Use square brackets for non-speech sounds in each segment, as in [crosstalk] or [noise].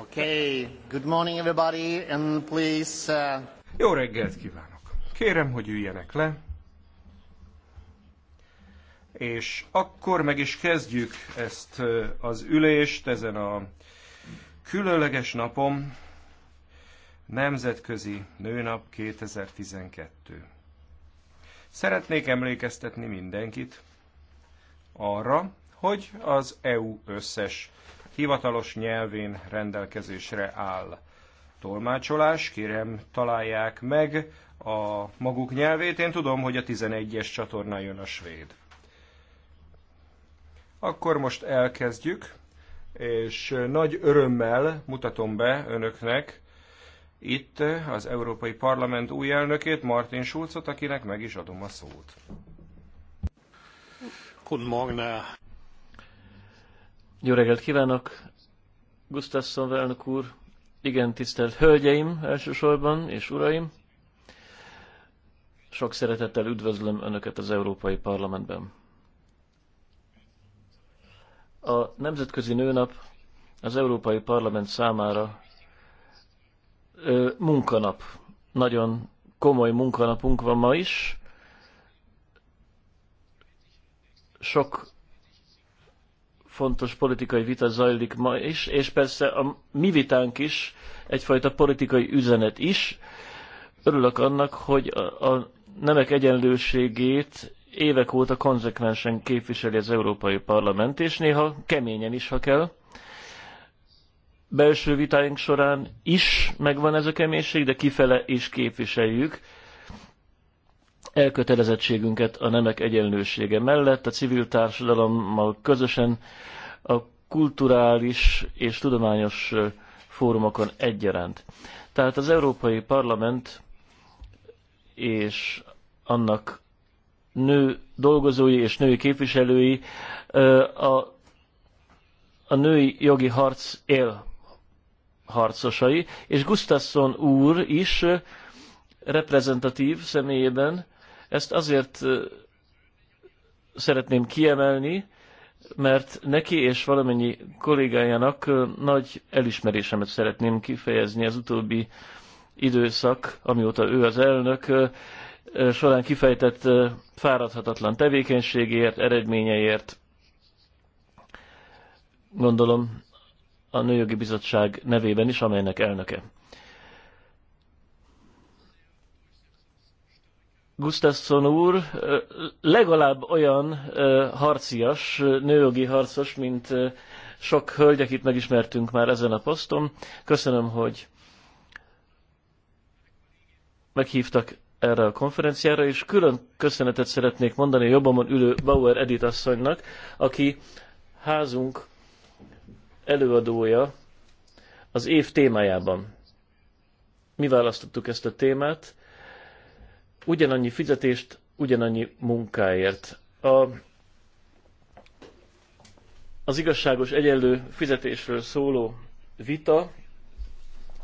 Okay, good morning everybody, and please... Uh... Jó reggelt kívánok! Kérem, hogy üljenek le. És akkor meg is kezdjük ezt uh, az ülést ezen a különleges napon, Nemzetközi Nőnap 2012. Szeretnék emlékeztetni mindenkit arra, hogy az EU összes hivatalos nyelvén rendelkezésre áll. Tolmácsolás, kérem találják meg a maguk nyelvét. Én tudom, hogy a 11-es csatorna jön a svéd. Akkor most elkezdjük, és nagy örömmel mutatom be önöknek itt az Európai Parlament új elnökét, Martin Schulzot, akinek meg is adom a szót. Guten Morgen, jó reggelt kívánok, Gustafsson elnök úr, igen tisztelt hölgyeim elsősorban és uraim. Sok szeretettel üdvözlöm Önöket az Európai Parlamentben. A Nemzetközi Nőnap az Európai Parlament számára ö, munkanap. Nagyon komoly munkanapunk van ma is. Sok fontos politikai vita zajlik ma is, és persze a mi vitánk is egyfajta politikai üzenet is. Örülök annak, hogy a, a nemek egyenlőségét évek óta konzekvensen képviseli az Európai Parlament, és néha keményen is, ha kell. Belső vitáink során is megvan ez a keménység, de kifele is képviseljük elkötelezettségünket a nemek egyenlősége mellett, a civil társadalommal közösen a kulturális és tudományos fórumokon egyaránt. Tehát az Európai Parlament és annak nő dolgozói és női képviselői a, a női jogi harc él harcosai, és Gustafsson úr is reprezentatív személyében ezt azért szeretném kiemelni, mert neki és valamennyi kollégájának nagy elismerésemet szeretném kifejezni az utóbbi időszak, amióta ő az elnök, során kifejtett fáradhatatlan tevékenységért, eredményeért. Gondolom a Nőjogi Bizottság nevében is, amelynek elnöke. Gustafsson úr legalább olyan harcias, nőjogi harcos, mint sok hölgy, akit megismertünk már ezen a poszton. Köszönöm, hogy meghívtak erre a konferenciára, és külön köszönetet szeretnék mondani a jobbamon ülő Bauer Edith asszonynak, aki házunk előadója az év témájában. Mi választottuk ezt a témát, ugyanannyi fizetést, ugyanannyi munkáért. A, az igazságos egyenlő fizetésről szóló vita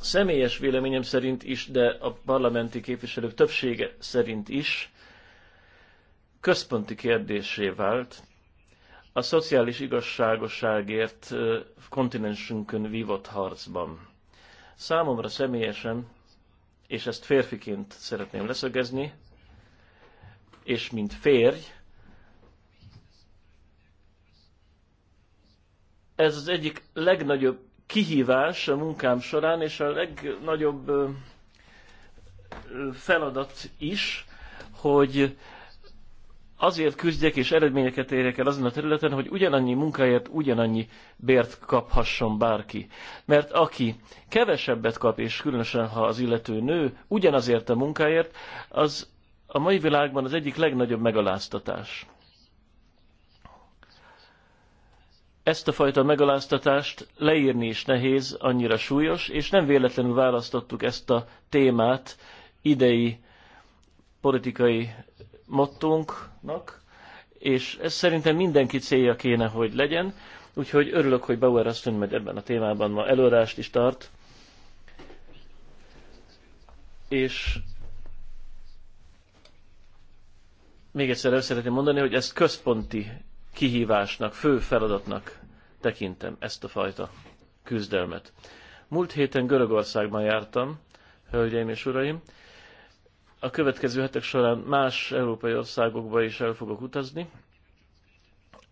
személyes véleményem szerint is, de a parlamenti képviselők többsége szerint is központi kérdésé vált a szociális igazságosságért kontinensünkön vívott harcban. Számomra személyesen és ezt férfiként szeretném leszögezni, és mint férj, ez az egyik legnagyobb kihívás a munkám során, és a legnagyobb feladat is, hogy azért küzdjek és eredményeket érjek el azon a területen, hogy ugyanannyi munkáért ugyanannyi bért kaphasson bárki. Mert aki kevesebbet kap, és különösen ha az illető nő, ugyanazért a munkáért, az a mai világban az egyik legnagyobb megaláztatás. Ezt a fajta megaláztatást leírni is nehéz, annyira súlyos, és nem véletlenül választottuk ezt a témát idei politikai mottónknak, és ez szerintem mindenki célja kéne, hogy legyen, úgyhogy örülök, hogy Bauer asszony majd ebben a témában ma előadást is tart, és még egyszer el szeretném mondani, hogy ezt központi kihívásnak, fő feladatnak tekintem ezt a fajta küzdelmet. Múlt héten Görögországban jártam, hölgyeim és uraim, a következő hetek során más európai országokba is el fogok utazni.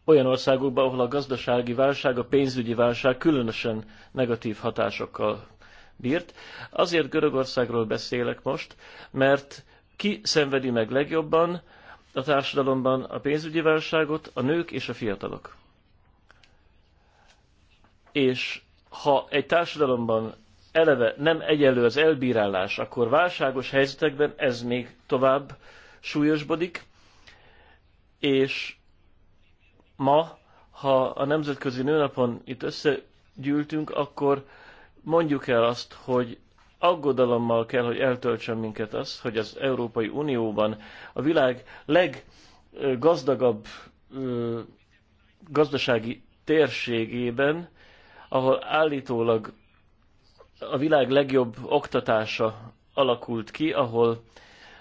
Olyan országokba, ahol a gazdasági válság, a pénzügyi válság különösen negatív hatásokkal bírt. Azért Görögországról beszélek most, mert ki szenvedi meg legjobban a társadalomban a pénzügyi válságot, a nők és a fiatalok. És ha egy társadalomban eleve nem egyenlő az elbírálás, akkor válságos helyzetekben ez még tovább súlyosbodik, és ma, ha a Nemzetközi Nőnapon itt összegyűltünk, akkor mondjuk el azt, hogy aggodalommal kell, hogy eltöltsön minket az, hogy az Európai Unióban a világ leggazdagabb gazdasági térségében, ahol állítólag a világ legjobb oktatása alakult ki, ahol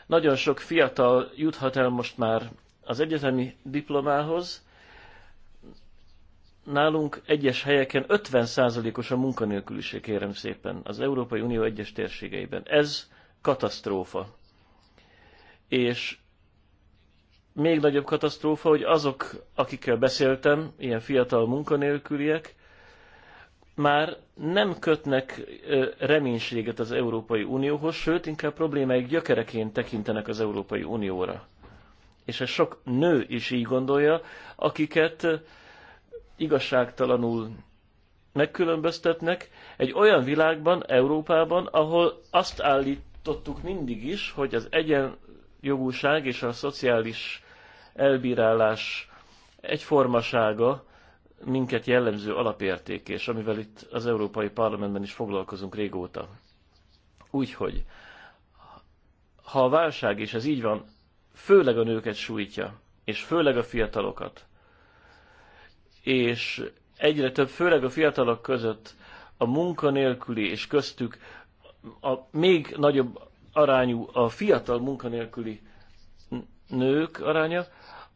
nagyon sok fiatal juthat el most már az egyetemi diplomához. Nálunk egyes helyeken 50%-os a munkanélküliség, kérem szépen, az Európai Unió egyes térségeiben. Ez katasztrófa. És még nagyobb katasztrófa, hogy azok, akikkel beszéltem, ilyen fiatal munkanélküliek, már nem kötnek reménységet az Európai Unióhoz, sőt, inkább problémáik gyökereként tekintenek az Európai Unióra. És ez sok nő is így gondolja, akiket igazságtalanul megkülönböztetnek egy olyan világban, Európában, ahol azt állítottuk mindig is, hogy az egyenjogúság és a szociális elbírálás egyformasága minket jellemző alapérték, és amivel itt az Európai Parlamentben is foglalkozunk régóta. Úgyhogy, ha a válság, és ez így van, főleg a nőket sújtja, és főleg a fiatalokat, és egyre több, főleg a fiatalok között a munkanélküli, és köztük a még nagyobb arányú a fiatal munkanélküli nők aránya,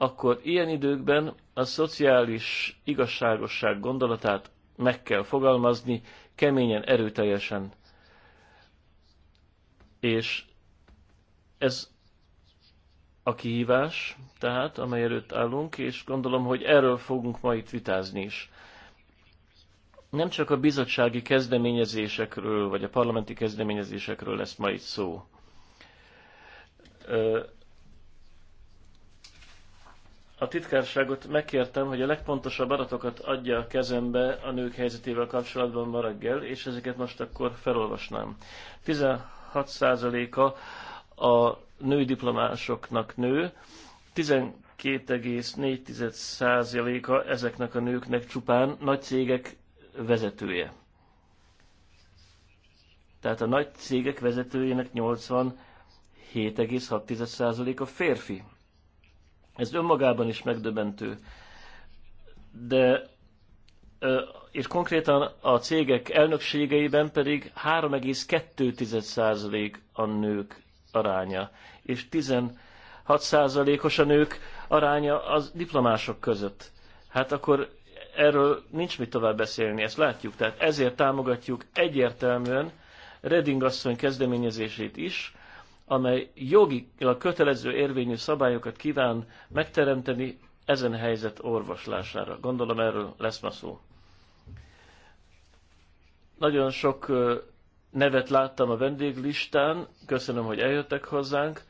akkor ilyen időkben a szociális igazságosság gondolatát meg kell fogalmazni keményen, erőteljesen. És ez a kihívás, tehát, amely előtt állunk, és gondolom, hogy erről fogunk ma itt vitázni is. Nem csak a bizottsági kezdeményezésekről, vagy a parlamenti kezdeményezésekről lesz ma itt szó a titkárságot megkértem, hogy a legpontosabb adatokat adja a kezembe a nők helyzetével kapcsolatban ma reggel, és ezeket most akkor felolvasnám. 16%-a a női diplomásoknak nő, 12,4%-a ezeknek a nőknek csupán nagy cégek vezetője. Tehát a nagy cégek vezetőjének 87,6%-a férfi ez önmagában is megdöbentő. De és konkrétan a cégek elnökségeiben pedig 3,2% a nők aránya, és 16%-os a nők aránya az diplomások között. Hát akkor erről nincs mit tovább beszélni, ezt látjuk. Tehát ezért támogatjuk egyértelműen Reding asszony kezdeményezését is, amely jogilag kötelező érvényű szabályokat kíván megteremteni ezen helyzet orvoslására. Gondolom erről lesz ma szó. Nagyon sok nevet láttam a vendéglistán, köszönöm, hogy eljöttek hozzánk.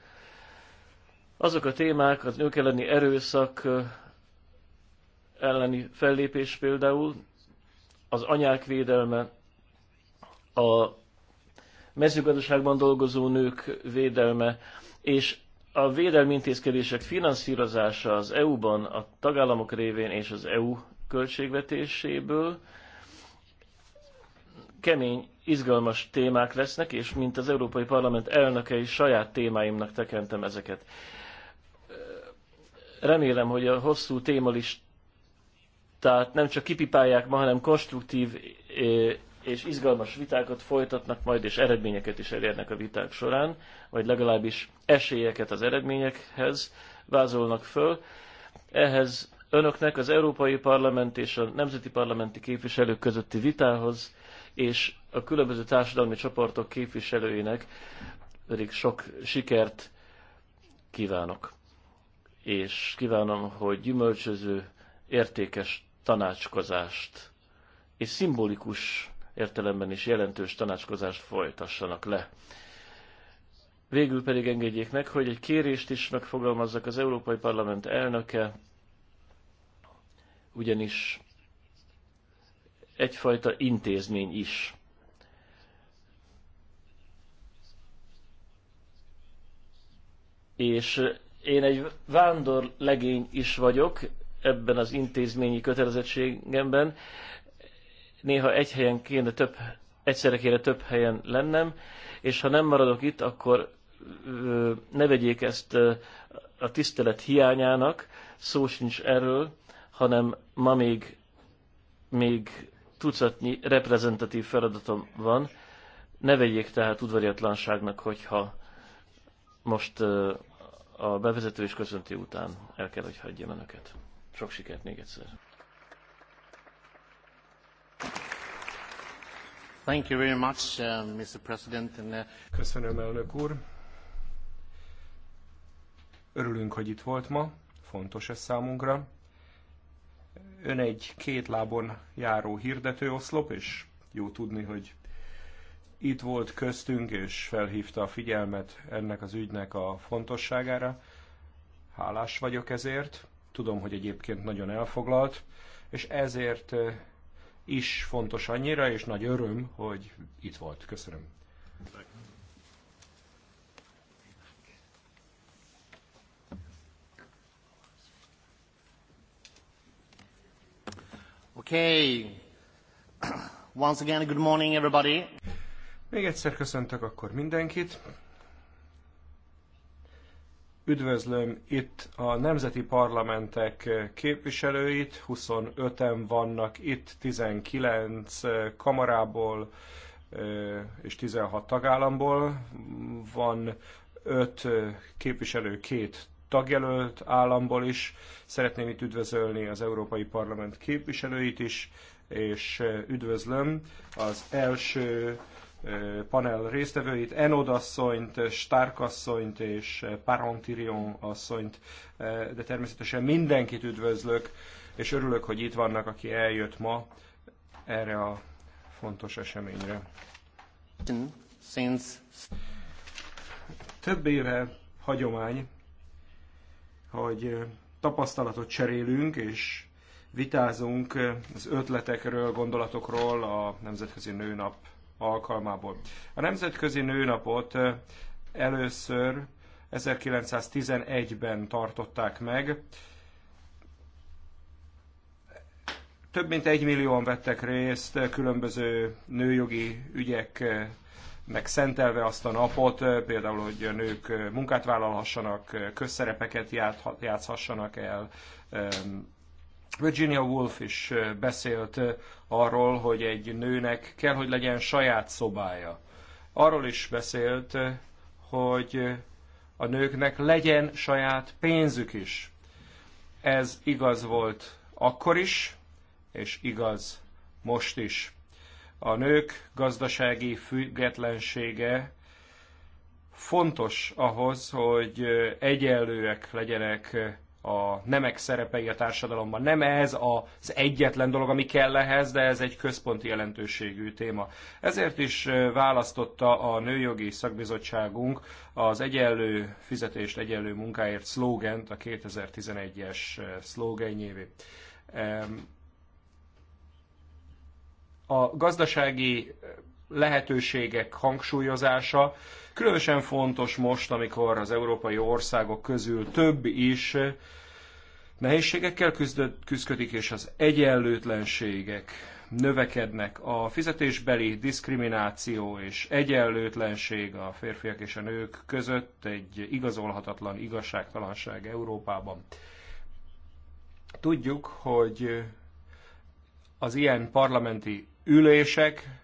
Azok a témák, az nők elleni erőszak elleni fellépés például, az anyák védelme, a mezőgazdaságban dolgozó nők védelme, és a védelmi intézkedések finanszírozása az EU-ban, a tagállamok révén és az EU költségvetéséből kemény, izgalmas témák lesznek, és mint az Európai Parlament elnökei saját témáimnak tekentem ezeket. Remélem, hogy a hosszú témalistát nem csak kipipálják ma, hanem konstruktív eh, és izgalmas vitákat folytatnak majd, és eredményeket is elérnek a viták során, vagy legalábbis esélyeket az eredményekhez vázolnak föl. Ehhez önöknek az Európai Parlament és a Nemzeti Parlamenti képviselők közötti vitához, és a különböző társadalmi csoportok képviselőinek pedig sok sikert kívánok. És kívánom, hogy gyümölcsöző, értékes tanácskozást és szimbolikus értelemben is jelentős tanácskozást folytassanak le. Végül pedig engedjék meg, hogy egy kérést is megfogalmazzak az Európai Parlament elnöke, ugyanis egyfajta intézmény is. És én egy vándorlegény is vagyok ebben az intézményi kötelezettségemben, néha egy helyen kéne több, egyszerre kéne több helyen lennem, és ha nem maradok itt, akkor ne vegyék ezt a tisztelet hiányának, szó sincs erről, hanem ma még, még tucatnyi reprezentatív feladatom van, ne vegyék tehát udvariatlanságnak, hogyha most a bevezető és köszönti után el kell, hogy hagyjam önöket. Sok sikert még egyszer! Thank you very much, uh, Mr. President. And, uh... Köszönöm, elnök úr. Örülünk, hogy itt volt ma. Fontos ez számunkra. Ön egy két lábon járó hirdető oszlop, és jó tudni, hogy itt volt köztünk, és felhívta a figyelmet ennek az ügynek a fontosságára. Hálás vagyok ezért. Tudom, hogy egyébként nagyon elfoglalt, és ezért uh, is fontos annyira, és nagy öröm, hogy itt volt. Köszönöm. Okay. Once again, good morning everybody. Még egyszer köszöntök akkor mindenkit. Üdvözlöm itt a nemzeti parlamentek képviselőit, 25-en vannak itt, 19 kamarából és 16 tagállamból. Van 5 képviselő, két tagjelölt államból is. Szeretném itt üdvözölni az Európai Parlament képviselőit is, és üdvözlöm az első panel résztvevőit, Stark asszonyt és Parentirion asszonyt, de természetesen mindenkit üdvözlök, és örülök, hogy itt vannak, aki eljött ma erre a fontos eseményre. Több éve hagyomány, hogy tapasztalatot cserélünk, és vitázunk az ötletekről, gondolatokról a Nemzetközi Nőnap alkalmából. A Nemzetközi Nőnapot először 1911-ben tartották meg. Több mint egy millióan vettek részt különböző nőjogi ügyek meg szentelve azt a napot, például, hogy a nők munkát vállalhassanak, közszerepeket játszhassanak el, Virginia Woolf is beszélt arról, hogy egy nőnek kell, hogy legyen saját szobája. Arról is beszélt, hogy a nőknek legyen saját pénzük is. Ez igaz volt akkor is, és igaz most is. A nők gazdasági függetlensége fontos ahhoz, hogy egyenlőek legyenek a nemek szerepei a társadalomban. Nem ez az egyetlen dolog, ami kell ehhez, de ez egy központi jelentőségű téma. Ezért is választotta a Nőjogi Szakbizottságunk az egyenlő fizetést, egyenlő munkáért szlógent, a 2011-es szlógenjévé. A gazdasági lehetőségek hangsúlyozása Különösen fontos most, amikor az európai országok közül több is nehézségekkel küzdött, küzdködik, és az egyenlőtlenségek növekednek. A fizetésbeli diszkrimináció és egyenlőtlenség a férfiak és a nők között egy igazolhatatlan igazságtalanság Európában. Tudjuk, hogy az ilyen parlamenti ülések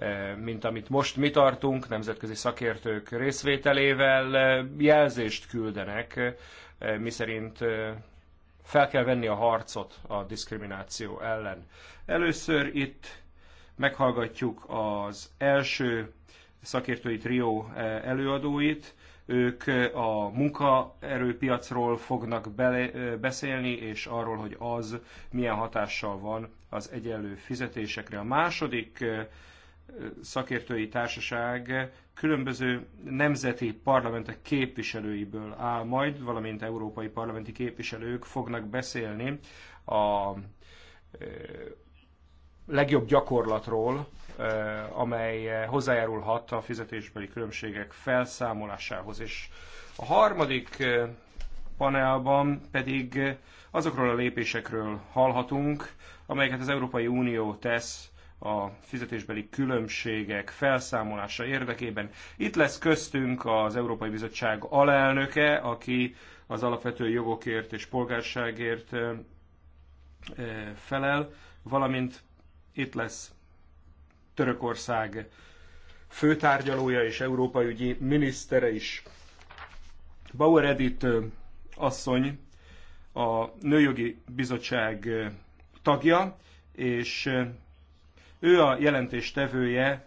Eh, mint amit most mi tartunk, nemzetközi szakértők részvételével eh, jelzést küldenek, eh, miszerint fel kell venni a harcot a diszkrimináció ellen. Először itt meghallgatjuk az első szakértői trió előadóit, ők a munkaerőpiacról fognak bele, beszélni, és arról, hogy az milyen hatással van az egyenlő fizetésekre. A második szakértői társaság különböző nemzeti parlamentek képviselőiből áll majd, valamint európai parlamenti képviselők fognak beszélni a e, legjobb gyakorlatról, e, amely hozzájárulhat a fizetésbeli különbségek felszámolásához. És a harmadik e, panelban pedig azokról a lépésekről hallhatunk, amelyeket az Európai Unió tesz a fizetésbeli különbségek felszámolása érdekében. Itt lesz köztünk az Európai Bizottság alelnöke, aki az alapvető jogokért és polgárságért felel, valamint itt lesz Törökország főtárgyalója és európai ügyi minisztere is. Bauer Edith asszony a Nőjogi Bizottság tagja, és ő a jelentés tevője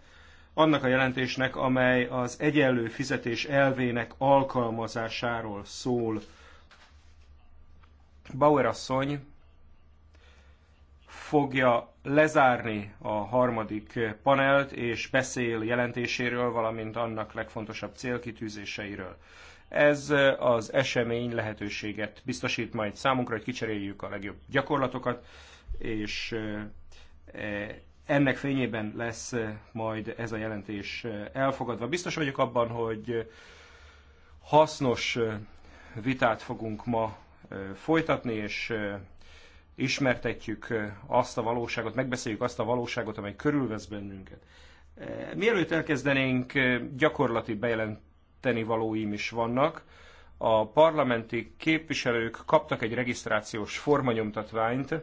annak a jelentésnek, amely az egyenlő fizetés elvének alkalmazásáról szól. Bauer asszony fogja lezárni a harmadik panelt, és beszél jelentéséről, valamint annak legfontosabb célkitűzéseiről. Ez az esemény lehetőséget biztosít majd számunkra, hogy kicseréljük a legjobb gyakorlatokat, és eh, ennek fényében lesz eh, majd ez a jelentés eh, elfogadva. Biztos vagyok abban, hogy eh, hasznos vitát fogunk ma folytatni, és ismertetjük azt a valóságot, megbeszéljük azt a valóságot, amely körülvesz bennünket. Mielőtt elkezdenénk, gyakorlati bejelenteni valóim is vannak. A parlamenti képviselők kaptak egy regisztrációs formanyomtatványt,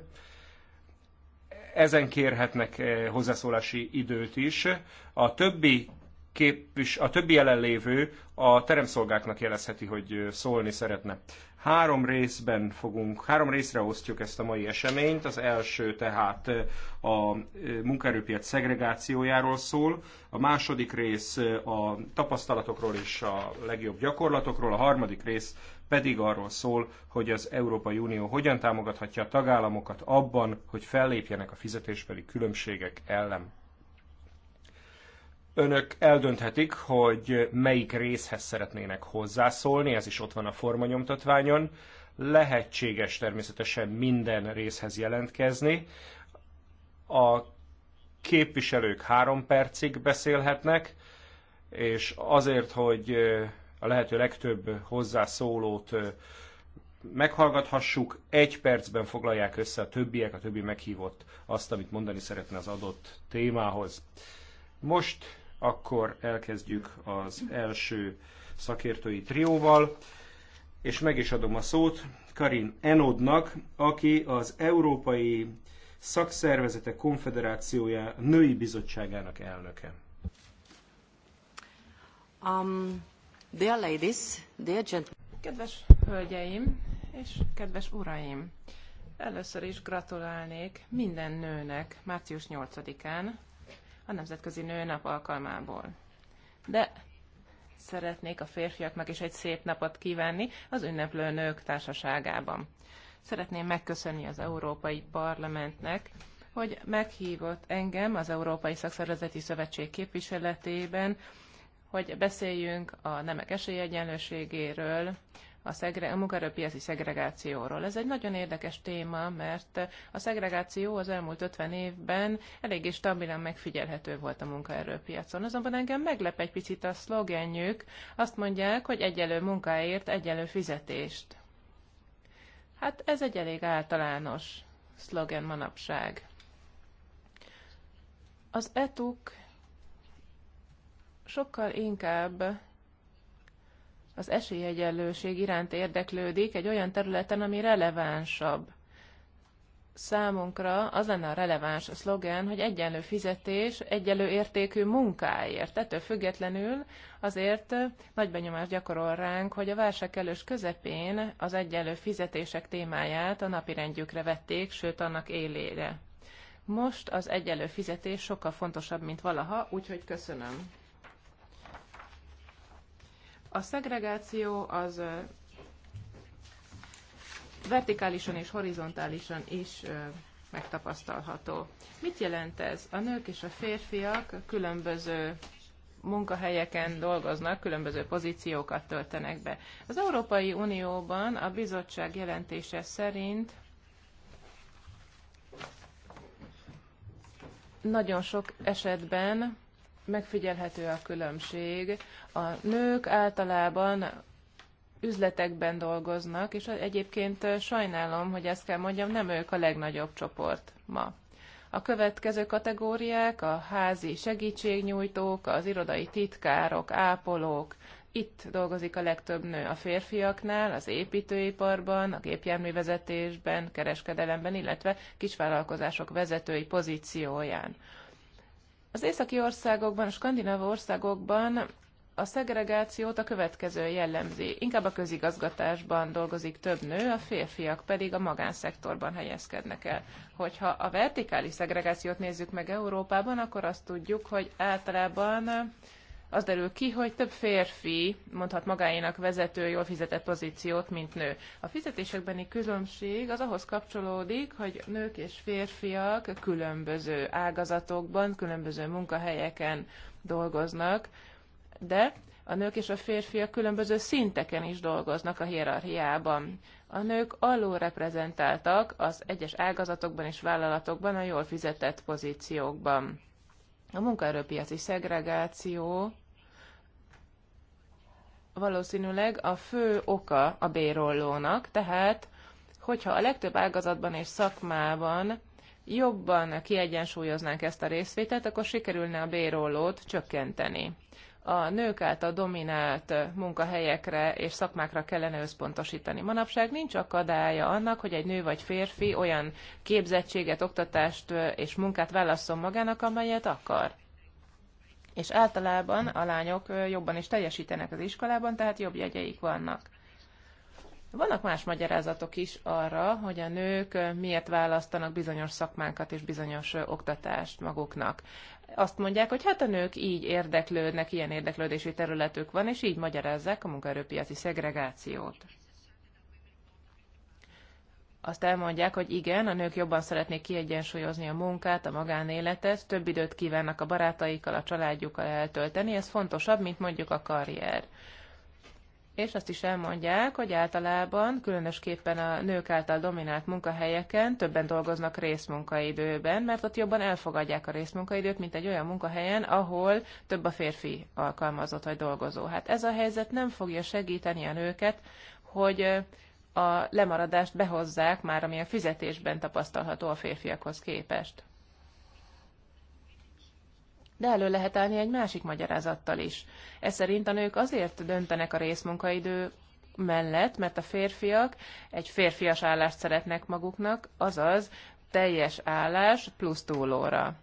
ezen kérhetnek eh, hozzászólási időt is. A többi képvis, a többi jelenlévő a teremszolgáknak jelezheti, hogy eh, szólni szeretne. Három részben fogunk, három részre osztjuk ezt a mai eseményt. Az első tehát a munkaerőpiac szegregációjáról szól, a második rész a tapasztalatokról és a legjobb gyakorlatokról, a harmadik rész pedig arról szól, hogy az Európai Unió hogyan támogathatja a tagállamokat abban, hogy fellépjenek a fizetésbeli különbségek ellen. Önök eldönthetik, hogy melyik részhez szeretnének hozzászólni, ez is ott van a formanyomtatványon. Lehetséges természetesen minden részhez jelentkezni. A képviselők három percig beszélhetnek, és azért, hogy a lehető legtöbb hozzászólót meghallgathassuk, egy percben foglalják össze a többiek, a többi meghívott azt, amit mondani szeretne az adott témához. Most akkor elkezdjük az első szakértői trióval, és meg is adom a szót Karin Enodnak, aki az Európai Szakszervezetek Konfederációja női bizottságának elnöke. Um, dear ladies, dear gentlemen. Kedves hölgyeim és kedves uraim! Először is gratulálnék minden nőnek március 8-án, a Nemzetközi Nőnap alkalmából. De szeretnék a férfiaknak is egy szép napot kívánni az ünneplő nők társaságában. Szeretném megköszönni az Európai Parlamentnek, hogy meghívott engem az Európai Szakszervezeti Szövetség képviseletében, hogy beszéljünk a nemek esélyegyenlőségéről, a, szegre- a munkaerőpiaci szegregációról. Ez egy nagyon érdekes téma, mert a szegregáció az elmúlt 50 évben eléggé stabilan megfigyelhető volt a munkaerőpiacon. Azonban engem meglep egy picit a szlogenjük, azt mondják, hogy egyelő munkáért egyelő fizetést. Hát ez egy elég általános szlogen manapság. Az etuk sokkal inkább az esélyegyenlőség iránt érdeklődik egy olyan területen, ami relevánsabb. Számunkra az lenne a releváns a szlogen, hogy egyenlő fizetés, egyenlő értékű munkáért. Ettől függetlenül azért nagy benyomást gyakorol ránk, hogy a válság elős közepén az egyenlő fizetések témáját a napirendjükre vették, sőt annak élére. Most az egyenlő fizetés sokkal fontosabb, mint valaha, úgyhogy köszönöm. A szegregáció az vertikálisan és horizontálisan is megtapasztalható. Mit jelent ez? A nők és a férfiak különböző munkahelyeken dolgoznak, különböző pozíciókat töltenek be. Az Európai Unióban a bizottság jelentése szerint nagyon sok esetben megfigyelhető a különbség. A nők általában üzletekben dolgoznak, és egyébként sajnálom, hogy ezt kell mondjam, nem ők a legnagyobb csoport ma. A következő kategóriák a házi segítségnyújtók, az irodai titkárok, ápolók. Itt dolgozik a legtöbb nő a férfiaknál, az építőiparban, a gépjárművezetésben, kereskedelemben, illetve kisvállalkozások vezetői pozícióján. Az északi országokban, a skandináv országokban a szegregációt a következő jellemzi. Inkább a közigazgatásban dolgozik több nő, a férfiak pedig a magánszektorban helyezkednek el. Hogyha a vertikális szegregációt nézzük meg Európában, akkor azt tudjuk, hogy általában az derül ki, hogy több férfi mondhat magáénak vezető, jól fizetett pozíciót, mint nő. A fizetésekbeni különbség az ahhoz kapcsolódik, hogy nők és férfiak különböző ágazatokban, különböző munkahelyeken dolgoznak, de a nők és a férfiak különböző szinteken is dolgoznak a hierarchiában. A nők alulreprezentáltak az egyes ágazatokban és vállalatokban a jól fizetett pozíciókban. A munkaerőpiaci szegregáció valószínűleg a fő oka a bérollónak, tehát hogyha a legtöbb ágazatban és szakmában jobban kiegyensúlyoznánk ezt a részvételt, akkor sikerülne a bérollót csökkenteni a nők által dominált munkahelyekre és szakmákra kellene összpontosítani. Manapság nincs akadálya annak, hogy egy nő vagy férfi olyan képzettséget, oktatást és munkát válasszon magának, amelyet akar. És általában a lányok jobban is teljesítenek az iskolában, tehát jobb jegyeik vannak. Vannak más magyarázatok is arra, hogy a nők miért választanak bizonyos szakmánkat és bizonyos oktatást maguknak azt mondják, hogy hát a nők így érdeklődnek, ilyen érdeklődési területük van, és így magyarázzák a munkaerőpiaci szegregációt. Azt elmondják, hogy igen, a nők jobban szeretnék kiegyensúlyozni a munkát, a magánéletet, több időt kívánnak a barátaikkal, a családjukkal eltölteni, ez fontosabb, mint mondjuk a karrier és azt is elmondják, hogy általában, különösképpen a nők által dominált munkahelyeken többen dolgoznak részmunkaidőben, mert ott jobban elfogadják a részmunkaidőt, mint egy olyan munkahelyen, ahol több a férfi alkalmazott vagy dolgozó. Hát ez a helyzet nem fogja segíteni a nőket, hogy a lemaradást behozzák már, ami a fizetésben tapasztalható a férfiakhoz képest de elő lehet állni egy másik magyarázattal is. Ez szerint a nők azért döntenek a részmunkaidő mellett, mert a férfiak egy férfias állást szeretnek maguknak, azaz teljes állás plusz túlóra.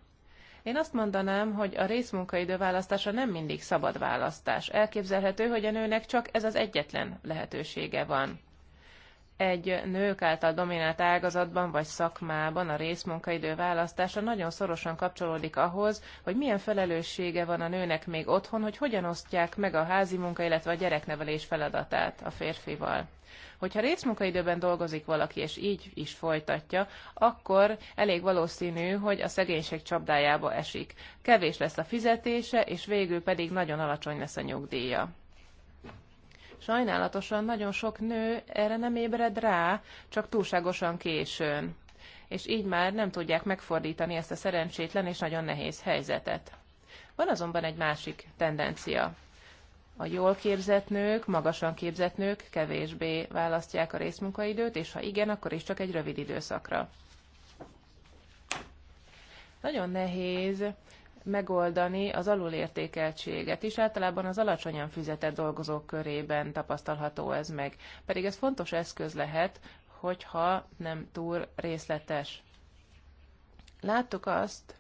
Én azt mondanám, hogy a részmunkaidő választása nem mindig szabad választás. Elképzelhető, hogy a nőnek csak ez az egyetlen lehetősége van egy nők által dominált ágazatban vagy szakmában a részmunkaidő választása nagyon szorosan kapcsolódik ahhoz, hogy milyen felelőssége van a nőnek még otthon, hogy hogyan osztják meg a házi munka, illetve a gyereknevelés feladatát a férfival. Hogyha részmunkaidőben dolgozik valaki, és így is folytatja, akkor elég valószínű, hogy a szegénység csapdájába esik. Kevés lesz a fizetése, és végül pedig nagyon alacsony lesz a nyugdíja. Sajnálatosan nagyon sok nő erre nem ébred rá, csak túlságosan későn. És így már nem tudják megfordítani ezt a szerencsétlen és nagyon nehéz helyzetet. Van azonban egy másik tendencia. A jól képzett nők, magasan képzett nők kevésbé választják a részmunkaidőt, és ha igen, akkor is csak egy rövid időszakra. Nagyon nehéz megoldani az alulértékeltséget is. Általában az alacsonyan fizetett dolgozók körében tapasztalható ez meg. Pedig ez fontos eszköz lehet, hogyha nem túl részletes. Láttuk azt,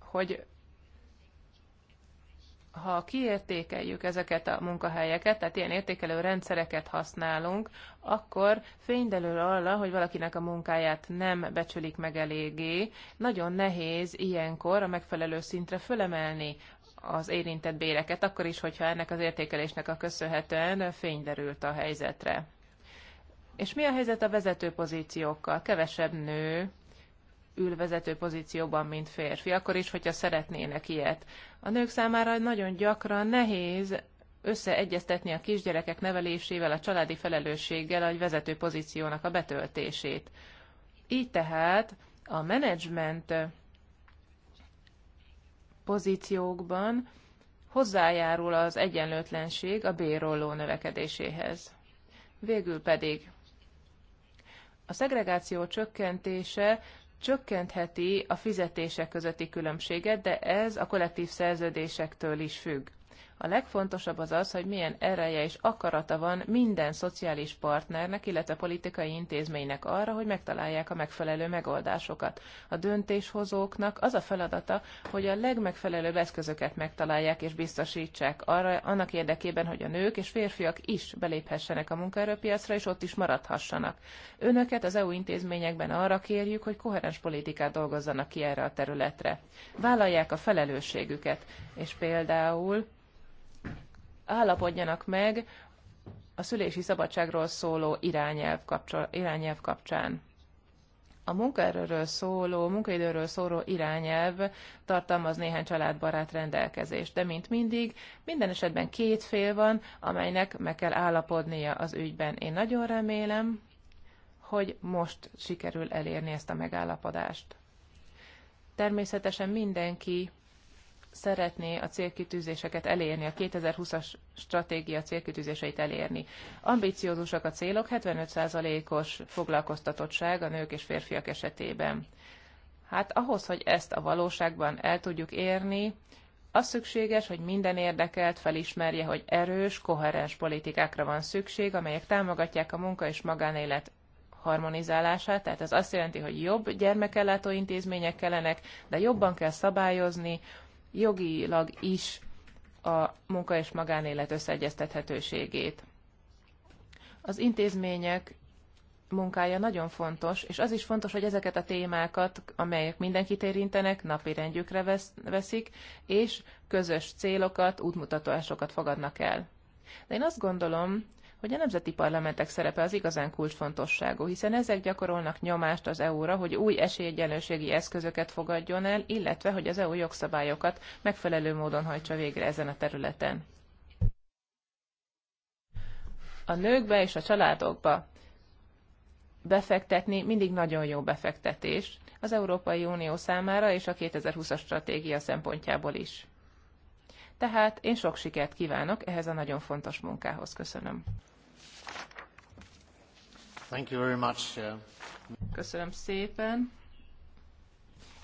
hogy ha kiértékeljük ezeket a munkahelyeket, tehát ilyen értékelő rendszereket használunk, akkor fénydelül arra, hogy valakinek a munkáját nem becsülik meg eléggé, nagyon nehéz ilyenkor a megfelelő szintre fölemelni az érintett béreket, akkor is, hogyha ennek az értékelésnek a köszönhetően fényderült a helyzetre. És mi a helyzet a vezető pozíciókkal? Kevesebb nő ül vezető pozícióban, mint férfi, akkor is, hogyha szeretnének ilyet. A nők számára nagyon gyakran nehéz összeegyeztetni a kisgyerekek nevelésével, a családi felelősséggel a vezető pozíciónak a betöltését. Így tehát a menedzsment pozíciókban hozzájárul az egyenlőtlenség a bérolló növekedéséhez. Végül pedig a szegregáció csökkentése csökkentheti a fizetések közötti különbséget, de ez a kollektív szerződésektől is függ. A legfontosabb az az, hogy milyen ereje és akarata van minden szociális partnernek, illetve politikai intézménynek arra, hogy megtalálják a megfelelő megoldásokat. A döntéshozóknak az a feladata, hogy a legmegfelelőbb eszközöket megtalálják és biztosítsák arra, annak érdekében, hogy a nők és férfiak is beléphessenek a munkaerőpiacra, és ott is maradhassanak. Önöket az EU intézményekben arra kérjük, hogy koherens politikát dolgozzanak ki erre a területre. Vállalják a felelősségüket, és például állapodjanak meg a szülési szabadságról szóló irányelv, kapcsol, irányelv kapcsán. A munkaerőről szóló, munkaidőről szóló irányelv tartalmaz néhány családbarát rendelkezést, de mint mindig, minden esetben két fél van, amelynek meg kell állapodnia az ügyben. Én nagyon remélem, hogy most sikerül elérni ezt a megállapodást. Természetesen mindenki szeretné a célkitűzéseket elérni, a 2020-as stratégia célkitűzéseit elérni. Ambiciózusak a célok, 75%-os foglalkoztatottság a nők és férfiak esetében. Hát ahhoz, hogy ezt a valóságban el tudjuk érni, az szükséges, hogy minden érdekelt felismerje, hogy erős, koherens politikákra van szükség, amelyek támogatják a munka és magánélet harmonizálását, tehát ez azt jelenti, hogy jobb gyermekellátó intézmények kellenek, de jobban kell szabályozni, jogilag is a munka és magánélet összeegyeztethetőségét. Az intézmények munkája nagyon fontos, és az is fontos, hogy ezeket a témákat, amelyek mindenkit érintenek, napi rendjükre veszik, és közös célokat, útmutatásokat fogadnak el. De én azt gondolom, hogy a nemzeti parlamentek szerepe az igazán kulcsfontosságú, hiszen ezek gyakorolnak nyomást az EU-ra, hogy új esélyegyenlőségi eszközöket fogadjon el, illetve hogy az EU jogszabályokat megfelelő módon hajtsa végre ezen a területen. A nőkbe és a családokba befektetni mindig nagyon jó befektetés az Európai Unió számára és a 2020-as stratégia szempontjából is. Tehát én sok sikert kívánok ehhez a nagyon fontos munkához. Köszönöm. Thank you very much. Köszönöm szépen.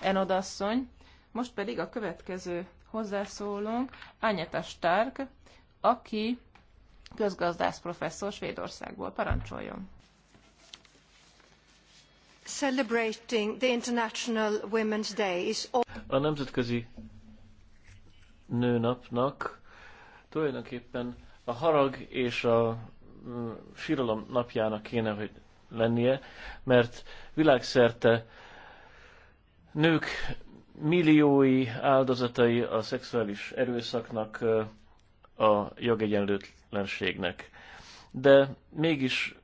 Enodasszony. Most pedig a következő hozzászólónk, Anyeta Stark, aki közgazdász professzor Svédországból. Parancsoljon! Celebrating the International Women's Day is all... A Nemzetközi nőnapnak tulajdonképpen a harag és a mm, síralom napjának kéne, hogy lennie, mert világszerte nők milliói áldozatai a szexuális erőszaknak, a jogegyenlőtlenségnek. De mégis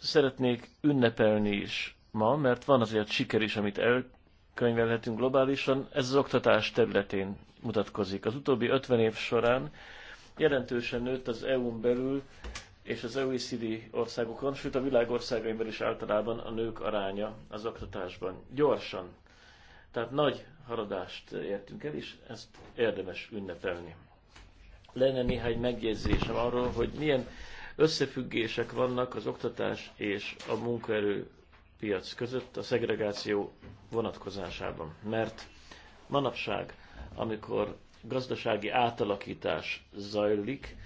szeretnék ünnepelni is ma, mert van azért siker is, amit el könyvelhetünk globálisan, ez az oktatás területén mutatkozik. Az utóbbi 50 év során jelentősen nőtt az EU-n belül és az OECD országokon, sőt a világ országaimban is általában a nők aránya az oktatásban. Gyorsan. Tehát nagy haladást értünk el, és ezt érdemes ünnepelni. Lenne néhány megjegyzésem arról, hogy milyen összefüggések vannak az oktatás és a munkaerő piac között a szegregáció vonatkozásában. Mert manapság, amikor gazdasági átalakítás zajlik,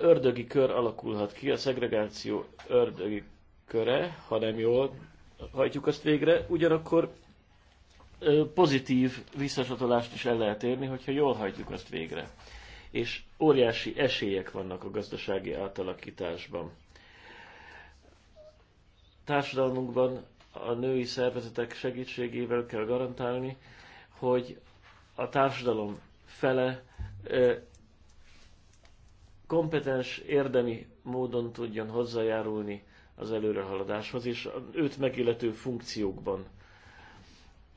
ördögi kör alakulhat ki, a szegregáció ördögi köre, ha nem jól hajtjuk azt végre, ugyanakkor pozitív visszasatolást is el lehet érni, hogyha jól hajtjuk azt végre. És óriási esélyek vannak a gazdasági átalakításban Társadalmunkban a női szervezetek segítségével kell garantálni, hogy a társadalom fele kompetens, érdemi módon tudjon hozzájárulni az előrehaladáshoz, és őt megillető funkciókban.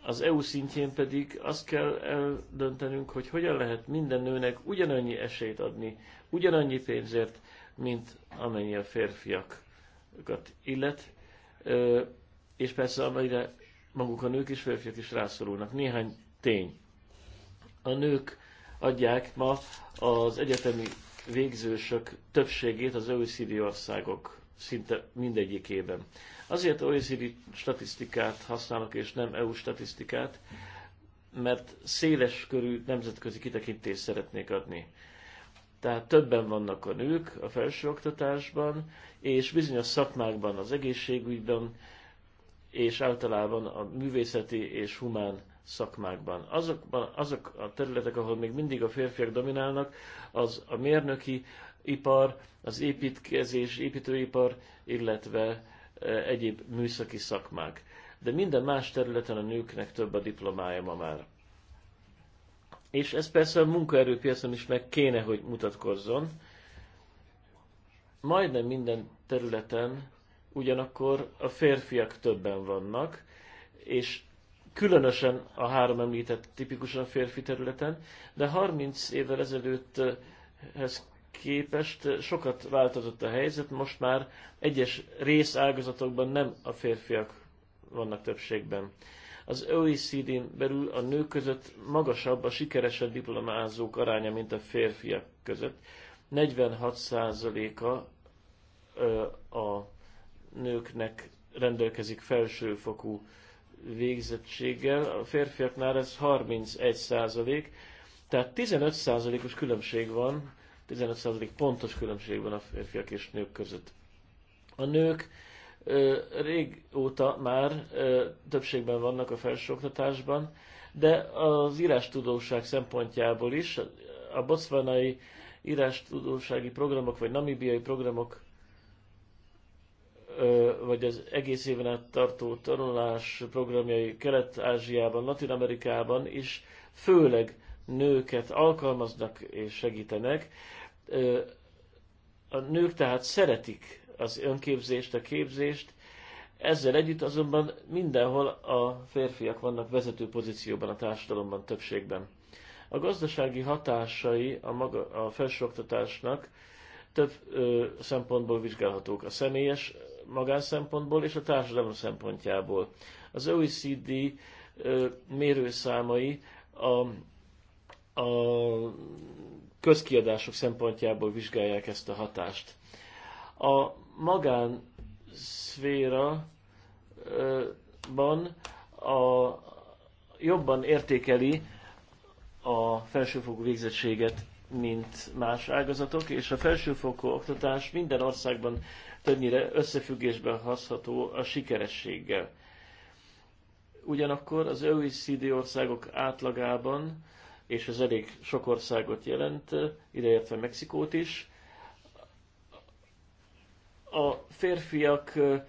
Az EU szintjén pedig azt kell eldöntenünk, hogy hogyan lehet minden nőnek ugyanannyi esélyt adni, ugyanannyi pénzért, mint amennyi a férfiakat illet, és persze amelyre maguk a nők és férfiak is rászorulnak. Néhány tény. A nők adják ma az egyetemi végzősök többségét az OECD országok szinte mindegyikében. Azért OECD statisztikát használok, és nem EU statisztikát, mert széles körű nemzetközi kitekintést szeretnék adni. Tehát többen vannak a nők a felsőoktatásban, és bizonyos szakmákban, az egészségügyben, és általában a művészeti és humán szakmákban. Azokban, azok a területek, ahol még mindig a férfiak dominálnak, az a mérnöki ipar, az építkezés, építőipar, illetve e, egyéb műszaki szakmák. De minden más területen a nőknek több a diplomája ma már. És ez persze a munkaerőpiacon is meg kéne, hogy mutatkozzon. Majdnem minden területen ugyanakkor a férfiak többen vannak, és különösen a három említett tipikusan férfi területen, de 30 évvel ezelőtthez képest sokat változott a helyzet, most már egyes részágazatokban nem a férfiak vannak többségben. Az OECD-n belül a nők között magasabb a sikeresebb diplomázók aránya, mint a férfiak között. 46%-a a nőknek rendelkezik felsőfokú végzettséggel, a férfiaknál ez 31 százalék, tehát 15 os különbség van, 15 százalék pontos különbség van a férfiak és nők között. A nők régóta már többségben vannak a felsőoktatásban, de az írástudóság szempontjából is a írás írástudósági programok, vagy namibiai programok, vagy az egész éven át tartó tanulás programjai Kelet-Ázsiában, Latin-Amerikában is főleg nőket alkalmaznak és segítenek. A nők tehát szeretik az önképzést, a képzést. Ezzel együtt azonban mindenhol a férfiak vannak vezető pozícióban a társadalomban többségben. A gazdasági hatásai a, maga, a felsőoktatásnak több ö, szempontból vizsgálhatók. A személyes magánszempontból és a társadalom szempontjából. Az OECD ö, mérőszámai a, a közkiadások szempontjából vizsgálják ezt a hatást. A magán szféra ban a, jobban értékeli a felsőfokú végzettséget, mint más ágazatok, és a felsőfokú oktatás minden országban többnyire összefüggésben hozható a sikerességgel. Ugyanakkor az OECD országok átlagában, és ez elég sok országot jelent, ideértve Mexikót is, a férfiakat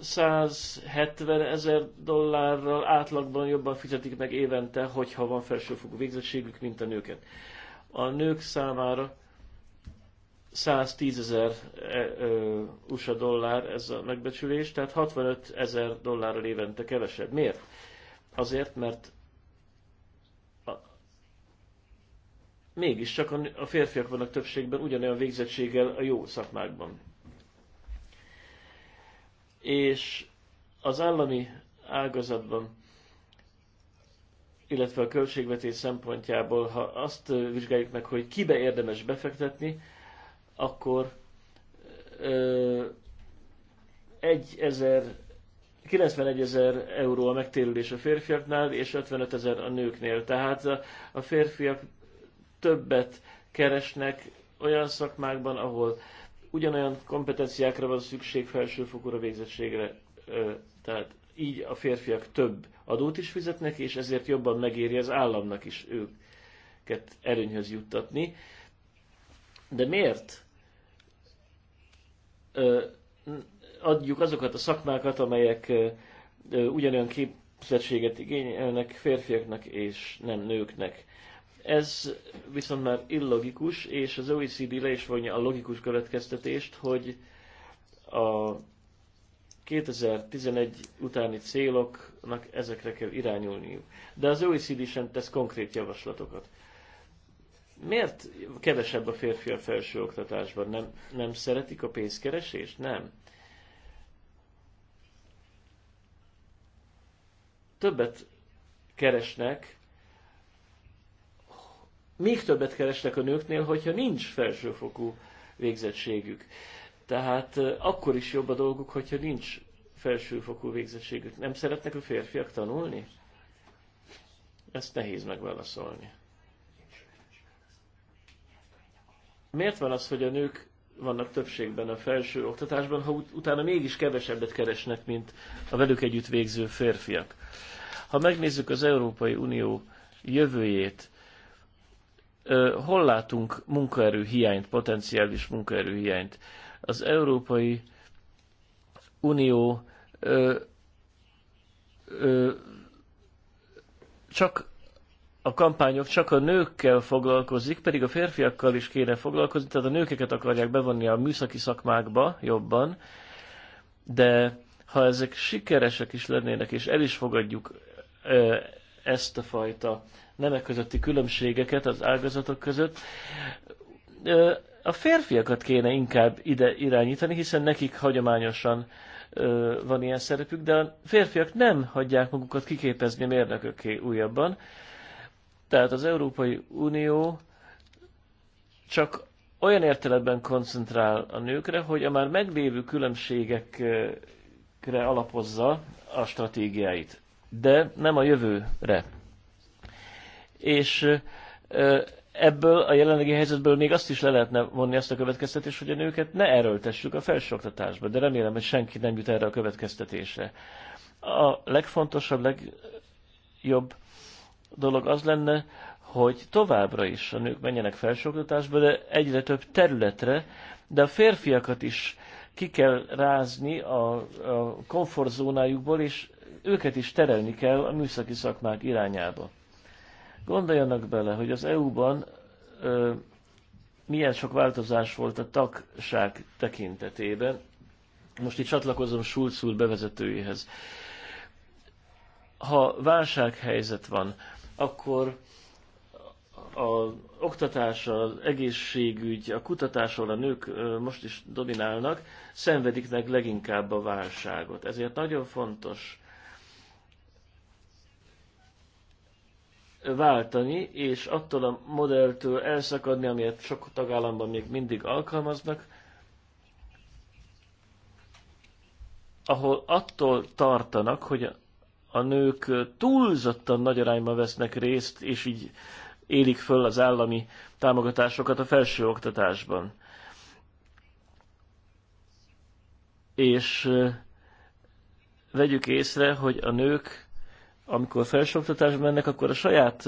170 ezer dollárral átlagban jobban fizetik meg évente, hogyha van felsőfokú végzettségük, mint a nőket. A nők számára 110 ezer e, USA dollár ez a megbecsülés, tehát 65 ezer dollárral évente kevesebb. Miért? Azért, mert mégiscsak a férfiak vannak többségben ugyanolyan végzettséggel a jó szakmákban. És az állami ágazatban, illetve a költségvetés szempontjából, ha azt vizsgáljuk meg, hogy kibe érdemes befektetni, akkor ö, 91 ezer euró a megtérülés a férfiaknál, és 55 ezer a nőknél. Tehát a, a férfiak többet keresnek olyan szakmákban, ahol ugyanolyan kompetenciákra van szükség felsőfokúra végzettségre, tehát így a férfiak több adót is fizetnek, és ezért jobban megéri az államnak is őket erőnyhöz juttatni. De miért adjuk azokat a szakmákat, amelyek ugyanolyan képzettséget igényelnek férfiaknak és nem nőknek? Ez viszont már illogikus, és az OECD le is vonja a logikus következtetést, hogy a 2011 utáni céloknak ezekre kell irányulniuk. De az OECD sem tesz konkrét javaslatokat. Miért kevesebb a férfi a felsőoktatásban? Nem, nem szeretik a pénzkeresést? Nem. Többet keresnek még többet keresnek a nőknél, hogyha nincs felsőfokú végzettségük. Tehát akkor is jobb a dolguk, hogyha nincs felsőfokú végzettségük. Nem szeretnek a férfiak tanulni? Ezt nehéz megválaszolni. Miért van az, hogy a nők vannak többségben a felső oktatásban, ha ut- utána mégis kevesebbet keresnek, mint a velük együtt végző férfiak? Ha megnézzük az Európai Unió jövőjét, hol látunk munkaerő hiányt, potenciális munkaerő hiányt? Az Európai Unió csak a kampányok csak a nőkkel foglalkozik, pedig a férfiakkal is kéne foglalkozni, tehát a nőkeket akarják bevonni a műszaki szakmákba jobban, de ha ezek sikeresek is lennének, és el is fogadjuk ezt a fajta nemek közötti különbségeket az ágazatok között. A férfiakat kéne inkább ide irányítani, hiszen nekik hagyományosan van ilyen szerepük, de a férfiak nem hagyják magukat kiképezni mérnököké újabban. Tehát az Európai Unió csak olyan értelemben koncentrál a nőkre, hogy a már meglévő különbségekre alapozza a stratégiáit de nem a jövőre. És ebből a jelenlegi helyzetből még azt is le lehetne vonni azt a következtetést, hogy a nőket ne erőltessük a felsőoktatásba, de remélem, hogy senki nem jut erre a következtetésre. A legfontosabb, legjobb dolog az lenne, hogy továbbra is a nők menjenek felsőoktatásba, de egyre több területre, de a férfiakat is ki kell rázni a, a komfortzónájukból, és őket is terelni kell a műszaki szakmák irányába. Gondoljanak bele, hogy az EU-ban milyen sok változás volt a tagság tekintetében. Most itt csatlakozom Schulz úr bevezetőjéhez. Ha válsághelyzet van, akkor az oktatás, az egészségügy, a ahol a nők most is dominálnak, szenvedik meg leginkább a válságot. Ezért nagyon fontos, váltani, és attól a modelltől elszakadni, amilyet sok tagállamban még mindig alkalmaznak, ahol attól tartanak, hogy a nők túlzottan nagy arányban vesznek részt, és így élik föl az állami támogatásokat a felsőoktatásban. És eh, vegyük észre, hogy a nők amikor felsőoktatásba mennek, akkor a saját,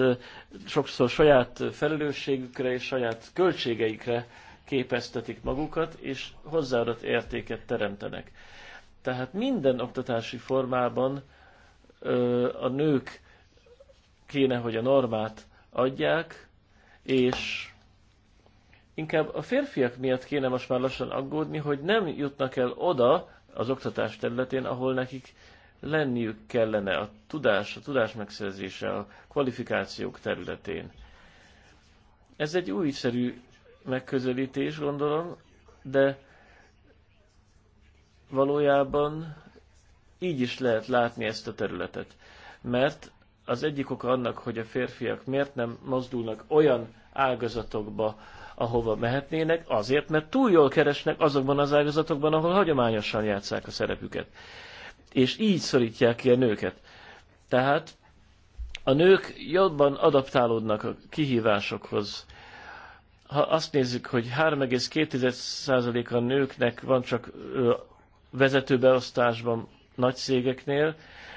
sokszor saját felelősségükre és saját költségeikre képeztetik magukat, és hozzáadott értéket teremtenek. Tehát minden oktatási formában a nők kéne, hogy a normát adják, és inkább a férfiak miatt kéne most már lassan aggódni, hogy nem jutnak el oda az oktatás területén, ahol nekik lenniük kellene a tudás, a tudás megszerzése, a kvalifikációk területén. Ez egy újszerű megközelítés, gondolom, de valójában így is lehet látni ezt a területet. Mert az egyik oka annak, hogy a férfiak miért nem mozdulnak olyan ágazatokba, ahova mehetnének, azért, mert túl jól keresnek azokban az ágazatokban, ahol hagyományosan játszák a szerepüket és így szorítják ki a nőket. Tehát a nők jobban adaptálódnak a kihívásokhoz. Ha azt nézzük, hogy 3,2% a nőknek van csak vezetőbeosztásban nagy cégeknél,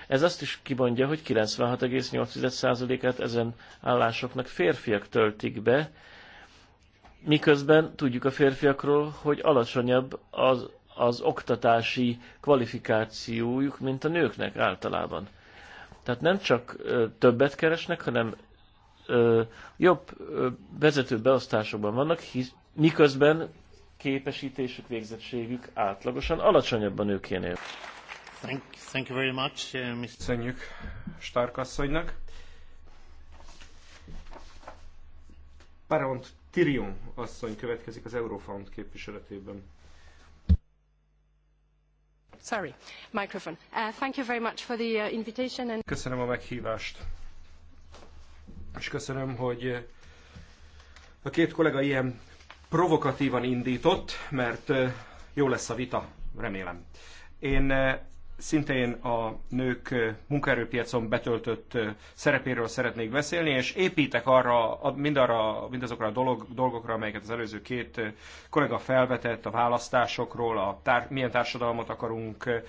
ez azt is kimondja, hogy 96,8%-át ezen állásoknak férfiak töltik be, miközben tudjuk a férfiakról, hogy alacsonyabb az az oktatási kvalifikációjuk, mint a nőknek általában. Tehát nem csak többet keresnek, hanem jobb vezető beosztásokban vannak, hisz, miközben képesítésük, végzettségük átlagosan alacsonyabb a nőkénél. Thank, thank you very much, uh, Mr. Köszönjük Stark asszonynak. Paront Tirion asszony következik az Eurofound képviseletében. Sorry, microphone. Uh, thank you very much for the uh, invitation and... Köszönöm a meghívást. És köszönöm, hogy uh, a két kollega ilyen provokatívan indított, mert uh, jó lesz a vita, remélem. Én szintén a nők munkaerőpiacon betöltött szerepéről szeretnék beszélni, és építek arra, mindarra, mindazokra a dolog, dolgokra, amelyeket az előző két kollega felvetett, a választásokról, a tár, milyen társadalmat akarunk,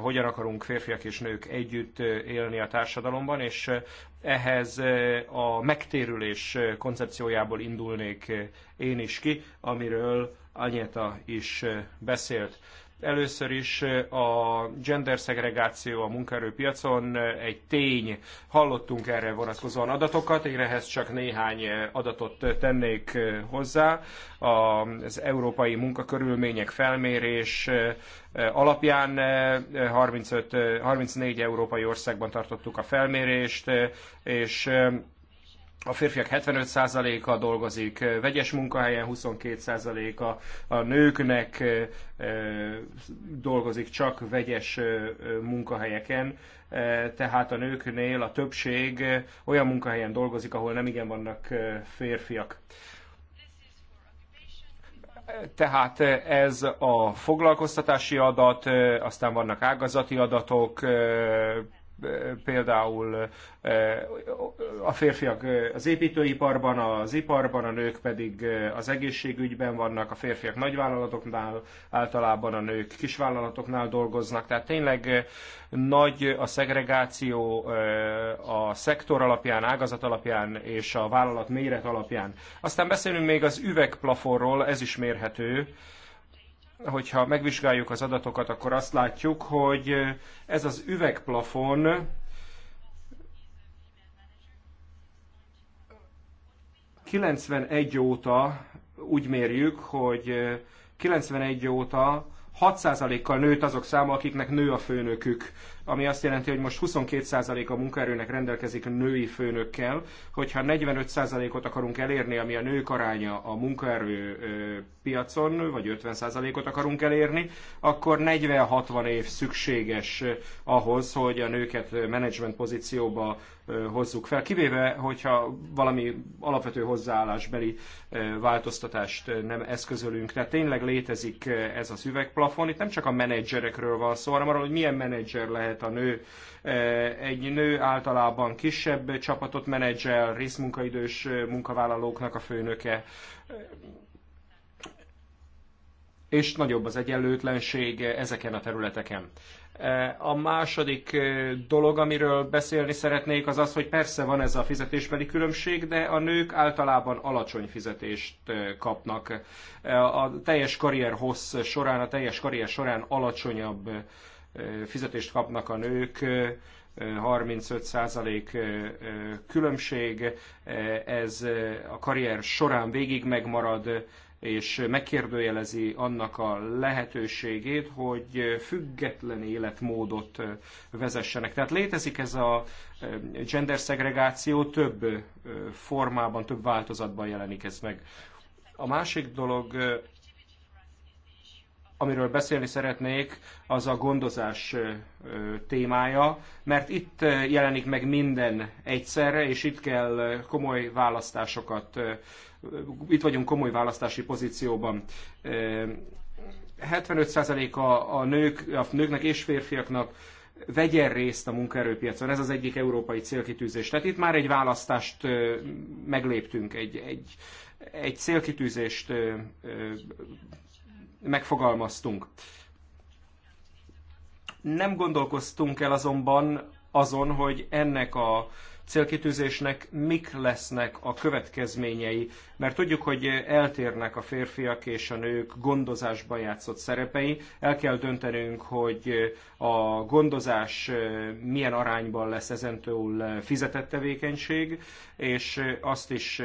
hogyan akarunk férfiak és nők együtt élni a társadalomban, és ehhez a megtérülés koncepciójából indulnék én is ki, amiről Anyeta is beszélt. Először is a gender szegregáció a munkaerőpiacon egy tény. Hallottunk erre vonatkozóan adatokat, én ehhez csak néhány adatot tennék hozzá. Az Európai Munkakörülmények Felmérés alapján 35, 34 európai országban tartottuk a felmérést, és a férfiak 75%-a dolgozik vegyes munkahelyen, 22%-a a nőknek dolgozik csak vegyes munkahelyeken, tehát a nőknél a többség olyan munkahelyen dolgozik, ahol nem igen vannak férfiak. Tehát ez a foglalkoztatási adat, aztán vannak ágazati adatok, például eh, a férfiak eh, az építőiparban, az iparban, a nők pedig eh, az egészségügyben vannak, a férfiak nagyvállalatoknál, általában a nők kisvállalatoknál dolgoznak. Tehát tényleg nagy a szegregáció a szektor alapján, ágazat alapján és a vállalat méret alapján. Aztán beszélünk még az üvegplafonról, ez is mérhető hogyha megvizsgáljuk az adatokat, akkor azt látjuk, hogy ez az üvegplafon 91 óta úgy mérjük, hogy 91 óta 6%-kal nőtt azok száma, akiknek nő a főnökük ami azt jelenti, hogy most 22% a munkaerőnek rendelkezik női főnökkel, hogyha 45%-ot akarunk elérni, ami a nők aránya a munkaerő piacon, vagy 50%-ot akarunk elérni, akkor 40-60 év szükséges ahhoz, hogy a nőket menedzsment pozícióba hozzuk fel, kivéve, hogyha valami alapvető hozzáállásbeli változtatást nem eszközölünk. Tehát tényleg létezik ez az üvegplafon. Itt nem csak a menedzserekről van szó, hanem arról, hogy milyen menedzser lehet vezetett a nő. E, egy nő általában kisebb csapatot menedzsel, részmunkaidős e, munkavállalóknak a főnöke, e, és nagyobb az egyenlőtlenség ezeken a területeken. A második dolog, amiről beszélni szeretnék, az az, hogy persze van ez a fizetésbeli különbség, de a nők általában alacsony fizetést kapnak. A teljes karrier hossz során, a teljes karrier során alacsonyabb fizetést kapnak a nők, 35% különbség, ez a karrier során végig megmarad, és megkérdőjelezi annak a lehetőségét, hogy független életmódot vezessenek. Tehát létezik ez a gender szegregáció, több formában, több változatban jelenik ez meg. A másik dolog amiről beszélni szeretnék, az a gondozás témája, mert itt jelenik meg minden egyszerre, és itt kell komoly választásokat, itt vagyunk komoly választási pozícióban. 75% a, a, nők, a nőknek és férfiaknak vegyen részt a munkaerőpiacon. Ez az egyik európai célkitűzés. Tehát itt már egy választást megléptünk, egy, egy, egy célkitűzést megfogalmaztunk. Nem gondolkoztunk el azonban azon, hogy ennek a célkitűzésnek mik lesznek a következményei, mert tudjuk, hogy eltérnek a férfiak és a nők gondozásban játszott szerepei. El kell döntenünk, hogy a gondozás eh, milyen arányban lesz ezentől eh, fizetett tevékenység, és eh, azt is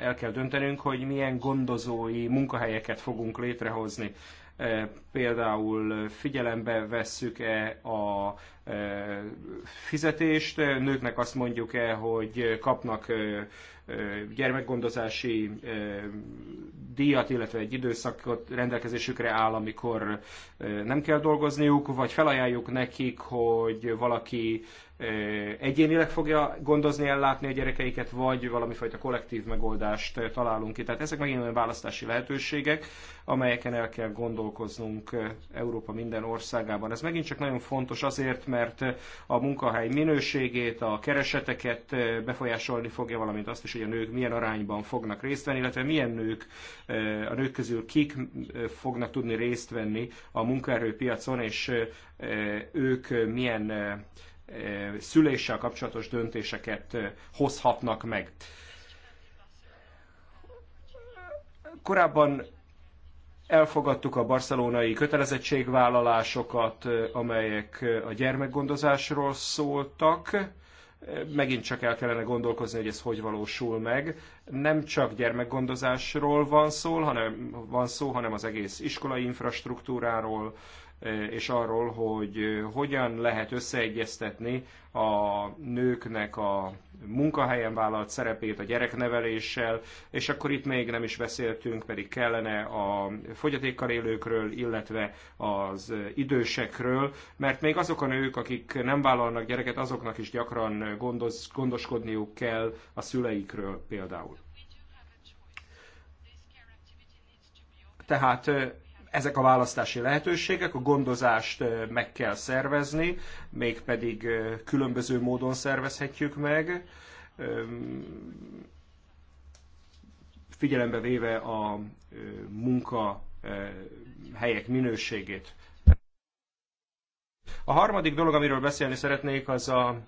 el kell döntenünk, hogy milyen gondozói munkahelyeket fogunk létrehozni. Eh, például eh, figyelembe vesszük-e a eh, fizetést, nőknek azt mondjuk-e, hogy kapnak gyermekgondozási díjat, illetve egy időszakot rendelkezésükre áll, amikor nem kell dolgozniuk, vagy felajánljuk nekik, hogy valaki egyénileg fogja gondozni, ellátni a gyerekeiket, vagy valamifajta kollektív megoldást találunk ki. Tehát ezek megint olyan választási lehetőségek, amelyeken el kell gondolkoznunk Európa minden országában. Ez megint csak nagyon fontos azért, mert a munkahely minőségét, a kereseteket befolyásolni fogja, valamint azt is, hogy a nők milyen arányban fognak részt venni, illetve milyen nők, a nők közül kik fognak tudni részt venni a munkaerőpiacon, és ők milyen szüléssel kapcsolatos döntéseket hozhatnak meg. Korábban elfogadtuk a barcelonai kötelezettségvállalásokat, amelyek a gyermekgondozásról szóltak. Megint csak el kellene gondolkozni, hogy ez hogy valósul meg. Nem csak gyermekgondozásról van szó, hanem, van szó, hanem az egész iskolai infrastruktúráról, és arról, hogy hogyan lehet összeegyeztetni a nőknek a munkahelyen vállalt szerepét a gyerekneveléssel, és akkor itt még nem is beszéltünk, pedig kellene a fogyatékkal élőkről, illetve az idősekről, mert még azok a nők, akik nem vállalnak gyereket, azoknak is gyakran gondos, gondoskodniuk kell a szüleikről például. Tehát ezek a választási lehetőségek, a gondozást meg kell szervezni, mégpedig különböző módon szervezhetjük meg, figyelembe véve a munka helyek minőségét. A harmadik dolog, amiről beszélni szeretnék, az a,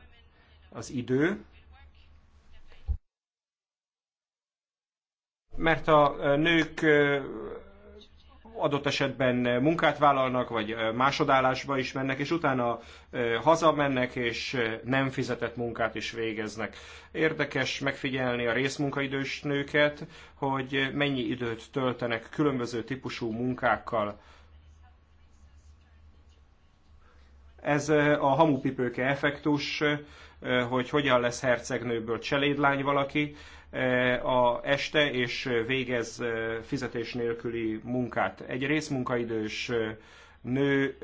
az idő. Mert a nők adott esetben munkát vállalnak, vagy másodállásba is mennek, és utána hazamennek, és nem fizetett munkát is végeznek. Érdekes megfigyelni a részmunkaidős nőket, hogy mennyi időt töltenek különböző típusú munkákkal. Ez a hamupipőke effektus, hogy hogyan lesz hercegnőből cselédlány valaki, a este, és végez fizetés nélküli munkát. Egy részmunkaidős nő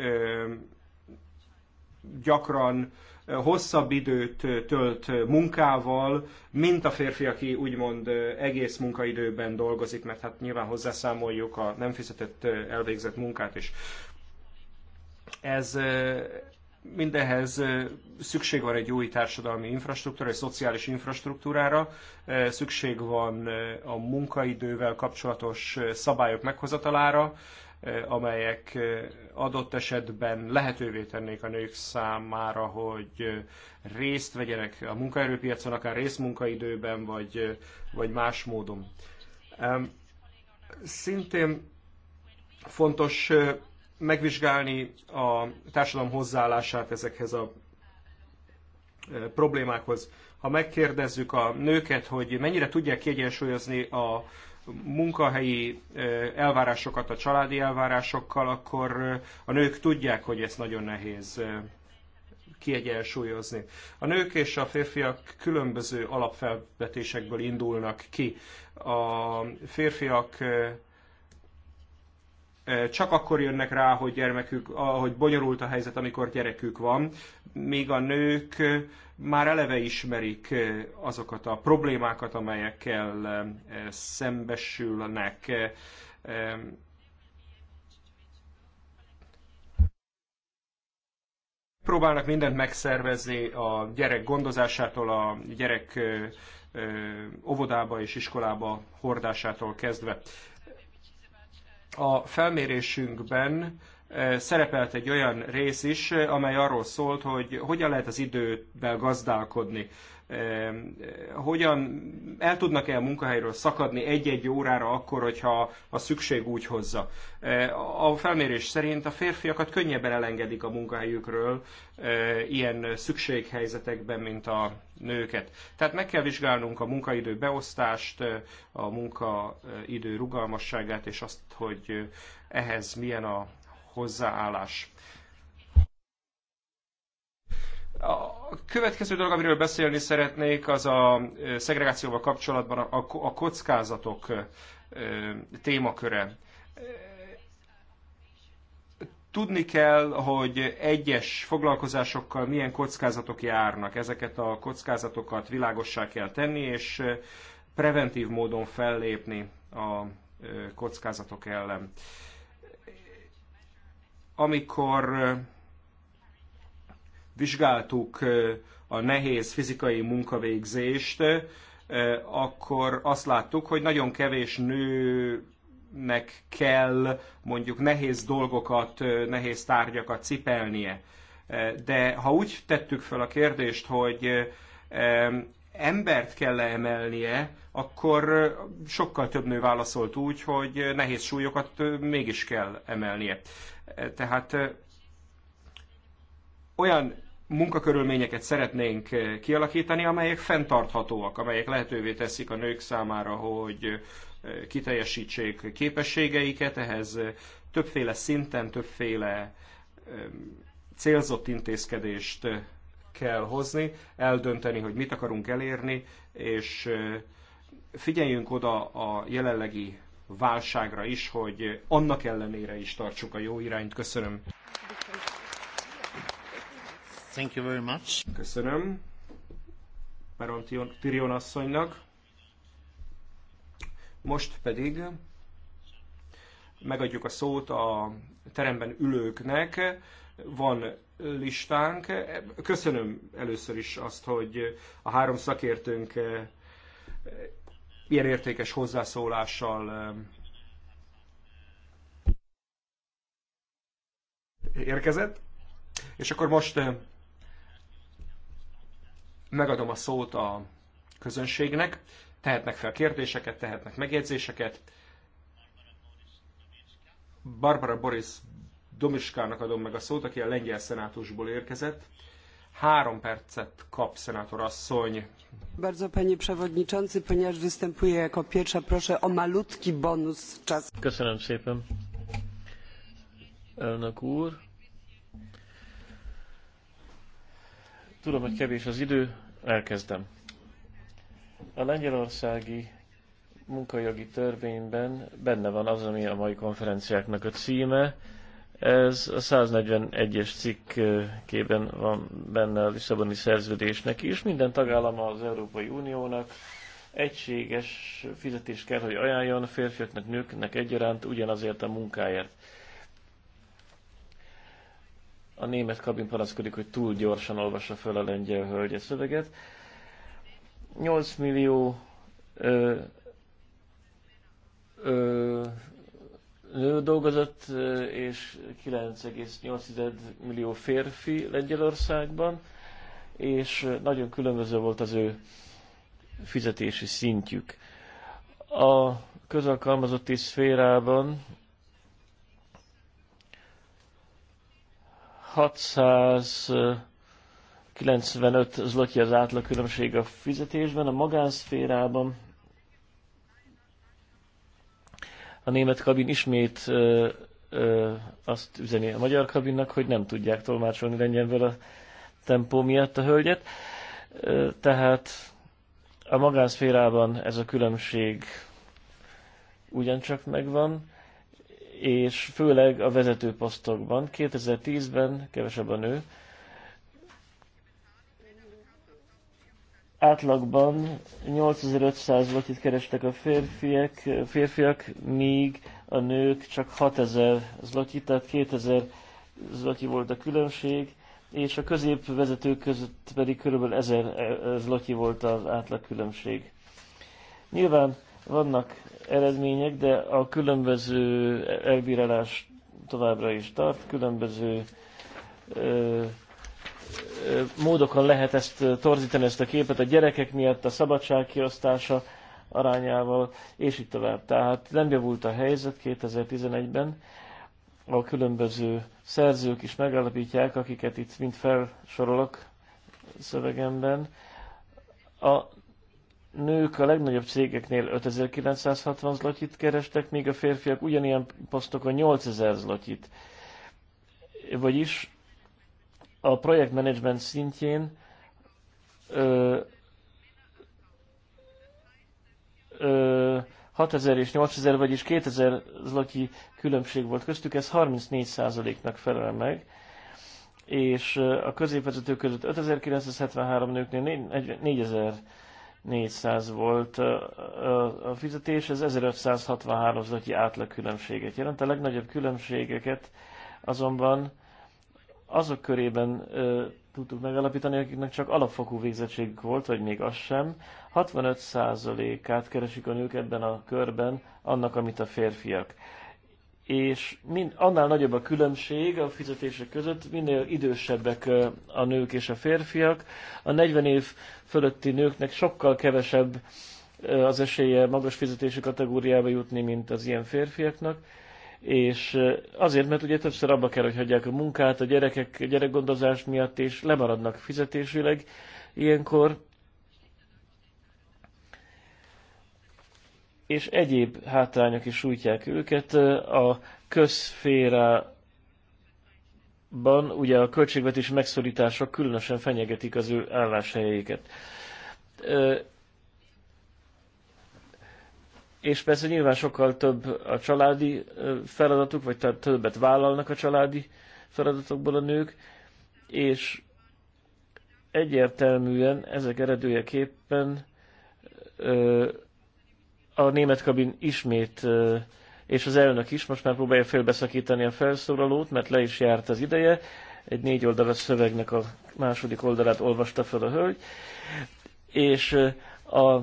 gyakran hosszabb időt tölt munkával, mint a férfi, aki úgymond egész munkaidőben dolgozik, mert hát nyilván hozzászámoljuk a nem fizetett elvégzett munkát is. Ez mindehhez szükség van egy új társadalmi infrastruktúra, egy szociális infrastruktúrára, szükség van a munkaidővel kapcsolatos szabályok meghozatalára, amelyek adott esetben lehetővé tennék a nők számára, hogy részt vegyenek a munkaerőpiacon, akár részmunkaidőben, vagy, vagy más módon. Szintén fontos megvizsgálni a társadalom hozzáállását ezekhez a e, problémákhoz. Ha megkérdezzük a nőket, hogy mennyire tudják kiegyensúlyozni a munkahelyi e, elvárásokat a családi elvárásokkal, akkor e, a nők tudják, hogy ez nagyon nehéz kiegyensúlyozni. A nők és a férfiak különböző alapfelvetésekből indulnak ki. A férfiak Eh, csak akkor jönnek rá, hogy gyermekük, hogy bonyolult a helyzet, amikor gyerekük van, még a nők eh, már eleve ismerik eh, azokat a problémákat, amelyekkel szembesülnek. Próbálnak mindent megszervezni a gyerek gondozásától, a gyerek óvodába és iskolába hordásától kezdve. A felmérésünkben e, szerepelt egy olyan rész is, amely arról szólt, hogy hogyan lehet az idővel gazdálkodni hogyan el tudnak-e a munkahelyről szakadni egy-egy órára akkor, hogyha a szükség úgy hozza. A felmérés szerint a férfiakat könnyebben elengedik a munkahelyükről ilyen szükséghelyzetekben, mint a nőket. Tehát meg kell vizsgálnunk a munkaidő beosztást, a munkaidő rugalmasságát, és azt, hogy ehhez milyen a hozzáállás. A következő dolog, amiről beszélni szeretnék, az a szegregációval kapcsolatban a kockázatok témaköre. Tudni kell, hogy egyes foglalkozásokkal milyen kockázatok járnak. Ezeket a kockázatokat világossá kell tenni, és preventív módon fellépni a kockázatok ellen. Amikor vizsgáltuk a nehéz fizikai munkavégzést, akkor azt láttuk, hogy nagyon kevés nőnek kell mondjuk nehéz dolgokat, nehéz tárgyakat cipelnie. De ha úgy tettük fel a kérdést, hogy embert kell -e emelnie, akkor sokkal több nő válaszolt úgy, hogy nehéz súlyokat mégis kell emelnie. Tehát olyan munkakörülményeket szeretnénk eh, kialakítani, amelyek fenntarthatóak, amelyek lehetővé teszik a nők számára, hogy eh, kiteljesítsék képességeiket, ehhez eh, többféle szinten, többféle célzott intézkedést kell hozni, eldönteni, hogy mit akarunk elérni, és figyeljünk oda a jelenlegi válságra is, hogy annak ellenére is tartsuk a jó irányt. Köszönöm. Thank you very much. Köszönöm. Peron Tirion asszonynak. Most pedig megadjuk a szót a teremben ülőknek. Van listánk. Köszönöm először is azt, hogy a három szakértőnk eh, ilyen értékes hozzászólással eh, érkezett. És akkor most eh, Megadom a szót a közönségnek, tehetnek fel kérdéseket, tehetnek megjegyzéseket. Barbara Boris Domiskának adom meg a szót, aki a lengyel szenátusból érkezett. Három percet kap szenátor asszony. Bardzo panie przewodniczący, ponieważ występuję jako pierwsza, proszę o malutki bonus czas. Köszönöm szépen. Elnök úr. Tudom, hogy kevés az idő, Elkezdem. A lengyelországi munkajogi törvényben benne van az, ami a mai konferenciáknak a címe. Ez a 141-es cikkében van benne a Lisszaboni szerződésnek is. Minden tagállama az Európai Uniónak egységes fizetést kell, hogy ajánljon férfiaknak, nőknek egyaránt ugyanazért a munkáért. A német kabin panaszkodik, hogy túl gyorsan olvassa fel a lengyel hölgye szöveget. 8 millió ö, ö, nő dolgozott, és 9,8 millió férfi Lengyelországban, és nagyon különböző volt az ő fizetési szintjük. A közalkalmazotti szférában 695 zloty az átlag különbség a fizetésben, a magánszférában a német kabin ismét ö, ö, azt üzeni a magyar kabinnak, hogy nem tudják tolmácsolni lengyelből a tempó miatt a hölgyet. Ö, tehát a magánszférában ez a különbség ugyancsak megvan és főleg a vezető posztokban. 2010-ben kevesebb a nő. Átlagban 8500 itt kerestek a férfiak, férfiak, míg a nők csak 6000 zlotyi, tehát 2000 zlotyi volt a különbség, és a középvezetők között pedig kb. 1000 zlotyi volt az átlag különbség. Nyilván vannak eredmények, de a különböző elbírálás továbbra is tart, különböző ö, ö, módokon lehet ezt torzítani, ezt a képet a gyerekek miatt, a szabadság kiosztása arányával, és így tovább. Tehát nem javult a helyzet 2011-ben, a különböző szerzők is megállapítják, akiket itt mind felsorolok szövegemben, a nők a legnagyobb cégeknél 5960 zlotyit kerestek, míg a férfiak ugyanilyen posztokon 8000 zlotyit. Vagyis a projektmenedzsment szintjén ö, ö, 6000 és 8000, vagyis 2000 zlotyi különbség volt köztük, ez 34%-nak felel meg, és a középvezetők között 5973 nőknél 4000 400 volt a fizetés, ez 1563 zloty átlag különbséget jelent. A legnagyobb különbségeket azonban azok körében tudtuk megalapítani, akiknek csak alapfokú végzettségük volt, vagy még az sem. 65%-át keresik a nők ebben a körben annak, amit a férfiak és mind, annál nagyobb a különbség a fizetések között, minél idősebbek a nők és a férfiak. A 40 év fölötti nőknek sokkal kevesebb az esélye magas fizetési kategóriába jutni, mint az ilyen férfiaknak, és azért, mert ugye többször abba kell, hogy hagyják a munkát, a gyerekek gyerekgondozás miatt, és lemaradnak fizetésileg ilyenkor, és egyéb hátrányok is sújtják őket. A közférában ugye a költségvetés megszorítások különösen fenyegetik az ő álláshelyeiket. És persze nyilván sokkal több a családi feladatuk, vagy többet vállalnak a családi feladatokból a nők, és egyértelműen ezek eredőjeképpen a német kabin ismét, és az elnök is most már próbálja félbeszakítani a felszólalót, mert le is járt az ideje. Egy négy oldalas szövegnek a második oldalát olvasta fel a hölgy. És a,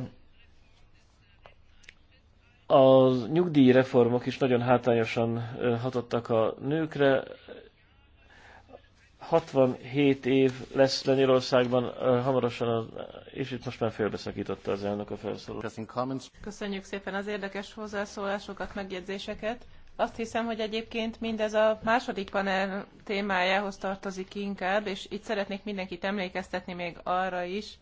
a nyugdíjreformok is nagyon hátányosan hatottak a nőkre. 67 év lesz Lengyelországban hamarosan, az, és itt most már félbeszakította az elnök a felszólalást. Köszönjük szépen az érdekes hozzászólásokat, megjegyzéseket. Azt hiszem, hogy egyébként mindez a második panel témájához tartozik inkább, és itt szeretnék mindenkit emlékeztetni még arra is,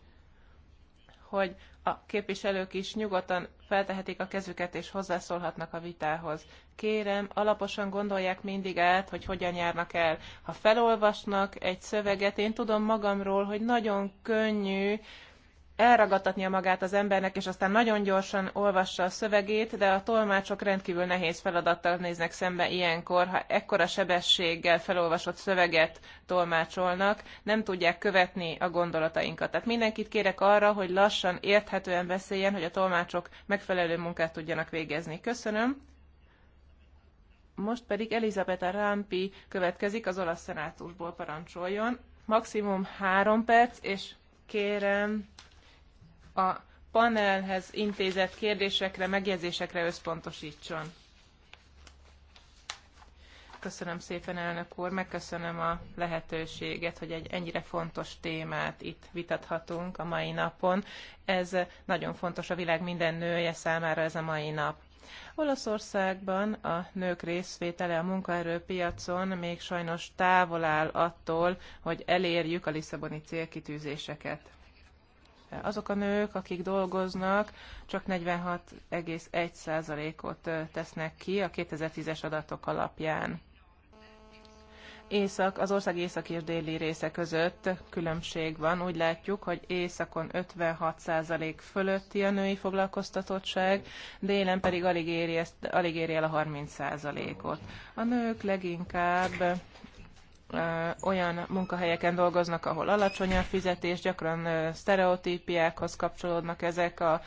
hogy a képviselők is nyugodtan feltehetik a kezüket és hozzászólhatnak a vitához. Kérem, alaposan gondolják mindig át, hogy hogyan járnak el. Ha felolvasnak egy szöveget, én tudom magamról, hogy nagyon könnyű elragadtatnia magát az embernek, és aztán nagyon gyorsan olvassa a szövegét, de a tolmácsok rendkívül nehéz feladattal néznek szembe ilyenkor, ha ekkora sebességgel felolvasott szöveget tolmácsolnak, nem tudják követni a gondolatainkat. Tehát mindenkit kérek arra, hogy lassan, érthetően beszéljen, hogy a tolmácsok megfelelő munkát tudjanak végezni. Köszönöm. Most pedig Elizabeta Rampi következik az olasz szenátusból parancsoljon. Maximum három perc, és kérem a panelhez intézett kérdésekre, megjegyzésekre összpontosítson. Köszönöm szépen, elnök úr, megköszönöm a lehetőséget, hogy egy ennyire fontos témát itt vitathatunk a mai napon. Ez nagyon fontos a világ minden nője számára ez a mai nap. Olaszországban a nők részvétele a munkaerőpiacon még sajnos távol áll attól, hogy elérjük a Lisszaboni célkitűzéseket. Azok a nők, akik dolgoznak, csak 46,1%-ot tesznek ki a 2010-es adatok alapján. Észak, az ország északi és déli része között különbség van. Úgy látjuk, hogy északon 56% fölötti a női foglalkoztatottság, délen pedig alig éri, ezt, alig éri el a 30%-ot. A nők leginkább olyan munkahelyeken dolgoznak, ahol alacsony a fizetés, gyakran sztereotípiákhoz kapcsolódnak ezek a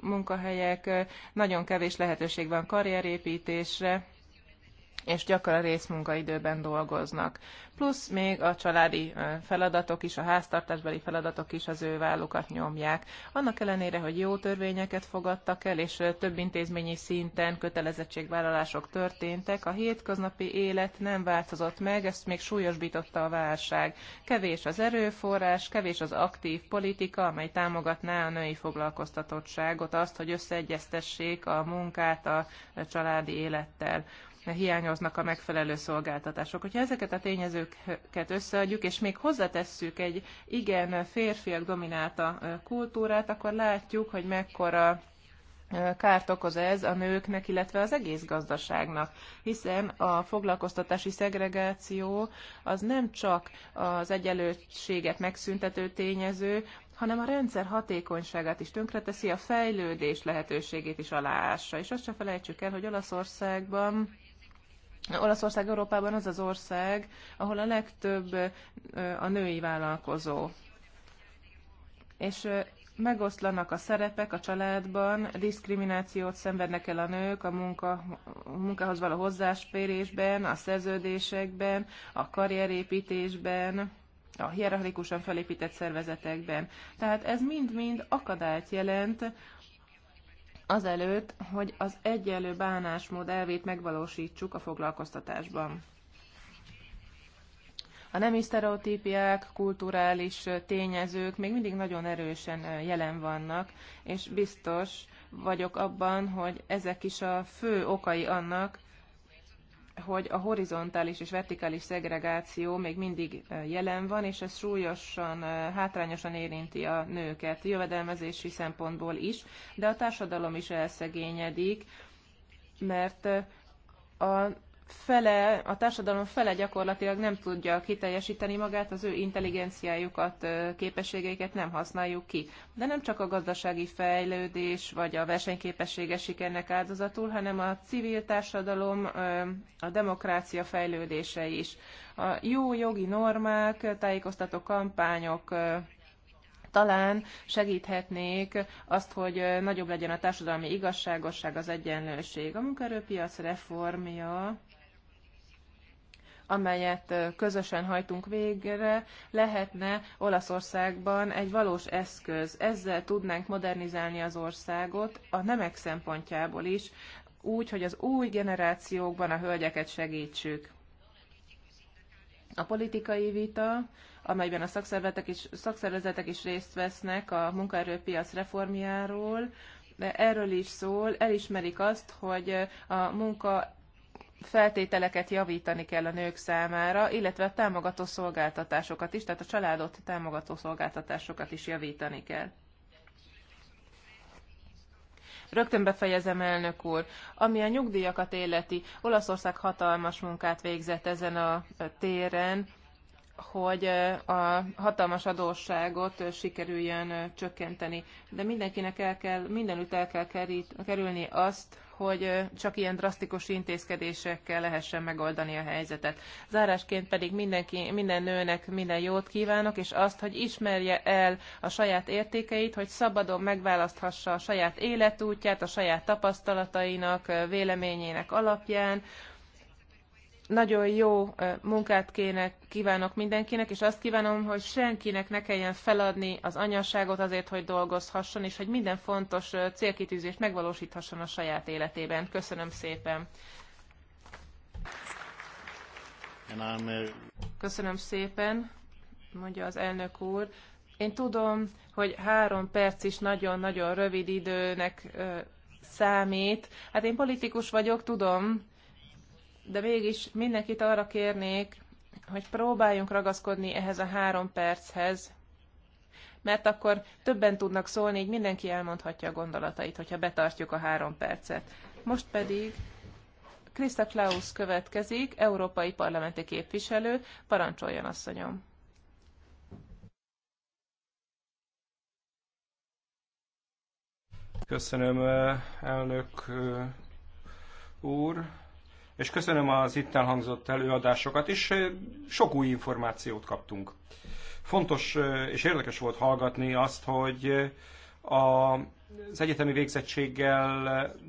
munkahelyek, nagyon kevés lehetőség van karrierépítésre, és gyakran részmunkaidőben dolgoznak. Plusz még a családi feladatok is, a háztartásbeli feladatok is az ő vállukat nyomják. Annak ellenére, hogy jó törvényeket fogadtak el, és több intézményi szinten kötelezettségvállalások történtek, a hétköznapi élet nem változott meg, ezt még súlyosbította a válság. Kevés az erőforrás, kevés az aktív politika, amely támogatná a női foglalkoztatottságot, azt, hogy összeegyeztessék a munkát a családi élettel hiányoznak a megfelelő szolgáltatások. Hogyha ezeket a tényezőket összeadjuk, és még hozzatesszük egy igen férfiak dominálta kultúrát, akkor látjuk, hogy mekkora kárt okoz ez a nőknek, illetve az egész gazdaságnak, hiszen a foglalkoztatási szegregáció az nem csak az egyenlőséget megszüntető tényező, hanem a rendszer hatékonyságát is tönkreteszi, a fejlődés lehetőségét is aláássa. És azt se felejtsük el, hogy Olaszországban Olaszország Európában az az ország, ahol a legtöbb a női vállalkozó. És megoszlanak a szerepek a családban, diszkriminációt szenvednek el a nők a, munka, a munkához való hozzáspérésben, a szerződésekben, a karrierépítésben, a hierarchikusan felépített szervezetekben. Tehát ez mind-mind akadályt jelent azelőtt, hogy az egyenlő bánásmód elvét megvalósítsuk a foglalkoztatásban. A nemi sztereotípiák, kulturális tényezők még mindig nagyon erősen jelen vannak, és biztos vagyok abban, hogy ezek is a fő okai annak, hogy a horizontális és vertikális szegregáció még mindig jelen van, és ez súlyosan, hátrányosan érinti a nőket jövedelmezési szempontból is, de a társadalom is elszegényedik, mert a fele, a társadalom fele gyakorlatilag nem tudja kiteljesíteni magát, az ő intelligenciájukat, képességeiket nem használjuk ki. De nem csak a gazdasági fejlődés vagy a versenyképessége sikernek áldozatul, hanem a civil társadalom, a demokrácia fejlődése is. A jó jogi normák, tájékoztató kampányok, talán segíthetnék azt, hogy nagyobb legyen a társadalmi igazságosság, az egyenlőség. A munkaerőpiac reformja amelyet közösen hajtunk végre, lehetne Olaszországban egy valós eszköz. Ezzel tudnánk modernizálni az országot a nemek szempontjából is, úgy, hogy az új generációkban a hölgyeket segítsük. A politikai vita, amelyben a szakszervezetek is, szakszervezetek is részt vesznek a munkaerőpiac reformjáról, de erről is szól, elismerik azt, hogy a munka feltételeket javítani kell a nők számára, illetve a támogató szolgáltatásokat is, tehát a családot támogató szolgáltatásokat is javítani kell. Rögtön befejezem, elnök úr. Ami a nyugdíjakat életi, Olaszország hatalmas munkát végzett ezen a téren, hogy a hatalmas adósságot sikerüljön csökkenteni. De mindenkinek el kell, mindenütt el kell kerít, kerülni azt, hogy csak ilyen drasztikus intézkedésekkel lehessen megoldani a helyzetet. Zárásként pedig mindenki, minden nőnek minden jót kívánok, és azt, hogy ismerje el a saját értékeit, hogy szabadon megválaszthassa a saját életútját, a saját tapasztalatainak, véleményének alapján, nagyon jó munkát kéne, kívánok mindenkinek, és azt kívánom, hogy senkinek ne kelljen feladni az anyasságot azért, hogy dolgozhasson, és hogy minden fontos célkitűzést megvalósíthasson a saját életében. Köszönöm szépen! Uh, Köszönöm szépen, mondja az elnök úr. Én tudom, hogy három perc is nagyon-nagyon rövid időnek számít. Hát én politikus vagyok, tudom, de mégis mindenkit arra kérnék, hogy próbáljunk ragaszkodni ehhez a három perchez, mert akkor többen tudnak szólni, így mindenki elmondhatja a gondolatait, hogyha betartjuk a három percet. Most pedig Krista Klaus következik, európai parlamenti képviselő, parancsoljon asszonyom. Köszönöm, eh, elnök eh, úr és köszönöm az itt elhangzott előadásokat, és sok új információt kaptunk. Fontos és érdekes volt hallgatni azt, hogy a az egyetemi végzettséggel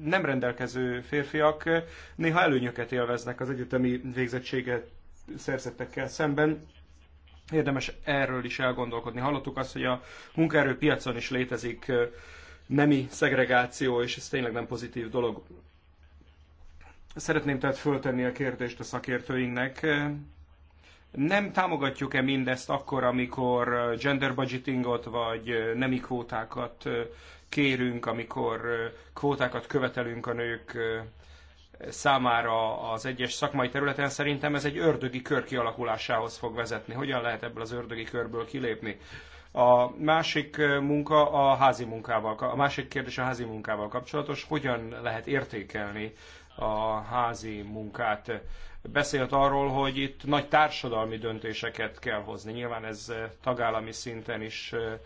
nem rendelkező férfiak néha előnyöket élveznek az egyetemi végzettséget szerzettekkel szemben. Érdemes erről is elgondolkodni. Hallottuk azt, hogy a munkaerőpiacon is létezik nemi szegregáció, és ez tényleg nem pozitív dolog. Szeretném tehát föltenni a kérdést a szakértőinknek. Nem támogatjuk-e mindezt akkor, amikor gender budgetingot vagy nemi kvótákat kérünk, amikor kvótákat követelünk a nők számára az egyes szakmai területen, szerintem ez egy ördögi kör kialakulásához fog vezetni. Hogyan lehet ebből az ördögi körből kilépni? A másik munka a házi munkával, a másik kérdés a házi munkával kapcsolatos, hogyan lehet értékelni a házi munkát. Beszélt arról, hogy itt nagy társadalmi döntéseket kell hozni. Nyilván ez eh, tagállami szinten is eh,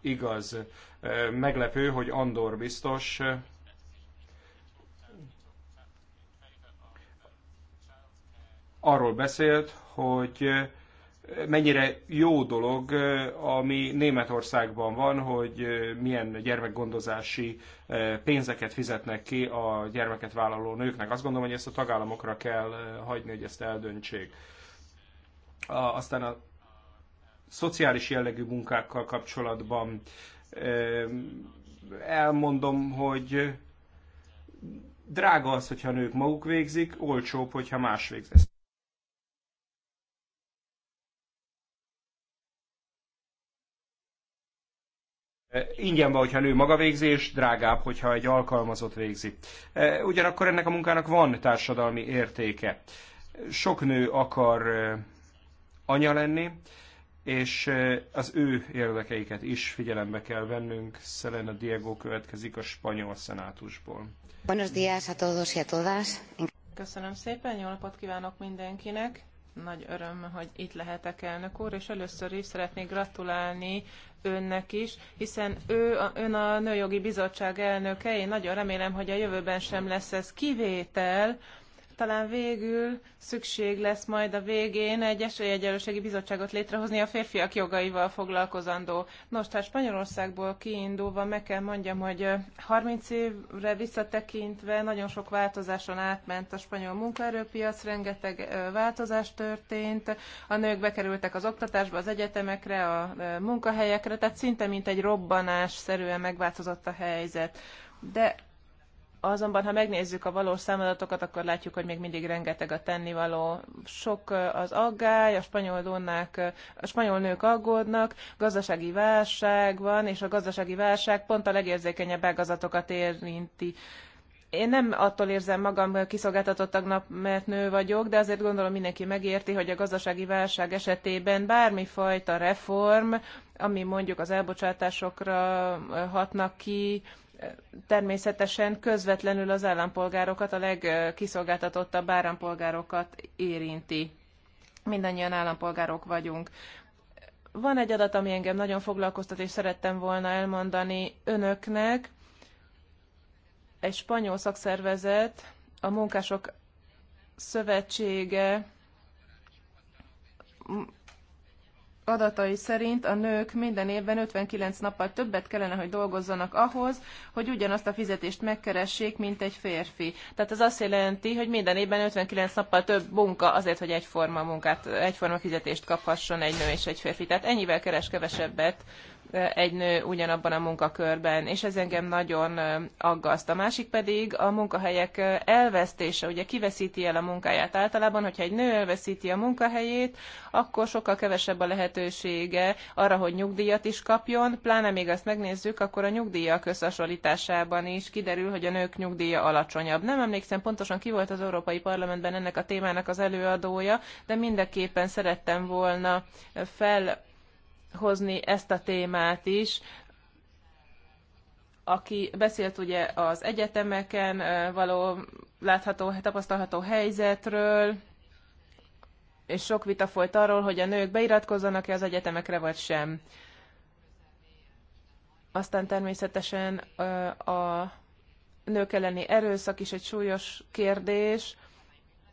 igaz. Eh, meglepő, hogy Andor biztos arról beszélt, hogy mennyire jó dolog, ami Németországban van, hogy milyen gyermekgondozási pénzeket fizetnek ki a gyermeket vállaló nőknek. Azt gondolom, hogy ezt a tagállamokra kell hagyni, hogy ezt eldöntsék. Aztán a szociális jellegű munkákkal kapcsolatban elmondom, hogy drága az, hogyha nők maguk végzik, olcsóbb, hogyha más végzik. Eh, ingyen van, hogyha nő maga végzés, drágább, hogyha egy alkalmazott végzi. Eh, ugyanakkor ennek a munkának van társadalmi értéke. Sok nő akar eh, anya lenni, és az ő érdekeiket is figyelembe kell vennünk. Selena Diego következik a spanyol szenátusból. Buenos días a todos y a todas. Köszönöm szépen, jó napot kívánok mindenkinek! Nagy öröm, hogy itt lehetek, elnök úr, és először is szeretnék gratulálni önnek is, hiszen ő, a, ön a Nőjogi Bizottság elnöke, én nagyon remélem, hogy a jövőben sem lesz ez kivétel, talán végül szükség lesz majd a végén egy esélyegyenlőségi bizottságot létrehozni a férfiak jogaival foglalkozandó. Nos, tehát Spanyolországból kiindulva meg kell mondjam, hogy 30 évre visszatekintve nagyon sok változáson átment a spanyol munkaerőpiac, rengeteg változás történt, a nők bekerültek az oktatásba, az egyetemekre, a munkahelyekre, tehát szinte mint egy robbanás szerűen megváltozott a helyzet. De Azonban, ha megnézzük a valós számadatokat, akkor látjuk, hogy még mindig rengeteg a tennivaló. Sok az aggály, a spanyol, donnák, a spanyol nők aggódnak, gazdasági válság van, és a gazdasági válság pont a legérzékenyebb ágazatokat érinti. Én nem attól érzem magam nap, mert nő vagyok, de azért gondolom mindenki megérti, hogy a gazdasági válság esetében bármifajta reform, ami mondjuk az elbocsátásokra hatnak ki, természetesen közvetlenül az állampolgárokat, a legkiszolgáltatottabb állampolgárokat érinti. Mindannyian állampolgárok vagyunk. Van egy adat, ami engem nagyon foglalkoztat, és szerettem volna elmondani önöknek. Egy spanyol szakszervezet, a Munkások Szövetsége adatai szerint a nők minden évben 59 nappal többet kellene, hogy dolgozzanak ahhoz, hogy ugyanazt a fizetést megkeressék, mint egy férfi. Tehát ez azt jelenti, hogy minden évben 59 nappal több munka azért, hogy egyforma munkát, egyforma fizetést kaphasson egy nő és egy férfi. Tehát ennyivel keres kevesebbet egy nő ugyanabban a munkakörben, és ez engem nagyon aggaszt. A másik pedig a munkahelyek elvesztése, ugye kiveszíti el a munkáját általában, hogyha egy nő elveszíti a munkahelyét, akkor sokkal kevesebb a lehetősége arra, hogy nyugdíjat is kapjon, pláne még azt megnézzük, akkor a nyugdíjak összehasonlításában is kiderül, hogy a nők nyugdíja alacsonyabb. Nem emlékszem pontosan ki volt az Európai Parlamentben ennek a témának az előadója, de mindenképpen szerettem volna fel hozni ezt a témát is, aki beszélt ugye az egyetemeken való látható, tapasztalható helyzetről, és sok vita folyt arról, hogy a nők beiratkozzanak-e az egyetemekre, vagy sem. Aztán természetesen a nők elleni erőszak is egy súlyos kérdés.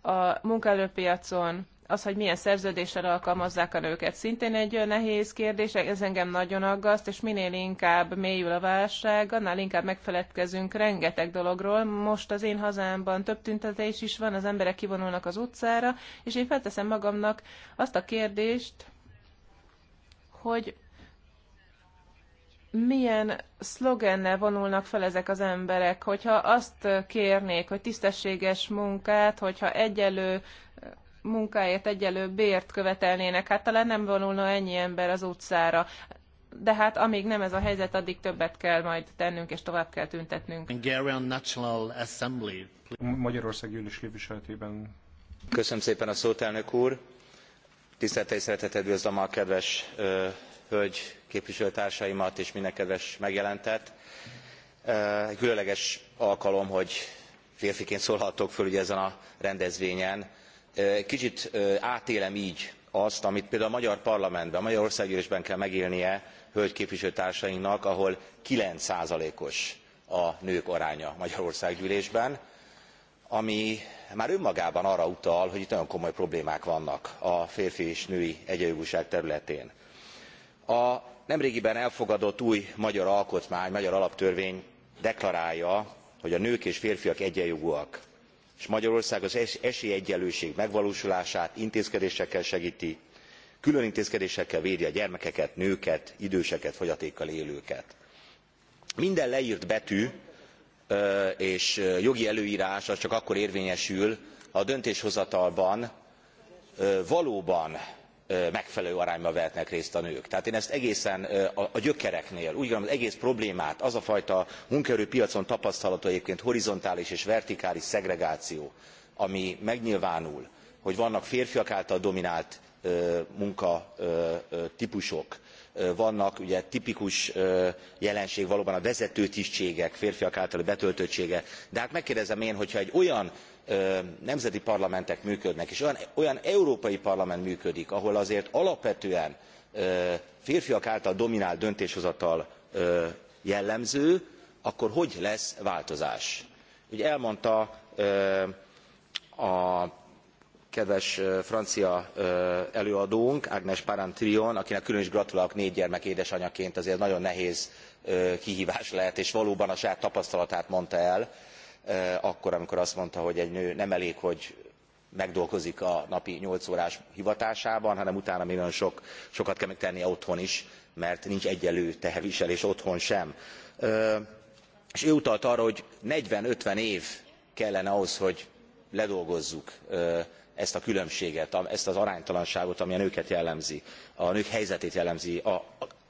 A munkaerőpiacon az, hogy milyen szerződéssel alkalmazzák a nőket, szintén egy nehéz kérdés, ez engem nagyon aggaszt, és minél inkább mélyül a válság, annál inkább megfeledkezünk rengeteg dologról. Most az én hazámban több tüntetés is van, az emberek kivonulnak az utcára, és én felteszem magamnak azt a kérdést, hogy milyen szlogennel vonulnak fel ezek az emberek, hogyha azt kérnék, hogy tisztességes munkát, hogyha egyelő munkáért egyelő bért követelnének, hát talán nem vonulna ennyi ember az utcára. De hát amíg nem ez a helyzet, addig többet kell majd tennünk, és tovább kell tüntetnünk. Magyarország gyűlés képviseletében. Köszönöm szépen a szót, elnök úr. tisztelt és szeretettel üdvözlöm a kedves ö, hölgy képviselőtársaimat és minden kedves megjelentet. Egy különleges alkalom, hogy férfiként szólhatok föl ugye ezen a rendezvényen kicsit átélem gy azt amit például a magyar parlamentben a magyar országgyűlésben kell megélnie hölgy képviselőtársainknak ahol nine os a nők aránya országgyűlésben ami már önmagában arra utal hogy itt nagyon komoly problémák vannak a férfi és női egyenjogúság területén. a nemrégiben elfogadott új magyar alkotmány magyar alaptörvény deklarálja hogy a nők és férfiak egyenjogúak és magyarország az esélyegyenlőség megvalósulását intézkedésekkel segti külön intézkedésekkel védi a gyermekeket nőket időseket fogyatékkal élőket. minden lert betű és jogi előrás az csak akkor érvényesül ha a döntéshozatalban valóban megfelelő arányban vehetnek részt a nők. tehát én ezt egészen a gyökereknél úgy gondolom az egész problémát az a fajta munkaerőpiacon tapasztalható egyébként horizontális és vertikális szegregáció ami megnyilvánul hogy vannak férfiak által dominált munkatpusok vannak ugye tipikus jelenség valóban a vezető tisztségek férfiak általi betöltöttsége de hát megkérdezem én hogyha egy olyan nemzeti parlamentek működnek és olyan európai parlament működik ahol azért alapvetően férfiak által dominált döntéshozatal jellemző akkor hogy lesz változás? ugye elmondta a kedves francia előadónk agnes parantrion akinek külön is gratulálok négy gyermek édesanyjaként azért nagyon nehéz kihvás lehet és valóban a saját tapasztalatát mondta el akkor amikor azt mondta hogy egy nő nem elég hogy megdolgozik a napi eight órás hivatásában hanem utána még nagyon sokat kell még tennie otthon is mert nincs egyenlő teherviselés otthon sem. és ő utalt arra hogy forty fifty év kellene ahhoz hogy ledolgozzuk ezt a különbséget ezt az aránytalanságot ami a nőket jellemzi a nők helyzetét jellemzi az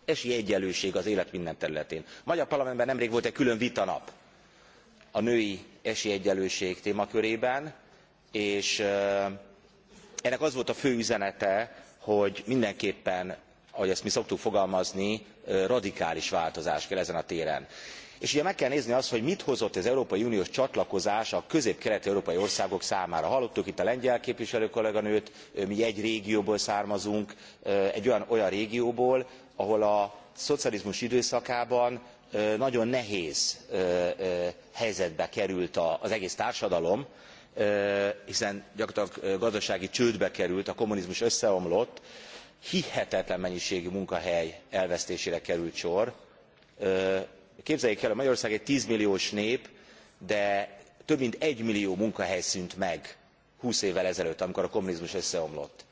esélyegyenlőség az élet minden területén. a magyar parlamentben nemrég volt egy külön vitanap a női esélyegyenlőség témakörében és ennek az volt a fő üzenete hogy mindenképpen ahogy ezt mi szoktuk fogalmazni radikális változás kell ezen a téren. és ugye meg kell nézni azt hogy mit hozott az európai uniós csatlakozás a közép kelet európai országok számára. hallottuk itt a lengyel képviselő kolléganőt mi egy régióból származunk egy olyan régióból ahol a szocializmus időszakában nagyon nehéz helyzetbe került az egész társadalom hiszen gyakorlatilag gazdasági csődbe került a kommunizmus összeomlott hihetetlen mennyiségű munkahely elvesztésére került sor. képzeljék el hogy magyarország egy ten milliós nép de több mint one millió munkahely szűnt meg twenty évvel ezelőtt amikor a kommunizmus összeomlott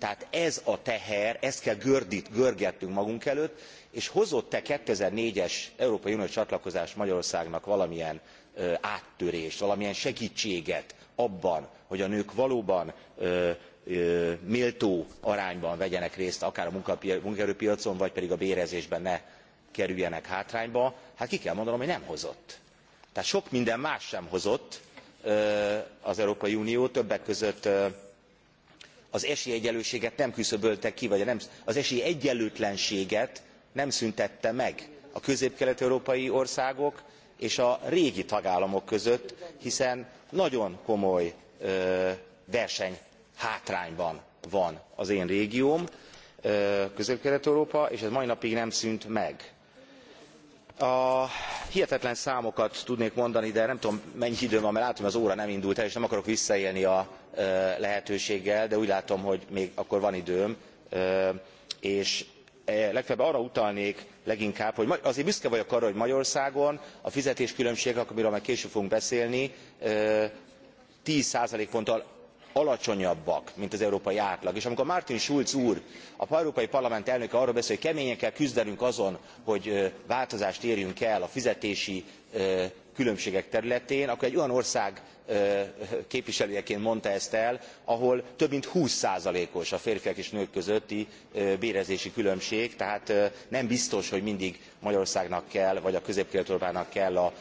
tehát ez a teher ezt kell görgetnünk magunk előtt és hozott e two thousand and four es európai uniós csatlakozás magyarországnak valamilyen áttörést valamilyen segtséget abban hogy a nők valóban méltó arányban vegyenek részt akár a munkaerőpiacon vagy pedig a bérezésben ne kerüljenek hátrányba hát ki kell mondanom hogy nem hozott. tehát sok minden más sem hozott az európai unió többek között az esélyegyenlőséget nem küszöbölte ki vagy az esélyegyenlőtlenséget nem szüntette meg a közép kelet európai országok és a régi tagállamok között hiszen nagyon komoly versenyhátrányban van az én régióm közép kelet európa és ez mai napig nem szűnt meg. hihetetlen számokat tudnék mondani de nem tudom mennyi időm van mert látom az óra nem indult el és nem akarok visszaélni a lehetőséggel de úgy látom hogy még akkor van időm és legfeljebb arra utalnék leginkább hogy azért büszke vagyok arra hogy magyarországon a fizetéskülönbségek amiről majd később fogunk beszélni ten százalékponttal alacsonyabbak mint az európai átlag és amikor martin schulz úr az európai parlament elnöke arról beszél hogy keményen kell küzdenünk azon hogy változást érjünk el a fizetési különbségek területén akkor egy olyan ország képviselőjeként mondta ezt el ahol több mint twenty os a férfiak és nők közötti bérezési különbség tehát nem biztos hogy mindig magyarországnak kell vagy a közép kelet európának kell a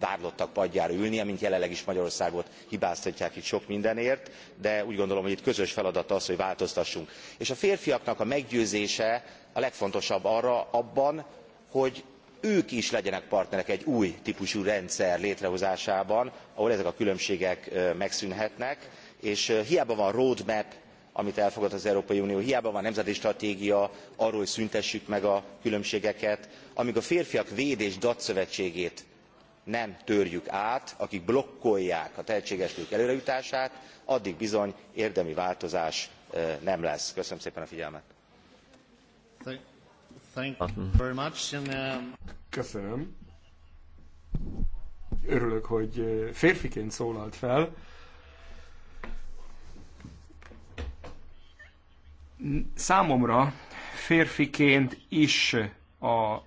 vádlottak padjára ülnie mint jelenleg is magyarországot hibáztatják itt sok mindenért de úgy gondolom hogy itt közös feladat az hogy változtassunk. és a férfiaknak a meggyőzése a legfontosabb abban hogy ők is legyenek partnerek egy új tpusú rendszer létrehozásában ahol ezek a különbségek megszűnhetnek és hiába van road map amit elfogad az európai unió hiába van nemzeti stratégia arról hogy szüntessük meg a különbségeket amg a férfiak véd és dac szövetségét nem törjük át akik blokkolják a tehetséges nők előrejutását addig bizony érdemi változás nem lesz. köszönöm szépen a figyelmet! Thank you mm-hmm. very much. And, uh, Köszönöm. Örülök, hogy uh, férfiként szólalt fel. Számomra férfiként is a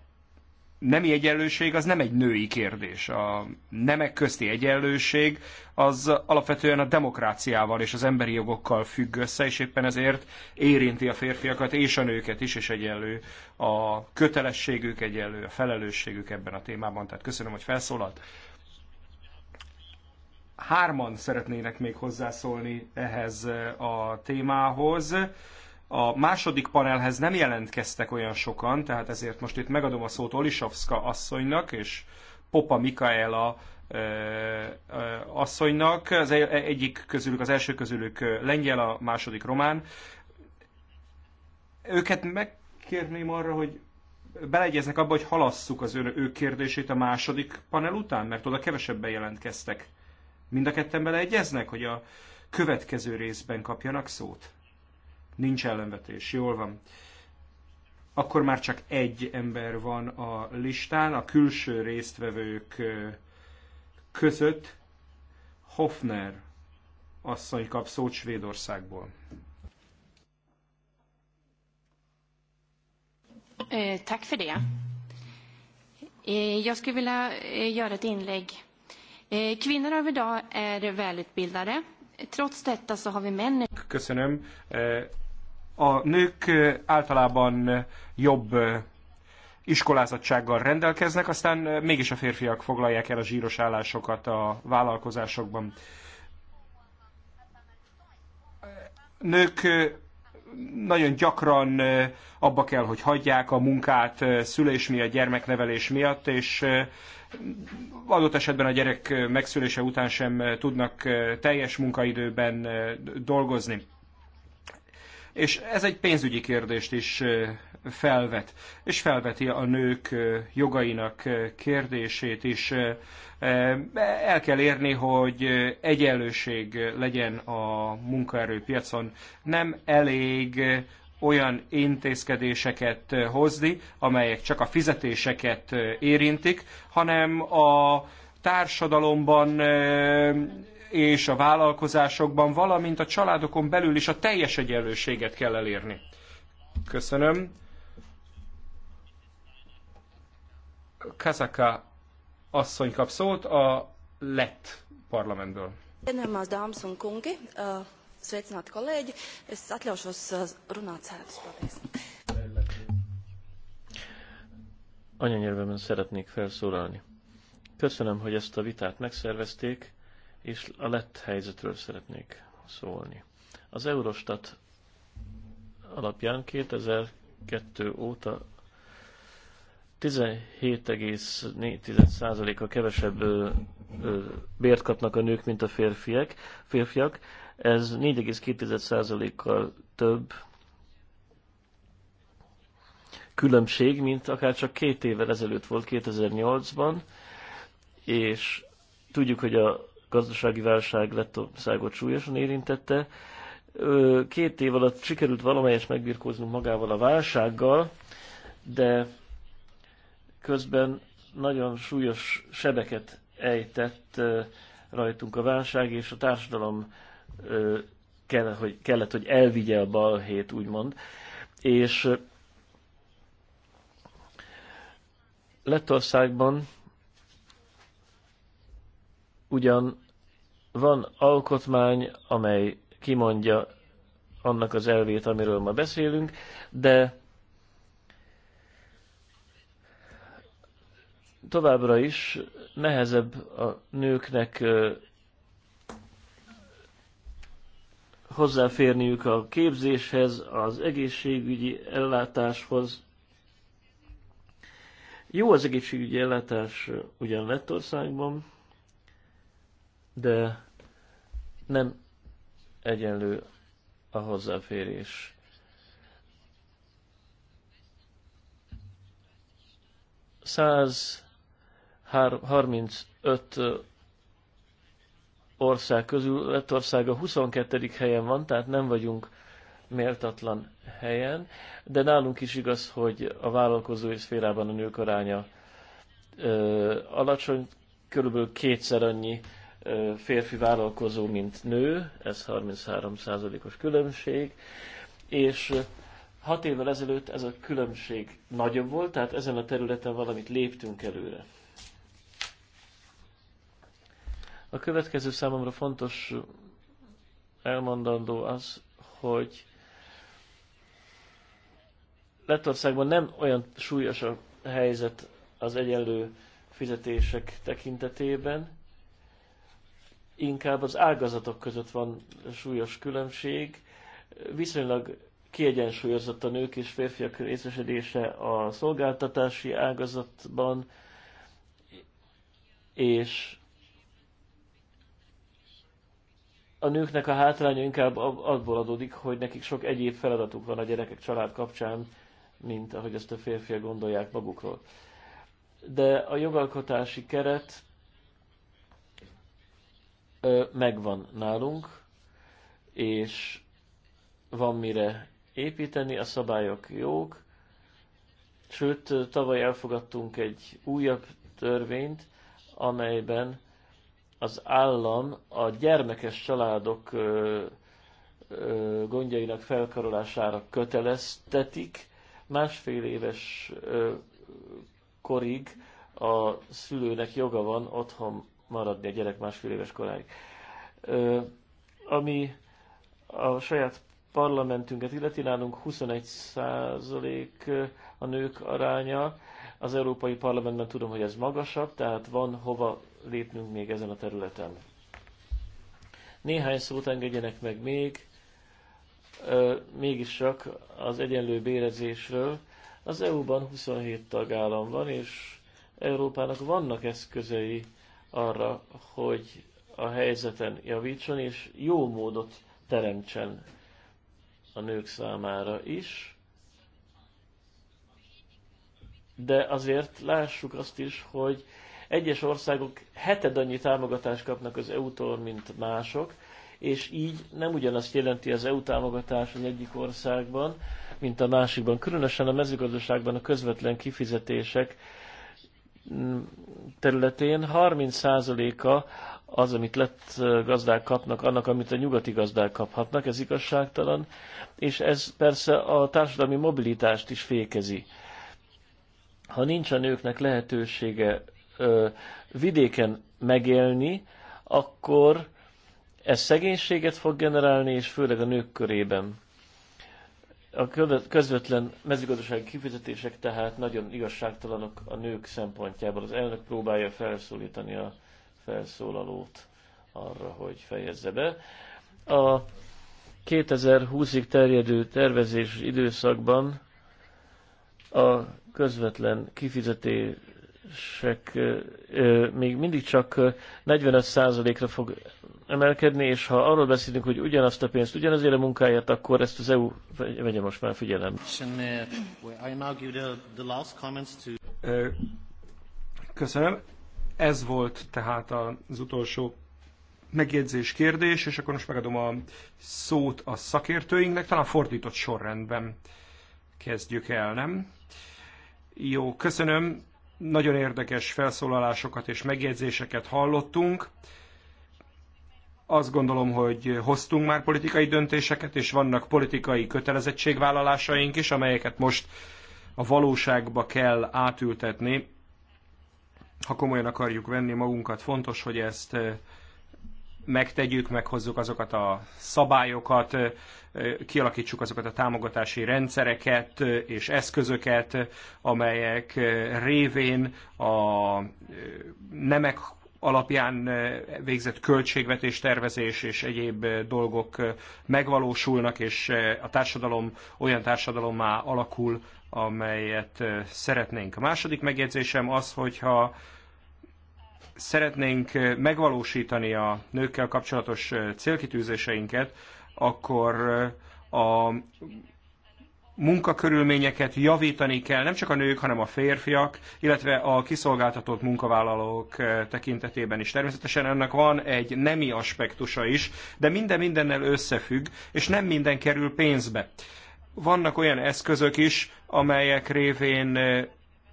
nemi egyenlőség az nem egy női kérdés. A nemek közti egyenlőség az alapvetően a demokráciával és az emberi jogokkal függ össze, és éppen ezért érinti a férfiakat és a nőket is, és egyenlő a kötelességük, egyenlő a felelősségük ebben a témában. Tehát köszönöm, hogy felszólalt. Hárman szeretnének még hozzászólni ehhez a témához. A második panelhez nem jelentkeztek olyan sokan, tehát ezért most itt megadom a szót Olisovska asszonynak és Popa Mikaela asszonynak. Az e, e, egyik közülük, az első közülük lengyel, a második román. Őket megkérném arra, hogy beleegyeznek abba, hogy halasszuk az ő, ő kérdését a második panel után, mert oda kevesebben jelentkeztek. Mind a ketten beleegyeznek, hogy a következő részben kapjanak szót? Nincs ellenvetés, jól van. Akkor már csak egy ember van a listán, a külső résztvevők között Hofner asszony kap szót Svédországból. Tack för det. Jag skulle vilja göra ett inlägg. Kvinnor av idag är välutbildade. Trots detta så har vi män... Köszönöm. A nők általában jobb iskolázottsággal rendelkeznek, aztán mégis a férfiak foglalják el a zsíros állásokat a vállalkozásokban. Nők nagyon gyakran abba kell, hogy hagyják a munkát szülés miatt, gyermeknevelés miatt, és adott esetben a gyerek megszülése után sem tudnak teljes munkaidőben dolgozni. És ez egy pénzügyi kérdést is felvet, és felveti a nők jogainak kérdését is. El kell érni, hogy egyenlőség legyen a munkaerőpiacon. Nem elég olyan intézkedéseket hozni, amelyek csak a fizetéseket érintik, hanem a társadalomban és a vállalkozásokban, valamint a családokon belül is a teljes egyenlőséget kell elérni. Köszönöm. Kazaka asszony kap szót a lett parlamentből. kungi, Anyanyelvemen szeretnék felszólalni. Köszönöm, hogy ezt a vitát megszervezték és a lett helyzetről szeretnék szólni. Az Eurostat alapján 2002 óta 17,4%-a kevesebb ö, ö, bért kapnak a nők, mint a férfiak. férfiak. Ez 4,2%-kal több különbség, mint akár csak két évvel ezelőtt volt 2008-ban, és tudjuk, hogy a gazdasági válság lett a szágot súlyosan érintette. Két év alatt sikerült valamelyest megbirkóznunk magával a válsággal, de közben nagyon súlyos sebeket ejtett rajtunk a válság, és a társadalom kell, hogy, kellett, hogy elvigye a balhét, úgymond. És Lettországban ugyan van alkotmány, amely kimondja annak az elvét, amiről ma beszélünk, de továbbra is nehezebb a nőknek hozzáférniük a képzéshez, az egészségügyi ellátáshoz. Jó az egészségügyi ellátás ugyan Lettországban, de nem egyenlő a hozzáférés. Száz 35 ország közül Lettország a 22. helyen van, tehát nem vagyunk méltatlan helyen, de nálunk is igaz, hogy a vállalkozói szférában a nők aránya ö, alacsony, körülbelül kétszer annyi férfi vállalkozó, mint nő, ez 33%-os különbség, és hat évvel ezelőtt ez a különbség nagyobb volt, tehát ezen a területen valamit léptünk előre. A következő számomra fontos elmondandó az, hogy Lettországban nem olyan súlyos a helyzet az egyenlő fizetések tekintetében, inkább az ágazatok között van súlyos különbség. Viszonylag kiegyensúlyozott a nők és férfiak részesedése a szolgáltatási ágazatban, és a nőknek a hátránya inkább abból adódik, hogy nekik sok egyéb feladatuk van a gyerekek család kapcsán, mint ahogy ezt a férfiak gondolják magukról. De a jogalkotási keret megvan nálunk, és van mire építeni, a szabályok jók, sőt, tavaly elfogadtunk egy újabb törvényt, amelyben az állam a gyermekes családok gondjainak felkarolására köteleztetik, másfél éves korig a szülőnek joga van otthon maradni a gyerek másfél éves koráig. Ami a saját parlamentünket illeti, nálunk 21 százalék a nők aránya. Az Európai Parlamentben tudom, hogy ez magasabb, tehát van hova lépnünk még ezen a területen. Néhány szót engedjenek meg még, mégis csak az egyenlő bérezésről. Az EU-ban 27 tagállam van, és Európának vannak eszközei arra, hogy a helyzeten javítson, és jó módot teremtsen a nők számára is. De azért lássuk azt is, hogy egyes országok heted annyi támogatást kapnak az EU-tól, mint mások, és így nem ugyanazt jelenti az EU támogatás az egyik országban, mint a másikban. Különösen a mezőgazdaságban a közvetlen kifizetések területén 30%-a az, amit lett gazdák kapnak, annak, amit a nyugati gazdák kaphatnak, ez igazságtalan, és ez persze a társadalmi mobilitást is fékezi. Ha nincs a nőknek lehetősége ö, vidéken megélni, akkor ez szegénységet fog generálni, és főleg a nők körében. A közvetlen mezőgazdasági kifizetések tehát nagyon igazságtalanok a nők szempontjából. Az elnök próbálja felszólítani a felszólalót arra, hogy fejezze be. A 2020-ig terjedő tervezés időszakban a közvetlen kifizetések még mindig csak 45%-ra fog emelkedni, és ha arról beszélünk, hogy ugyanazt a pénzt ugyanazért a munkáért, akkor ezt az EU vegye most már figyelem. Köszönöm. Ez volt tehát az utolsó megjegyzés, kérdés, és akkor most megadom a szót a szakértőinknek, talán fordított sorrendben kezdjük el, nem? Jó, köszönöm. Nagyon érdekes felszólalásokat és megjegyzéseket hallottunk. Azt gondolom, hogy hoztunk már politikai döntéseket, és vannak politikai kötelezettségvállalásaink is, amelyeket most a valóságba kell átültetni. Ha komolyan akarjuk venni magunkat, fontos, hogy ezt eh, megtegyük, meghozzuk azokat a szabályokat, eh, kialakítsuk azokat a támogatási rendszereket eh, és eszközöket, amelyek révén a nemek alapján végzett költségvetés, tervezés és egyéb dolgok megvalósulnak, és a társadalom olyan társadalommá alakul, amelyet szeretnénk. A második megjegyzésem az, hogyha szeretnénk megvalósítani a nőkkel kapcsolatos célkitűzéseinket, akkor a munkakörülményeket javítani kell, nem csak a nők, hanem a férfiak, illetve a kiszolgáltatott munkavállalók eh, tekintetében is. Természetesen ennek van egy nemi aspektusa is, de minden mindennel összefügg, és nem minden kerül pénzbe. Vannak olyan eszközök is, amelyek révén eh,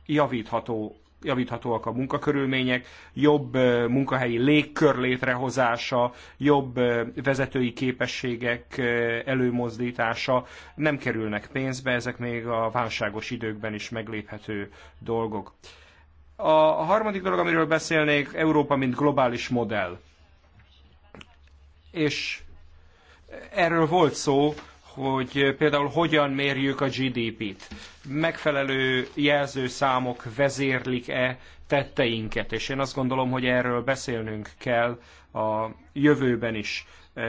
javítható javíthatóak a munkakörülmények, jobb munkahelyi légkör létrehozása, jobb vezetői képességek előmozdítása nem kerülnek pénzbe, ezek még a válságos időkben is megléphető dolgok. A harmadik dolog, amiről beszélnék, Európa, mint globális modell. És erről volt szó hogy például hogyan mérjük a GDP-t. Megfelelő jelzőszámok vezérlik-e tetteinket, és én azt gondolom, hogy erről beszélnünk kell a jövőben is e,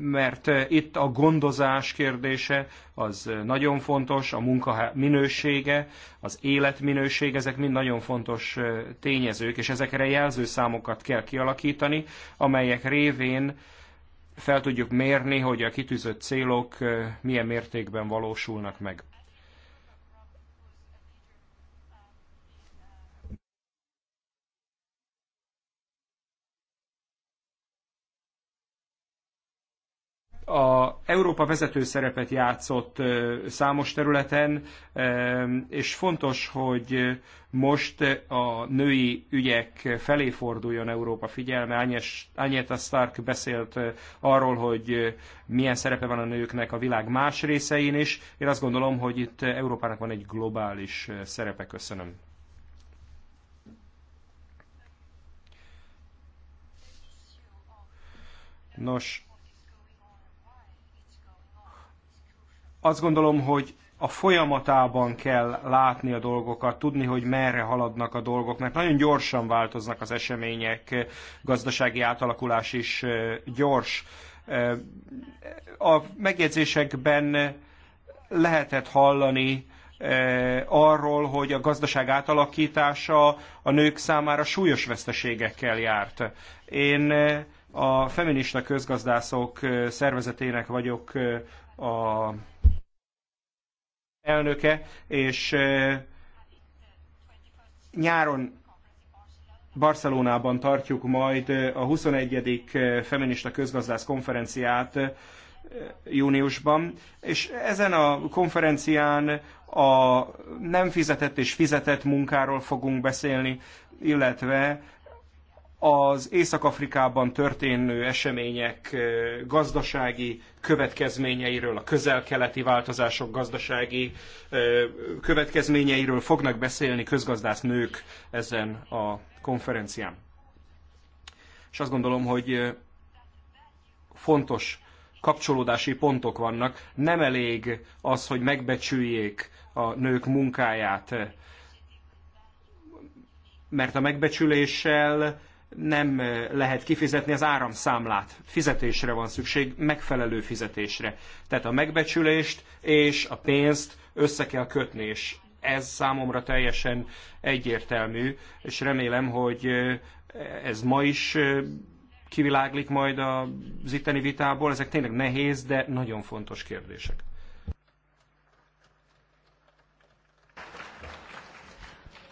mert itt a gondozás kérdése az nagyon fontos, a munka minősége, az életminőség, ezek mind nagyon fontos e, tényezők, és ezekre jelzőszámokat kell kialakítani, amelyek révén fel tudjuk mérni, hogy a kitűzött célok eh, milyen mértékben valósulnak meg. a Európa vezető szerepet játszott számos területen, és fontos, hogy most a női ügyek felé forduljon Európa figyelme. Anyeta Stark beszélt arról, hogy milyen szerepe van a nőknek a világ más részein is. Én azt gondolom, hogy itt Európának van egy globális szerepe. Köszönöm. Nos, Azt gondolom, hogy a folyamatában kell látni a dolgokat, tudni, hogy merre haladnak a dolgok, mert nagyon gyorsan változnak az események, gazdasági átalakulás is gyors. A megjegyzésekben lehetett hallani arról, hogy a gazdaság átalakítása a nők számára súlyos veszteségekkel járt. Én a feminista közgazdászok szervezetének vagyok a elnöke, és nyáron Barcelonában tartjuk majd a 21. feminista közgazdász konferenciát júniusban, és ezen a konferencián a nem fizetett és fizetett munkáról fogunk beszélni, illetve az Észak-Afrikában történő események gazdasági következményeiről, a közel-keleti változások gazdasági következményeiről fognak beszélni közgazdász nők ezen a konferencián. És azt gondolom, hogy fontos kapcsolódási pontok vannak. Nem elég az, hogy megbecsüljék a nők munkáját, mert a megbecsüléssel nem lehet kifizetni az áramszámlát. Fizetésre van szükség, megfelelő fizetésre. Tehát a megbecsülést és a pénzt össze kell kötni, és ez számomra teljesen egyértelmű, és remélem, hogy ez ma is kiviláglik majd az itteni vitából. Ezek tényleg nehéz, de nagyon fontos kérdések.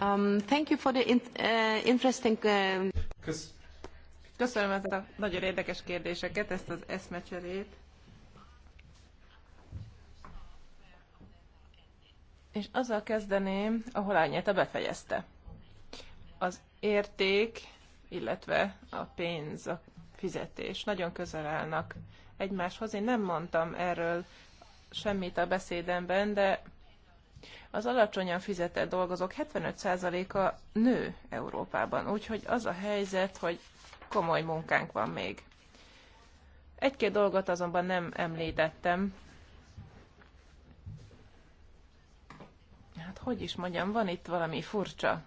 Köszönöm ezeket a nagyon érdekes kérdéseket, ezt az eszmecserét. És azzal kezdeném, ahol Ányeta befejezte. Az érték, illetve a pénz, a fizetés nagyon közel állnak egymáshoz. Én nem mondtam erről semmit a beszédemben, de az alacsonyan fizetett dolgozók 75%-a nő Európában, úgyhogy az a helyzet, hogy komoly munkánk van még. Egy-két dolgot azonban nem említettem. Hát hogy is mondjam, van itt valami furcsa.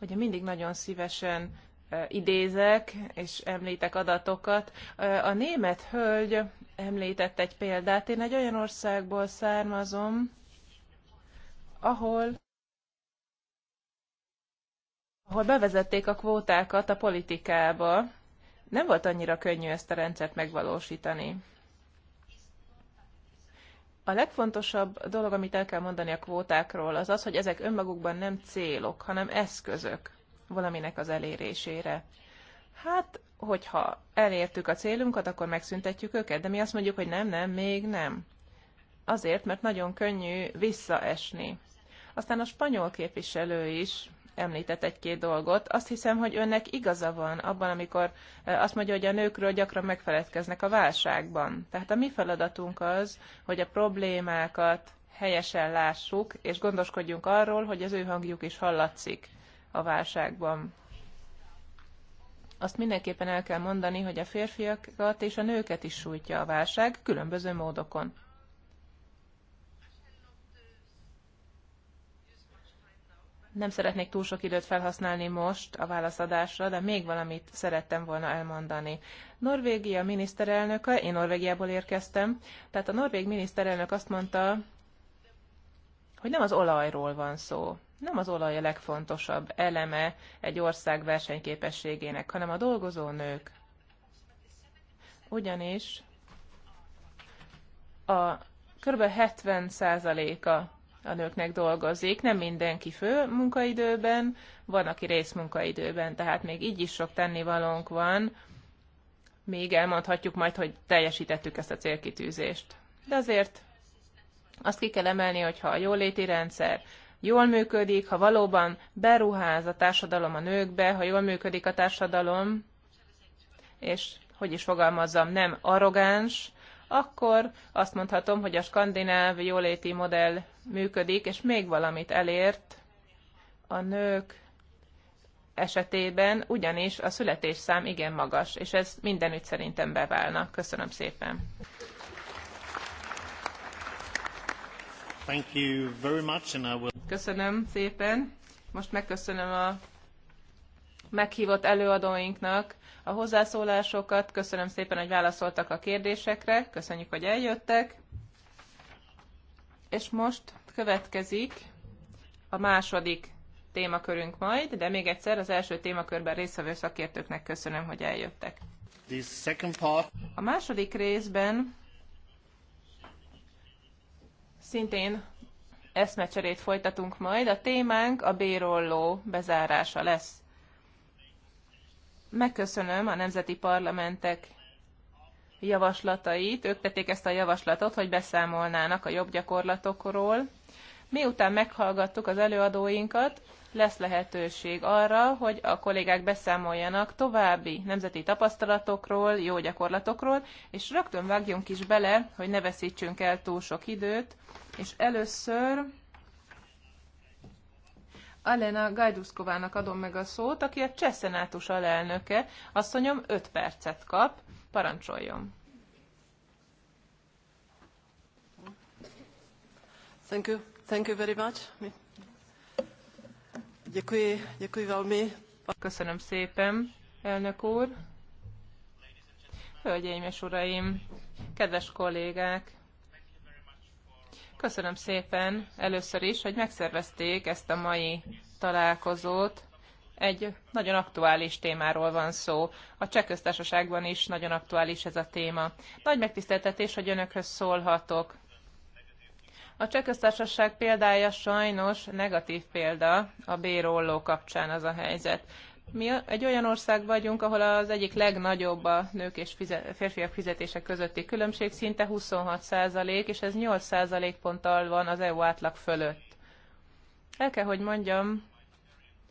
Ugye mindig nagyon szívesen e, idézek és említek adatokat. E, a német hölgy említett egy példát. Én egy olyan országból származom, ahol ahol bevezették a kvótákat a politikába, nem volt annyira könnyű ezt a rendszert megvalósítani. A legfontosabb dolog, amit el kell mondani a kvótákról, az az, hogy ezek önmagukban nem célok, hanem eszközök valaminek az elérésére hát, hogyha elértük a célunkat, akkor megszüntetjük őket, de mi azt mondjuk, hogy nem, nem, még nem. Azért, mert nagyon könnyű visszaesni. Aztán a spanyol képviselő is említett egy-két dolgot. Azt hiszem, hogy önnek igaza van abban, amikor azt mondja, hogy a nőkről gyakran megfeledkeznek a válságban. Tehát a mi feladatunk az, hogy a problémákat helyesen lássuk, és gondoskodjunk arról, hogy az ő hangjuk is hallatszik a válságban azt mindenképpen el kell mondani, hogy a férfiakat és a nőket is sújtja a válság különböző módokon. Nem szeretnék túl sok időt felhasználni most a válaszadásra, de még valamit szerettem volna elmondani. Norvégia miniszterelnöke, én Norvégiából érkeztem, tehát a norvég miniszterelnök azt mondta, hogy nem az olajról van szó, nem az olaj a legfontosabb eleme egy ország versenyképességének, hanem a dolgozó nők. Ugyanis a kb. 70%-a a nőknek dolgozik, nem mindenki fő munkaidőben, van, aki részmunkaidőben, tehát még így is sok tennivalónk van, még elmondhatjuk majd, hogy teljesítettük ezt a célkitűzést. De azért azt ki kell emelni, hogyha a jóléti rendszer, jól működik, ha valóban beruház a társadalom a nőkbe, ha jól működik a társadalom, és hogy is fogalmazzam, nem arrogáns, akkor azt mondhatom, hogy a skandináv jóléti modell működik, és még valamit elért a nők esetében, ugyanis a születésszám igen magas, és ez mindenütt szerintem beválna. Köszönöm szépen. Köszönöm szépen. Most megköszönöm a meghívott előadóinknak a hozzászólásokat. Köszönöm szépen, hogy válaszoltak a kérdésekre. Köszönjük, hogy eljöttek. És most következik a második témakörünk majd, de még egyszer az első témakörben résztvevő szakértőknek köszönöm, hogy eljöttek. A második részben szintén eszmecserét folytatunk majd. A témánk a bérolló bezárása lesz. Megköszönöm a nemzeti parlamentek javaslatait. Ők tették ezt a javaslatot, hogy beszámolnának a jobb gyakorlatokról. Miután meghallgattuk az előadóinkat, lesz lehetőség arra, hogy a kollégák beszámoljanak további nemzeti tapasztalatokról, jó gyakorlatokról, és rögtön vágjunk is bele, hogy ne veszítsünk el túl sok időt, és először Alena Gajduszkovának adom meg a szót, aki a cseh szenátus alelnöke. Asszonyom 5 percet kap. Parancsoljon! Thank you. Thank you very much. Děkuji, děkuji velmi. Köszönöm szépen, elnök úr. Hölgyeim és uraim, kedves kollégák! Köszönöm szépen először is, hogy megszervezték ezt a mai találkozót. Egy nagyon aktuális témáról van szó. A cseh köztársaságban is nagyon aktuális ez a téma. Nagy megtiszteltetés, hogy önökhöz szólhatok. A Csehköztársaság példája sajnos negatív példa a bérolló kapcsán az a helyzet. Mi egy olyan ország vagyunk, ahol az egyik legnagyobb a nők és férfiak fizetése közötti különbség, szinte 26 és ez 8 százalék ponttal van az EU átlag fölött. El kell, hogy mondjam,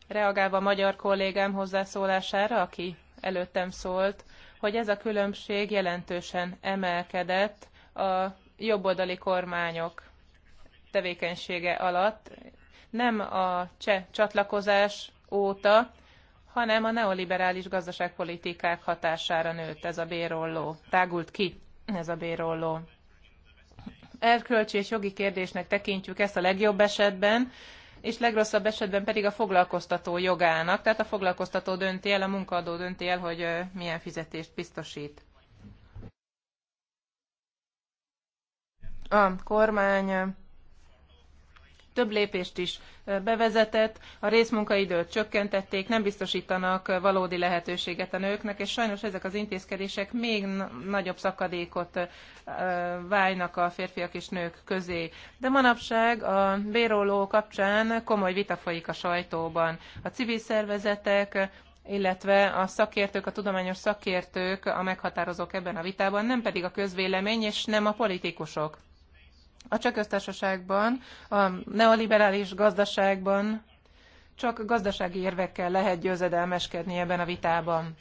reagálva a magyar kollégám hozzászólására, aki előttem szólt, hogy ez a különbség jelentősen emelkedett a jobboldali kormányok tevékenysége alatt nem a cseh csatlakozás óta, hanem a neoliberális gazdaságpolitikák hatására nőtt ez a bérolló, tágult ki ez a bérolló. Erkölcsi és jogi kérdésnek tekintjük ezt a legjobb esetben, és legrosszabb esetben pedig a foglalkoztató jogának, tehát a foglalkoztató dönti el, a munkaadó dönti el, hogy milyen fizetést biztosít. A kormány több lépést is bevezetett, a részmunkaidőt csökkentették, nem biztosítanak valódi lehetőséget a nőknek, és sajnos ezek az intézkedések még nagyobb szakadékot válnak a férfiak és nők közé. De manapság a béróló kapcsán komoly vita folyik a sajtóban. A civil szervezetek, illetve a szakértők, a tudományos szakértők a meghatározók ebben a vitában, nem pedig a közvélemény és nem a politikusok. A cseh a neoliberális gazdaságban csak gazdasági érvekkel lehet győzedelmeskedni ebben a vitában.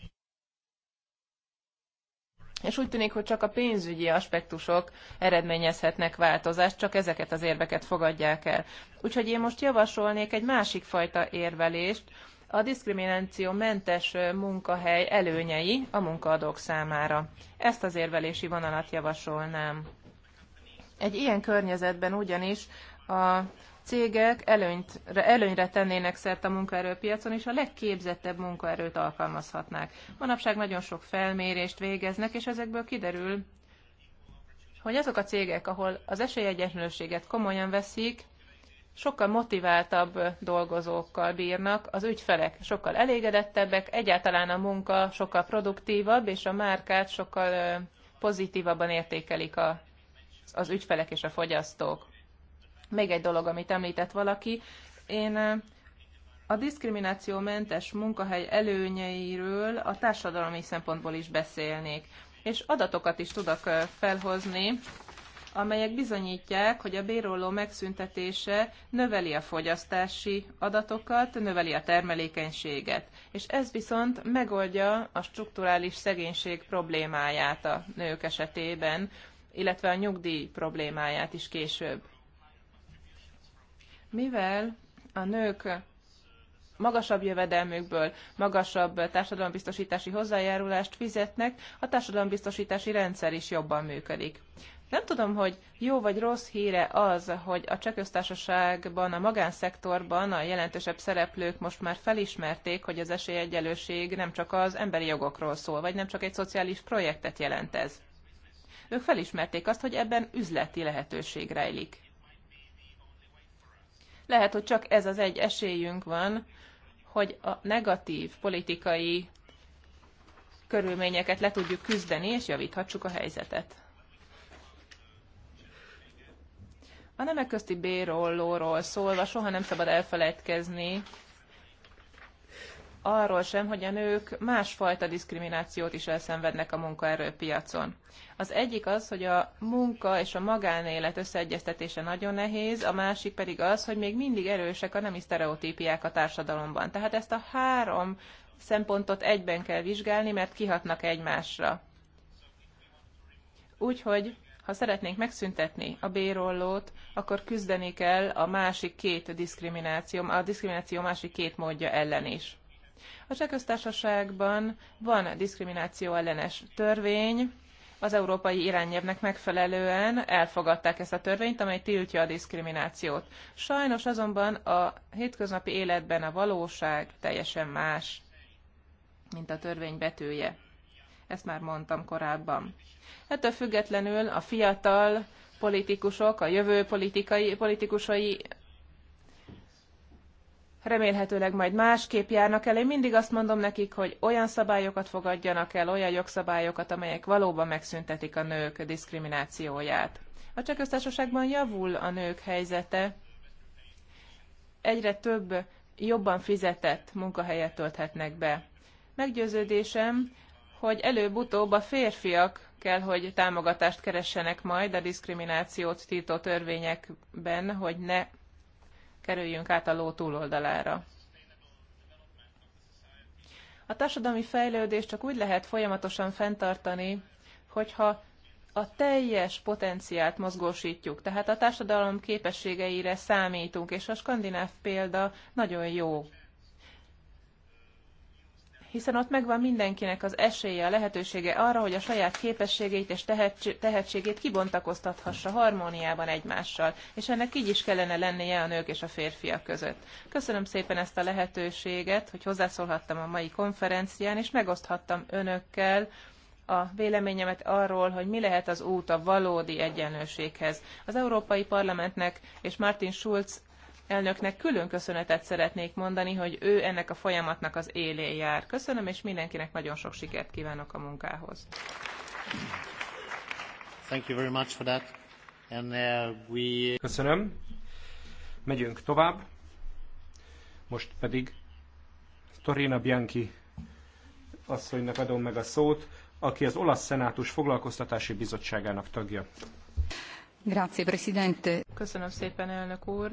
És úgy tűnik, hogy csak a pénzügyi aspektusok eredményezhetnek változást, csak ezeket az érveket fogadják el. Úgyhogy én most javasolnék egy másik fajta érvelést, a diszkrimináció mentes munkahely előnyei a munkaadók számára. Ezt az érvelési vonalat javasolnám. Egy ilyen környezetben ugyanis a cégek előnyt, előnyre tennének szert a munkaerőpiacon, és a legképzettebb munkaerőt alkalmazhatnák. Manapság nagyon sok felmérést végeznek, és ezekből kiderül, hogy azok a cégek, ahol az esélyegyenlőséget komolyan veszik, sokkal motiváltabb dolgozókkal bírnak, az ügyfelek sokkal elégedettebbek, egyáltalán a munka sokkal produktívabb, és a márkát sokkal pozitívabban értékelik a az ügyfelek és a fogyasztók. Még egy dolog, amit említett valaki, én a diszkriminációmentes munkahely előnyeiről a társadalmi szempontból is beszélnék, és adatokat is tudok felhozni, amelyek bizonyítják, hogy a bérolló megszüntetése növeli a fogyasztási adatokat, növeli a termelékenységet, és ez viszont megoldja a strukturális szegénység problémáját a nők esetében, illetve a nyugdíj problémáját is később. Mivel a nők magasabb jövedelmükből magasabb társadalombiztosítási hozzájárulást fizetnek, a társadalombiztosítási rendszer is jobban működik. Nem tudom, hogy jó vagy rossz híre az, hogy a cseköztársaságban, a magánszektorban a jelentősebb szereplők most már felismerték, hogy az esélyegyelőség nem csak az emberi jogokról szól, vagy nem csak egy szociális projektet jelent ez. Ők felismerték azt, hogy ebben üzleti lehetőség rejlik. Lehet, hogy csak ez az egy esélyünk van, hogy a negatív politikai körülményeket le tudjuk küzdeni, és javíthatsuk a helyzetet. A nemek közti bérollóról szólva soha nem szabad elfeledkezni arról sem, hogy a nők másfajta diszkriminációt is elszenvednek a munkaerőpiacon. Az egyik az, hogy a munka és a magánélet összeegyeztetése nagyon nehéz, a másik pedig az, hogy még mindig erősek a nemi sztereotípiák a társadalomban. Tehát ezt a három szempontot egyben kell vizsgálni, mert kihatnak egymásra. Úgyhogy ha szeretnénk megszüntetni a bérollót, akkor küzdeni kell a másik két diszkrimináció, a diszkrimináció másik két módja ellen is. A cseh köztársaságban van diszkrimináció ellenes törvény, az európai irányelvnek megfelelően elfogadták ezt a törvényt, amely tiltja a diszkriminációt. Sajnos azonban a hétköznapi életben a valóság teljesen más, mint a törvény betűje. Ezt már mondtam korábban. Ettől függetlenül a fiatal politikusok, a jövő politikai, politikusai remélhetőleg majd másképp járnak el. Én mindig azt mondom nekik, hogy olyan szabályokat fogadjanak el, olyan jogszabályokat, amelyek valóban megszüntetik a nők diszkriminációját. A csökköztársaságban javul a nők helyzete, egyre több jobban fizetett munkahelyet tölthetnek be. Meggyőződésem, hogy előbb-utóbb a férfiak kell, hogy támogatást keressenek majd a diszkriminációt tiltó törvényekben, hogy ne kerüljünk át a ló túloldalára. A társadalmi fejlődést csak úgy lehet folyamatosan fenntartani, hogyha a teljes potenciált mozgósítjuk, tehát a társadalom képességeire számítunk, és a skandináv példa nagyon jó hiszen ott megvan mindenkinek az esélye, a lehetősége arra, hogy a saját képességeit és tehetségét kibontakoztathassa harmóniában egymással, és ennek így is kellene lennie a nők és a férfiak között. Köszönöm szépen ezt a lehetőséget, hogy hozzászólhattam a mai konferencián, és megoszthattam önökkel a véleményemet arról, hogy mi lehet az út a valódi egyenlőséghez. Az Európai Parlamentnek és Martin Schulz elnöknek külön köszönetet szeretnék mondani, hogy ő ennek a folyamatnak az élén jár. Köszönöm, és mindenkinek nagyon sok sikert kívánok a munkához. Thank you very much for that. And, uh, we... Köszönöm. Megyünk tovább. Most pedig Torina Bianchi asszonynak adom meg a szót, aki az olasz szenátus foglalkoztatási bizottságának tagja. Grazie, Presidente. Köszönöm szépen, elnök úr.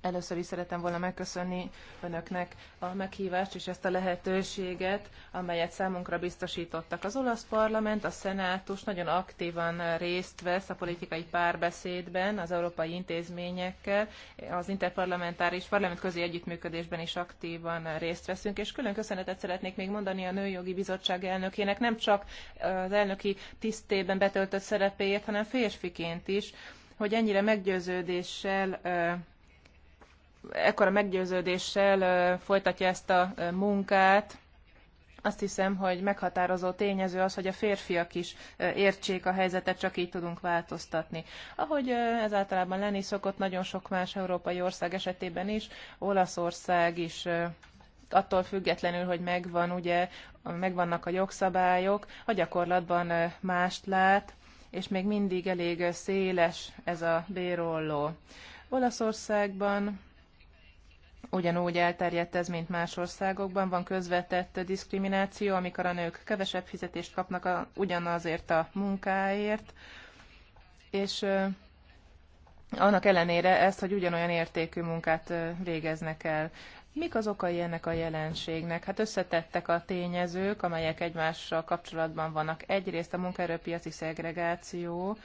Először is szeretem volna megköszönni önöknek a meghívást és ezt a lehetőséget, amelyet számunkra biztosítottak. Az olasz parlament, a szenátus nagyon aktívan részt vesz a politikai párbeszédben az európai intézményekkel, az interparlamentáris közé együttműködésben is aktívan részt veszünk, és külön köszönetet szeretnék még mondani a Nőjogi Bizottság elnökének, nem csak az elnöki tisztében betöltött szerepéért, hanem férfiként is, hogy ennyire meggyőződéssel ekkora meggyőződéssel folytatja ezt a munkát, azt hiszem, hogy meghatározó tényező az, hogy a férfiak is értsék a helyzetet, csak így tudunk változtatni. Ahogy ez általában lenni szokott, nagyon sok más európai ország esetében is, Olaszország is attól függetlenül, hogy megvan, ugye, megvannak a jogszabályok, a gyakorlatban mást lát, és még mindig elég széles ez a bérolló. Olaszországban ugyanúgy elterjedt ez, mint más országokban. Van közvetett diszkrimináció, amikor a nők kevesebb fizetést kapnak a, ugyanazért a munkáért, és annak ellenére ezt, hogy ugyanolyan értékű munkát végeznek el. Mik az okai ennek a jelenségnek? Hát összetettek a tényezők, amelyek egymással kapcsolatban vannak. Egyrészt a munkaerőpiaci szegregáció,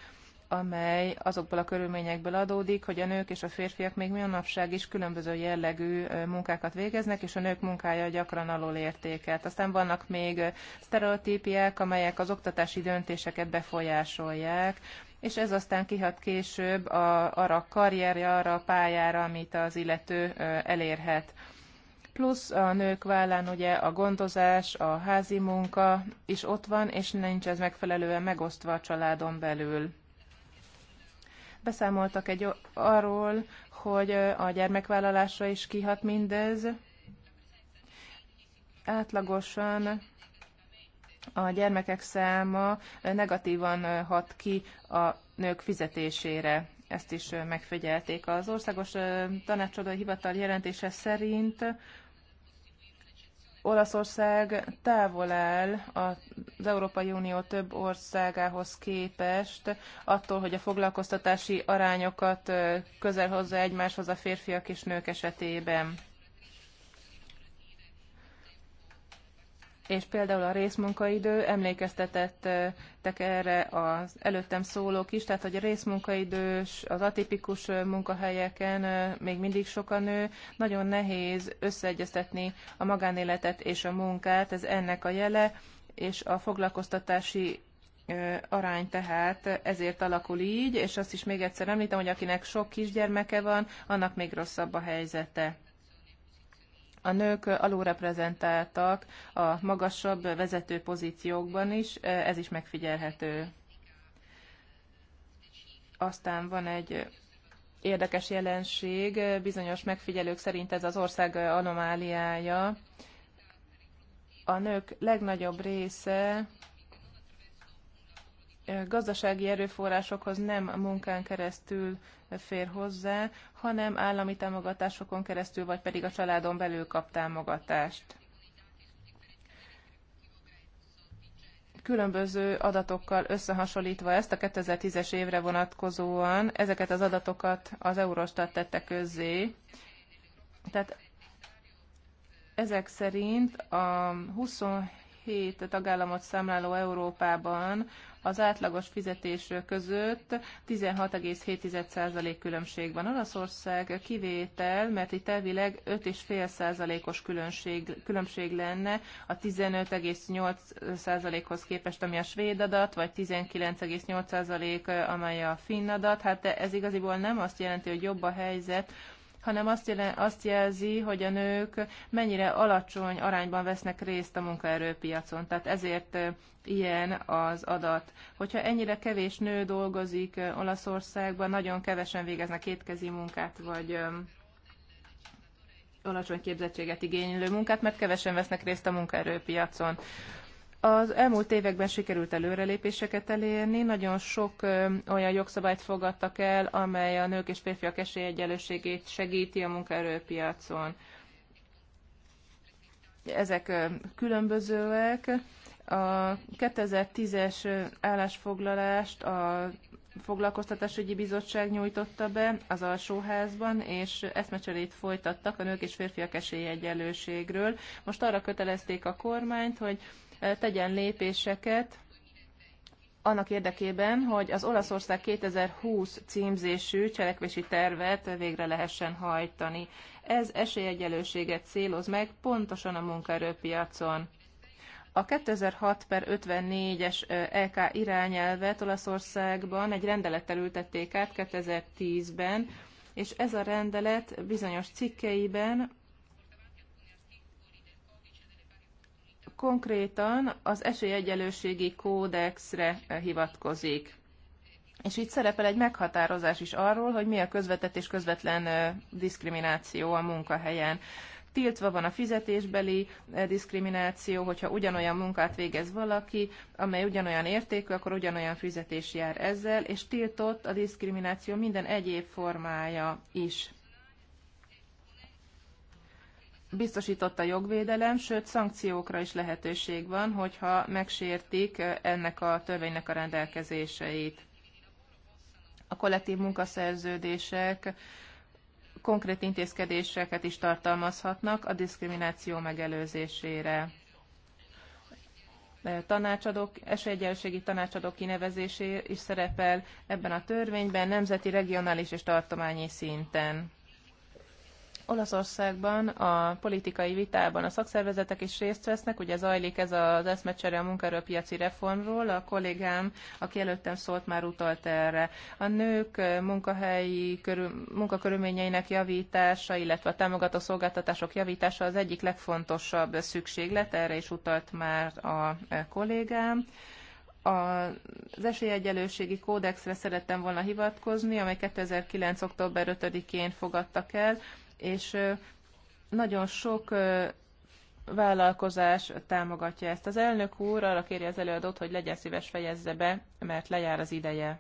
amely azokból a körülményekből adódik, hogy a nők és a férfiak még manapság is különböző jellegű munkákat végeznek, és a nők munkája gyakran alul értékelt. Aztán vannak még sztereotípiák, amelyek az oktatási döntéseket befolyásolják, és ez aztán kihat később a, arra a karrierje, arra a pályára, amit az illető elérhet plusz a nők vállán ugye a gondozás, a házi munka is ott van, és nincs ez megfelelően megosztva a családon belül. Beszámoltak egy arról, hogy a gyermekvállalásra is kihat mindez. Átlagosan a gyermekek száma negatívan hat ki a nők fizetésére. Ezt is megfigyelték. Az Országos Tanácsadói Hivatal jelentése szerint Olaszország távol áll az Európai Unió több országához képest attól, hogy a foglalkoztatási arányokat közel hozza egymáshoz a férfiak és nők esetében. és például a részmunkaidő, emlékeztetettek erre az előttem szólók is, tehát hogy a részmunkaidős, az atipikus munkahelyeken még mindig sok a nő, nagyon nehéz összeegyeztetni a magánéletet és a munkát, ez ennek a jele, és a foglalkoztatási arány tehát ezért alakul így, és azt is még egyszer említem, hogy akinek sok kisgyermeke van, annak még rosszabb a helyzete a nők alulreprezentáltak a magasabb vezető pozíciókban is, ez is megfigyelhető. Aztán van egy érdekes jelenség, bizonyos megfigyelők szerint ez az ország anomáliája. A nők legnagyobb része gazdasági erőforrásokhoz nem a munkán keresztül fér hozzá, hanem állami támogatásokon keresztül, vagy pedig a családon belül kap támogatást. Különböző adatokkal összehasonlítva ezt a 2010-es évre vonatkozóan, ezeket az adatokat az Eurostat tette közzé. Tehát ezek szerint a 27 hét tagállamot számláló Európában az átlagos fizetés között 16,7% különbség van. Olaszország kivétel, mert itt elvileg 5,5%-os különbség, különbség lenne a 15,8%-hoz képest, ami a svéd adat, vagy 19,8% amely a finn adat. Hát de ez igaziból nem azt jelenti, hogy jobb a helyzet, hanem azt, jel- azt jelzi, hogy a nők mennyire alacsony arányban vesznek részt a munkaerőpiacon. Tehát ezért ilyen az adat. Hogyha ennyire kevés nő dolgozik Olaszországban, nagyon kevesen végeznek kétkezi munkát, vagy alacsony képzettséget igénylő munkát, mert kevesen vesznek részt a munkaerőpiacon. Az elmúlt években sikerült előrelépéseket elérni, nagyon sok olyan jogszabályt fogadtak el, amely a nők és férfiak esélyegyenlőségét segíti a munkaerőpiacon. Ezek különbözőek. A 2010-es állásfoglalást a foglalkoztatásügyi bizottság nyújtotta be az alsóházban, és eszmecserét folytattak a nők és férfiak esélyegyenlőségről. Most arra kötelezték a kormányt, hogy tegyen lépéseket annak érdekében, hogy az Olaszország 2020 címzésű cselekvési tervet végre lehessen hajtani. Ez esélyegyelőséget céloz meg pontosan a munkaerőpiacon. A 2006 per 54-es EK irányelvet Olaszországban egy rendelettel ültették át 2010-ben, és ez a rendelet bizonyos cikkeiben konkrétan az esélyegyelőségi kódexre hivatkozik. És itt szerepel egy meghatározás is arról, hogy mi a közvetett és közvetlen diszkrimináció a munkahelyen. Tiltva van a fizetésbeli diszkrimináció, hogyha ugyanolyan munkát végez valaki, amely ugyanolyan értékű, akkor ugyanolyan fizetés jár ezzel, és tiltott a diszkrimináció minden egyéb formája is biztosított a jogvédelem, sőt szankciókra is lehetőség van, hogyha megsértik ennek a törvénynek a rendelkezéseit. A kollektív munkaszerződések konkrét intézkedéseket is tartalmazhatnak a diszkrimináció megelőzésére. Tanácsadók, esélyegyenlőségi tanácsadók kinevezésé is szerepel ebben a törvényben, nemzeti, regionális és tartományi szinten Olaszországban a politikai vitában a szakszervezetek is részt vesznek, ugye zajlik ez az eszmecsere a munkaerőpiaci reformról, a kollégám, aki előttem szólt, már utalt erre. A nők eh, munkahelyi körül, munkakörülményeinek javítása, illetve a támogató szolgáltatások javítása az egyik legfontosabb szükséglet, erre is utalt már a eh, kollégám az esélyegyelőségi kódexre szerettem volna hivatkozni, amely 2009. október 5-én fogadtak el és nagyon sok vállalkozás támogatja ezt. Az elnök úr arra kéri az előadót, hogy legyen szíves fejezze be, mert lejár az ideje.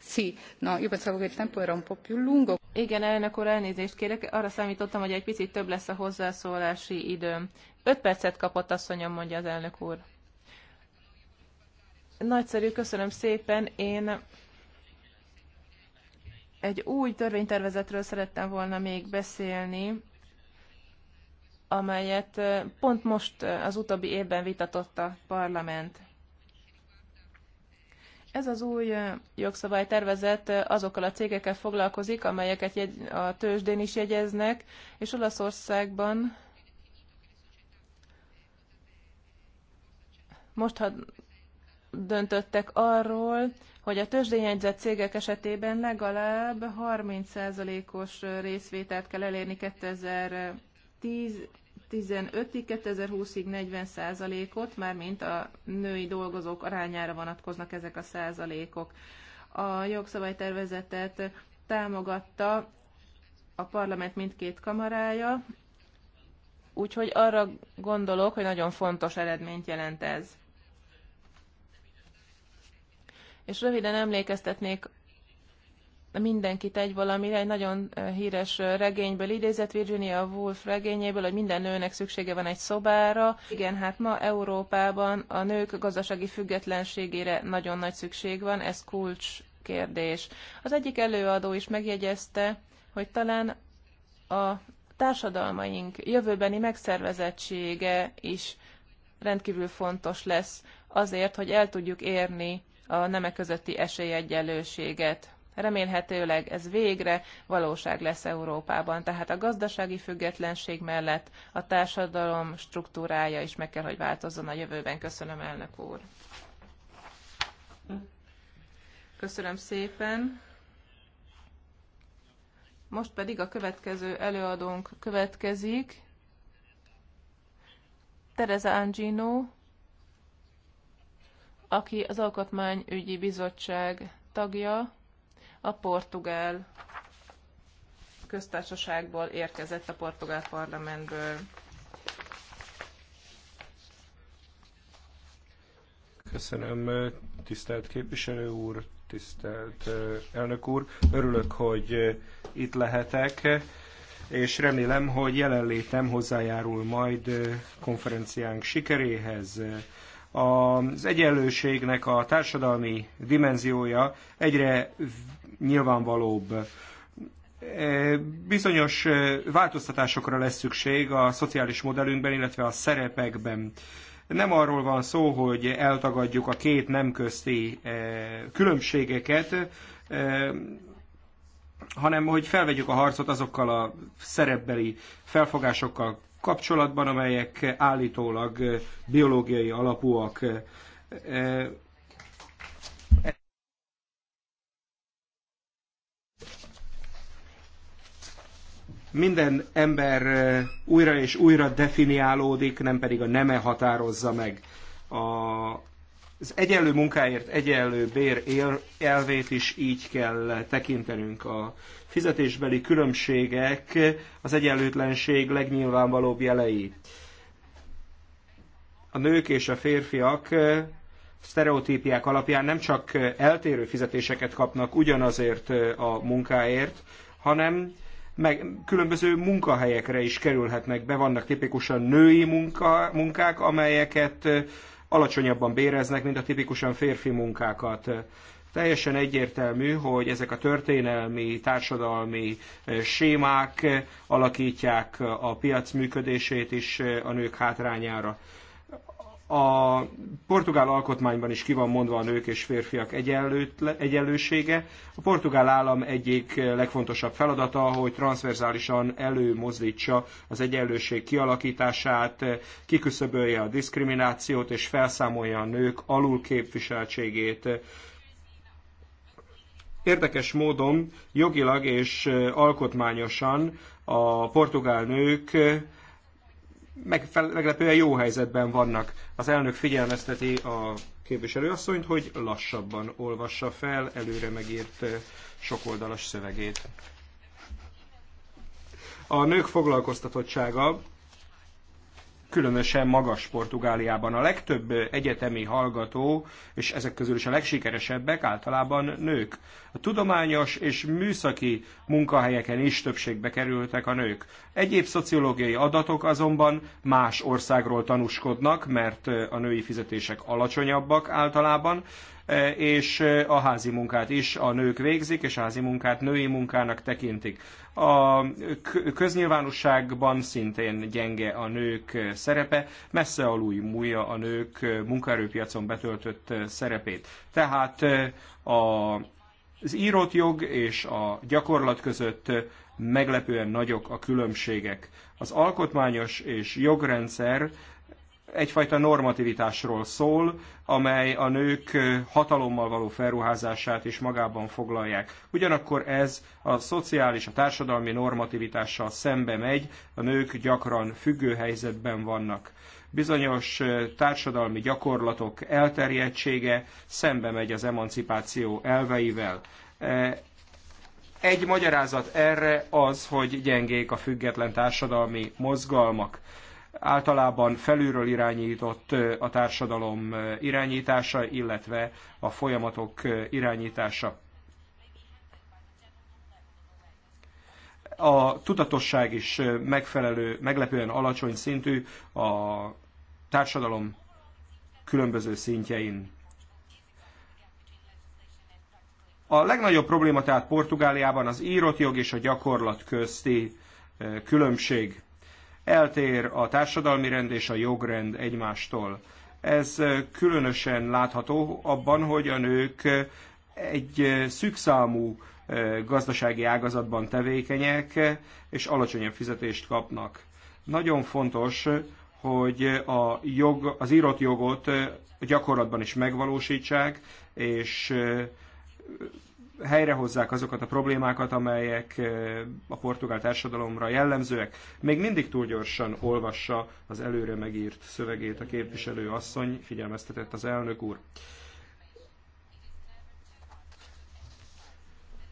Sí, no, io pensavo che il tempo era un po' più lungo. Igen, elnök úr, elnézést kérek. Arra számítottam, hogy egy picit több lesz a hozzászólási időm. Öt percet kapott asszonyom, mondja az elnök úr. Nagyszerű, köszönöm szépen. Én egy új törvénytervezetről szerettem volna még beszélni, amelyet pont most az utóbbi évben vitatott a parlament. Ez az új jogszabálytervezet azokkal a cégekkel foglalkozik, amelyeket a tőzsdén is jegyeznek, és Olaszországban most, ha döntöttek arról, hogy a tőzsdényegyzett cégek esetében legalább 30%-os részvételt kell elérni 2010 15-ig, 2020-ig 40%-ot, mármint a női dolgozók arányára vonatkoznak ezek a százalékok. A jogszabálytervezetet támogatta a parlament mindkét kamarája, úgyhogy arra gondolok, hogy nagyon fontos eredményt jelent ez. És röviden emlékeztetnék mindenkit egy valamire, egy nagyon híres regényből idézett, Virginia Woolf regényéből, hogy minden nőnek szüksége van egy szobára. Igen, hát ma Európában a nők gazdasági függetlenségére nagyon nagy szükség van, ez kulcs kérdés. Az egyik előadó is megjegyezte, hogy talán a társadalmaink jövőbeni megszervezettsége is rendkívül fontos lesz azért, hogy el tudjuk érni a nemek közötti esélyegyenlőséget. Remélhetőleg ez végre valóság lesz Európában, tehát a gazdasági függetlenség mellett a társadalom struktúrája is meg kell, hogy változzon a jövőben. Köszönöm, elnök úr. Köszönöm szépen. Most pedig a következő előadónk következik. Teresa Angino, aki az Alkotmányügyi Bizottság tagja, a portugál köztársaságból érkezett a portugál parlamentből. Köszönöm, tisztelt képviselő úr, tisztelt elnök úr. Örülök, hogy itt lehetek, és remélem, hogy jelenlétem hozzájárul majd konferenciánk sikeréhez az egyenlőségnek a társadalmi dimenziója egyre nyilvánvalóbb. E, bizonyos e, változtatásokra lesz szükség a szociális modellünkben, illetve a szerepekben. Nem arról van szó, hogy eltagadjuk a két nem közti e, különbségeket, hanem hogy felvegyük a harcot azokkal a szerepbeli felfogásokkal kapcsolatban, amelyek állítólag biológiai alapúak. E, minden ember újra és újra definiálódik, nem pedig a neme határozza meg a az egyenlő munkáért egyenlő bér elvét is így kell tekintenünk. A fizetésbeli különbségek az egyenlőtlenség legnyilvánvalóbb jelei. A nők és a férfiak sztereotípiák alapján nem csak eltérő fizetéseket kapnak ugyanazért a munkáért, hanem meg különböző munkahelyekre is kerülhetnek be. Vannak tipikusan női munka, munkák, amelyeket alacsonyabban béreznek, mint a tipikusan férfi munkákat. Teljesen egyértelmű, hogy ezek a történelmi, társadalmi eh, sémák eh, alakítják a piac működését is eh, a nők hátrányára. A portugál alkotmányban is ki van mondva a nők és férfiak egyenlősége. A portugál állam egyik legfontosabb feladata, hogy transverzálisan előmozdítsa az egyenlőség kialakítását, kiküszöbölje a diszkriminációt és felszámolja a nők alulképviseltségét érdekes módon jogilag és alkotmányosan a portugál nők meglepően jó helyzetben vannak. Az elnök figyelmezteti a képviselőasszonyt, hogy lassabban olvassa fel előre megírt sokoldalas szövegét. A nők foglalkoztatottsága különösen magas Portugáliában. A legtöbb egyetemi hallgató, és ezek közül is a legsikeresebbek általában nők. A tudományos és műszaki munkahelyeken is többségbe kerültek a nők. Egyéb szociológiai adatok azonban más országról tanúskodnak, mert a női fizetések alacsonyabbak általában, és a házi munkát is a nők végzik, és a házi munkát női munkának tekintik. A köznyilvánosságban szintén gyenge a nők szerepe, messze alul múlja a nők munkaerőpiacon betöltött szerepét. Tehát a, az írott jog és a gyakorlat között meglepően nagyok a különbségek. Az alkotmányos és jogrendszer egyfajta normativitásról szól, amely a nők hatalommal való felruházását is magában foglalják. Ugyanakkor ez a szociális, a társadalmi normativitással szembe megy, a nők gyakran függő helyzetben vannak. Bizonyos társadalmi gyakorlatok elterjedtsége szembe megy az emancipáció elveivel. Egy magyarázat erre az, hogy gyengék a független társadalmi mozgalmak általában felülről irányított a társadalom irányítása, illetve a folyamatok irányítása. A tudatosság is megfelelő, meglepően alacsony szintű a társadalom különböző szintjein. A legnagyobb probléma tehát Portugáliában az írott jog és a gyakorlat közti különbség eltér a társadalmi rend és a jogrend egymástól. Ez különösen látható abban, hogy a nők egy szükszámú gazdasági ágazatban tevékenyek, és alacsonyabb fizetést kapnak. Nagyon fontos, hogy a jog, az írott jogot gyakorlatban is megvalósítsák, és helyrehozzák azokat a problémákat, amelyek a portugál társadalomra jellemzőek. Még mindig túl gyorsan olvassa az előre megírt szövegét a képviselő asszony, figyelmeztetett az elnök úr.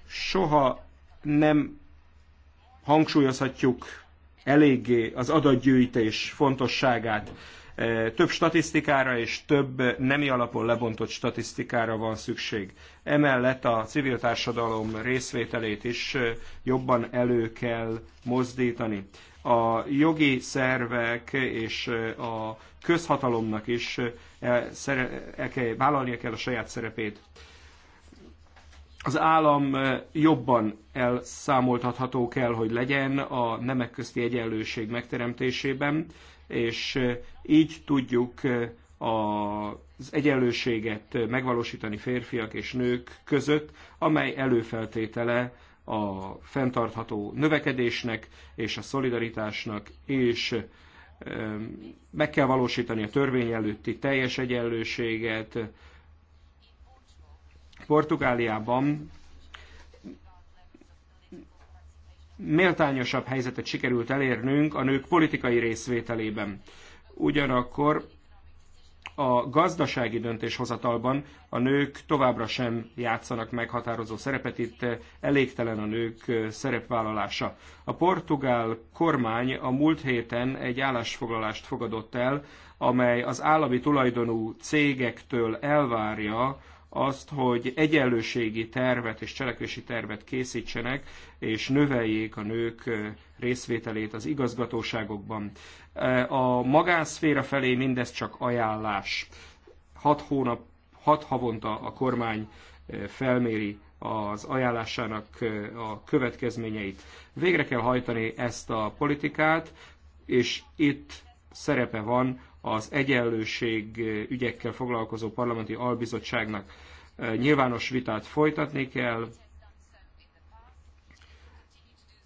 Soha nem hangsúlyozhatjuk eléggé az adatgyűjtés fontosságát több statisztikára és több nemi alapon lebontott statisztikára van szükség. Emellett a civil társadalom részvételét is jobban elő kell mozdítani. A jogi szervek és a közhatalomnak is el vállalnia kell a saját szerepét az állam jobban elszámoltatható kell, hogy legyen a nemek közti egyenlőség megteremtésében, és így tudjuk az egyenlőséget megvalósítani férfiak és nők között, amely előfeltétele a fenntartható növekedésnek és a szolidaritásnak, és meg kell valósítani a törvény előtti teljes egyenlőséget. Portugáliában méltányosabb helyzetet sikerült elérnünk a nők politikai részvételében. Ugyanakkor a gazdasági döntéshozatalban a nők továbbra sem játszanak meghatározó szerepet, itt elégtelen a nők szerepvállalása. A portugál kormány a múlt héten egy állásfoglalást fogadott el, amely az állami tulajdonú cégektől elvárja, azt, hogy egyenlőségi tervet és cselekvési tervet készítsenek, és növeljék a nők részvételét az igazgatóságokban. A magánszféra felé mindez csak ajánlás. Hat, hónap, hat havonta a kormány felméri az ajánlásának a következményeit. Végre kell hajtani ezt a politikát, és itt szerepe van az egyenlőség ügyekkel foglalkozó parlamenti albizottságnak nyilvános vitát folytatni kell.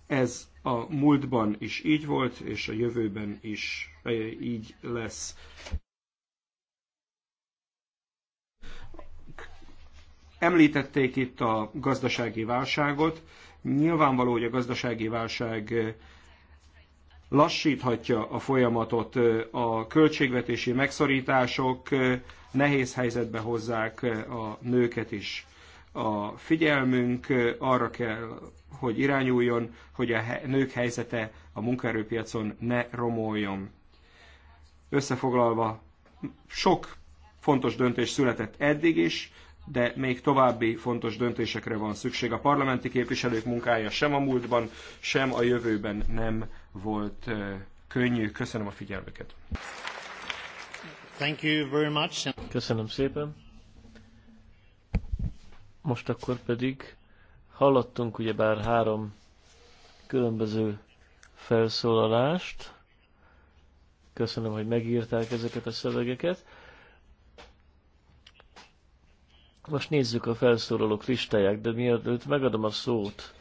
Ez a múltban is így volt, és a jövőben is így lesz. Említették itt a gazdasági válságot. Nyilvánvaló, hogy a gazdasági válság lassíthatja a folyamatot, a költségvetési megszorítások nehéz helyzetbe hozzák a nőket is. A figyelmünk arra kell, hogy irányuljon, hogy a nők helyzete a munkaerőpiacon ne romoljon. Összefoglalva, sok fontos döntés született eddig is, de még további fontos döntésekre van szükség. A parlamenti képviselők munkája sem a múltban, sem a jövőben nem volt könnyű. Köszönöm a figyelmüket. Thank you very much. Köszönöm szépen. Most akkor pedig hallottunk ugyebár három különböző felszólalást. Köszönöm, hogy megírták ezeket a szövegeket. Most nézzük a felszólalók listáját, de mielőtt megadom a szót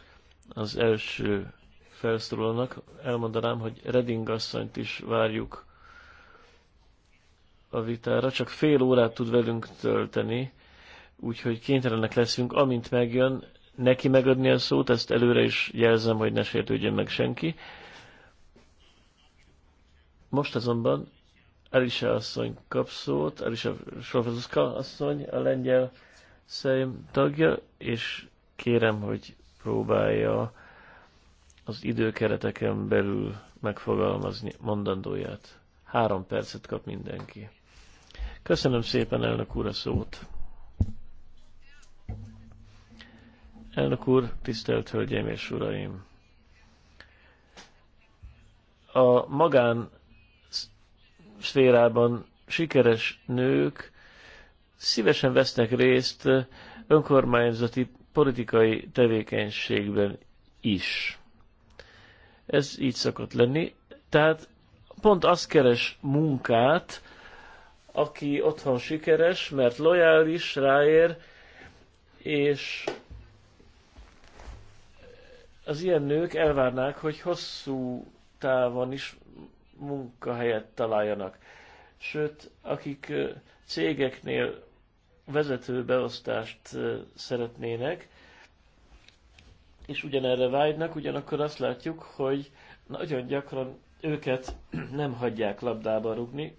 az első felszólalnak, elmondanám, hogy Reding asszonyt is várjuk a vitára, csak fél órát tud velünk tölteni, úgyhogy kénytelenek leszünk, amint megjön, neki megadni a szót, ezt előre is jelzem, hogy ne sértődjön meg senki. Most azonban Elisa asszony kap szót, Elisa Sofazuska asszony, a lengyel szem tagja, és kérem, hogy próbálja az időkereteken belül megfogalmazni mondandóját. Három percet kap mindenki. Köszönöm szépen, elnök úr, a szót. Elnök úr, tisztelt Hölgyeim és Uraim! A magán szférában sikeres nők szívesen vesznek részt önkormányzati politikai tevékenységben is. Ez így szokott lenni. Tehát pont az keres munkát, aki otthon sikeres, mert lojális, ráér, és az ilyen nők elvárnák, hogy hosszú távon is munkahelyet találjanak. Sőt, akik cégeknél vezető beosztást szeretnének, és ugyanerre vágynak, ugyanakkor azt látjuk, hogy nagyon gyakran őket [clears throat] nem hagyják labdába rugni.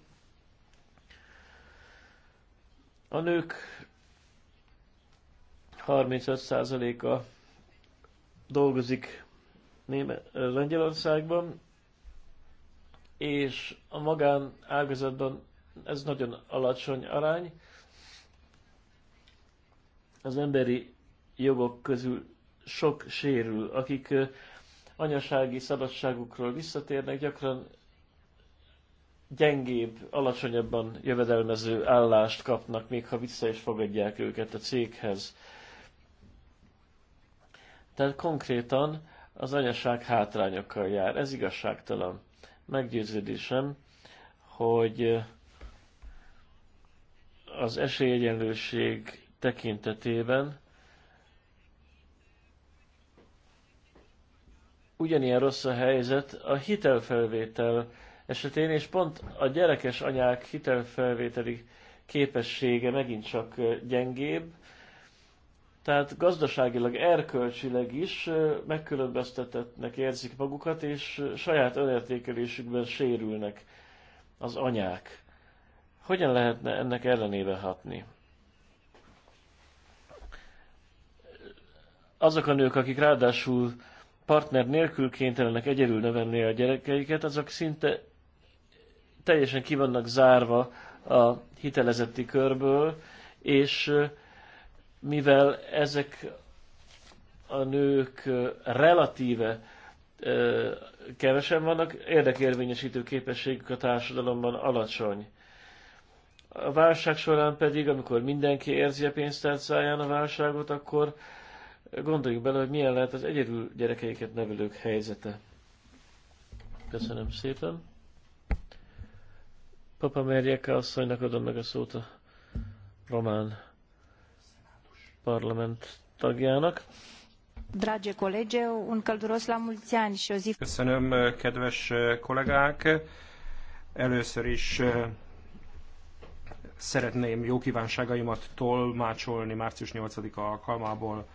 A nők 35%-a dolgozik Lengyelországban, és a magán ágazatban ez nagyon alacsony arány. Az emberi jogok közül sok sérül. Akik anyasági szabadságukról visszatérnek, gyakran gyengébb, alacsonyabban jövedelmező állást kapnak, még ha vissza is fogadják őket a céghez. Tehát konkrétan az anyaság hátrányokkal jár. Ez igazságtalan. Meggyőződésem, hogy az esélyegyenlőség tekintetében ugyanilyen rossz a helyzet a hitelfelvétel esetén, és pont a gyerekes anyák hitelfelvételi képessége megint csak gyengébb, tehát gazdaságilag, erkölcsileg is megkülönböztetettnek érzik magukat, és saját önértékelésükben sérülnek az anyák. Hogyan lehetne ennek ellenébe hatni? Azok a nők, akik ráadásul partner nélkül kénytelenek egyedül nevelni a gyerekeiket, azok szinte teljesen ki vannak zárva a hitelezetti körből, és mivel ezek a nők relatíve kevesen vannak, érdekérvényesítő képességük a társadalomban alacsony. A válság során pedig, amikor mindenki érzi a pénztárcáján a válságot, akkor gondoljuk bele, hogy milyen lehet az egyedül gyerekeiket nevelők helyzete. Köszönöm szépen. Papa Merjeka asszonynak adom meg a szót a román parlament tagjának. Drage kollége, un călduros la mulți ani și o zi... Köszönöm, kedves kollégák! Először is eh, szeretném jó kívánságaimat tolmácsolni március 8-a alkalmából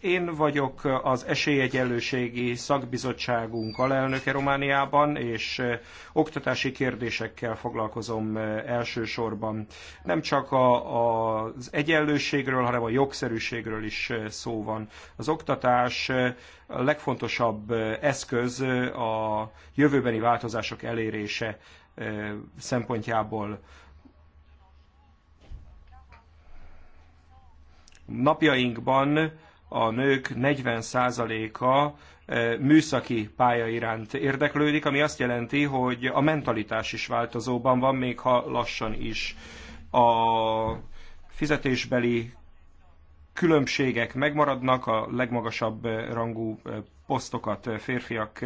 én vagyok az Esélyegyenlőségi Szakbizottságunk alelnöke Romániában, és eh, oktatási kérdésekkel foglalkozom eh, elsősorban. Nem csak a, az egyenlőségről, hanem a jogszerűségről is eh, szó van. Az oktatás a legfontosabb eszköz a jövőbeni változások elérése szempontjából. Napjainkban a nők 40%-a e, műszaki pálya iránt érdeklődik, ami azt jelenti, hogy a mentalitás is változóban van, még ha lassan is. A fizetésbeli különbségek megmaradnak, a legmagasabb rangú e, posztokat e, férfiak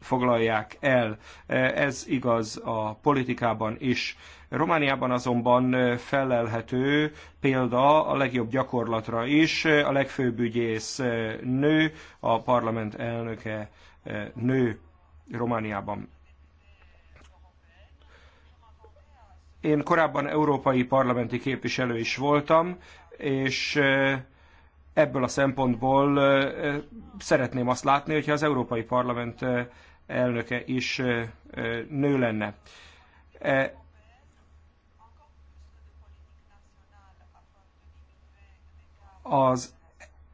foglalják el. E, ez igaz a politikában is. Romániában azonban e, felelhető példa a legjobb gyakorlatra is. E, a legfőbb ügyész nő, a parlament elnöke nő Romániában. Én korábban európai parlamenti képviselő is voltam, és ebből a szempontból szeretném azt látni, hogyha az Európai Parlament elnöke is nő lenne. E, az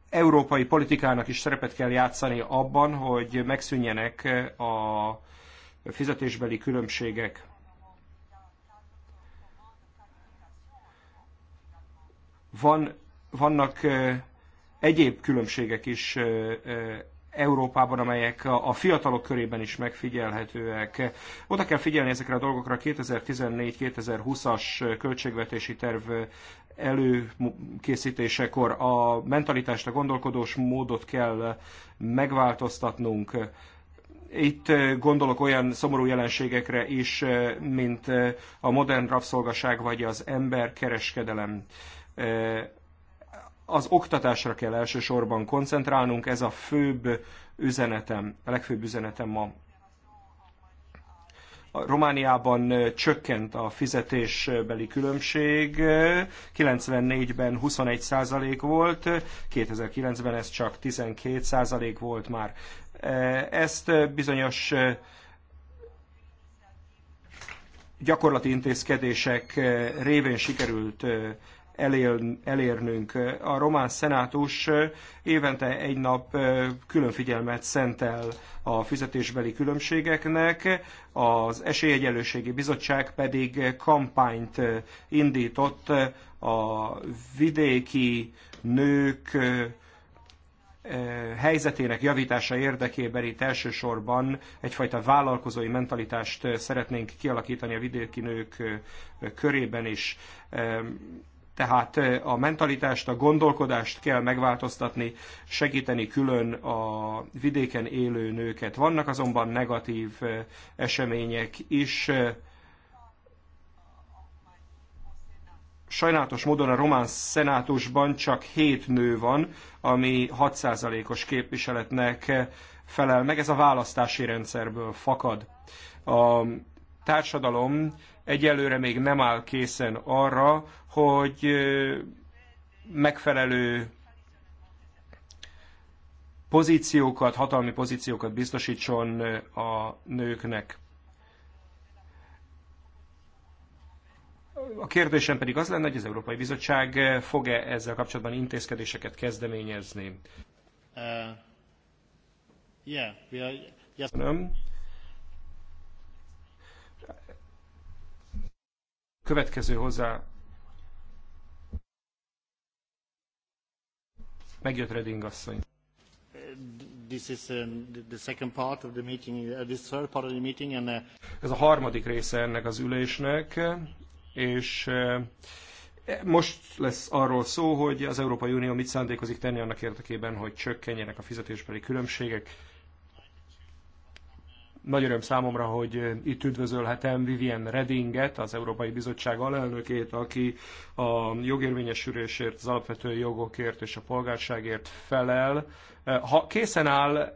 európai politikának is szerepet kell játszani abban, hogy megszűnjenek a fizetésbeli különbségek. Van, vannak egyéb különbségek is Európában, amelyek a fiatalok körében is megfigyelhetőek. Oda kell figyelni ezekre a dolgokra 2014-2020-as költségvetési terv előkészítésekor a mentalitást, a gondolkodós módot kell megváltoztatnunk. Itt gondolok olyan szomorú jelenségekre is, mint a modern rabszolgaság vagy az emberkereskedelem az oktatásra kell elsősorban koncentrálnunk, ez a főbb üzenetem, a legfőbb üzenetem ma. A Romániában csökkent a fizetésbeli különbség, 94-ben 21 százalék volt, 2009-ben ez csak 12 százalék volt már. Ezt bizonyos gyakorlati intézkedések révén sikerült elérnünk. A román szenátus évente egy nap külön figyelmet szentel a fizetésbeli különbségeknek, az Esélyegyelőségi Bizottság pedig kampányt indított a vidéki nők eh, helyzetének javítása érdekében itt elsősorban egyfajta vállalkozói mentalitást szeretnénk kialakítani a vidéki nők eh, körében is. Eh, tehát a mentalitást, a gondolkodást kell megváltoztatni, segíteni külön a vidéken élő nőket. Vannak azonban negatív események is. Sajnálatos módon a román szenátusban csak 7 nő van, ami 6%-os képviseletnek felel meg. Ez a választási rendszerből fakad. A társadalom egyelőre még nem áll készen arra, hogy megfelelő pozíciókat, hatalmi pozíciókat biztosítson a nőknek. A kérdésem pedig az lenne, hogy az Európai Bizottság fog-e ezzel kapcsolatban intézkedéseket kezdeményezni? Uh, yeah, we are, yes. Nem. Következő hozzá Megjött Reding asszony. Um, uh, uh, Ez a harmadik része ennek az ülésnek, és uh, most lesz arról szó, hogy az Európai Unió mit szándékozik tenni annak érdekében, hogy csökkenjenek a fizetésbeli különbségek, nagy öröm számomra, hogy eh, itt üdvözölhetem Vivian Redinget, az Európai Bizottság alelnökét, aki a jogérvényesülésért, az alapvető jogokért és a polgárságért felel. Eh, ha készen áll eh,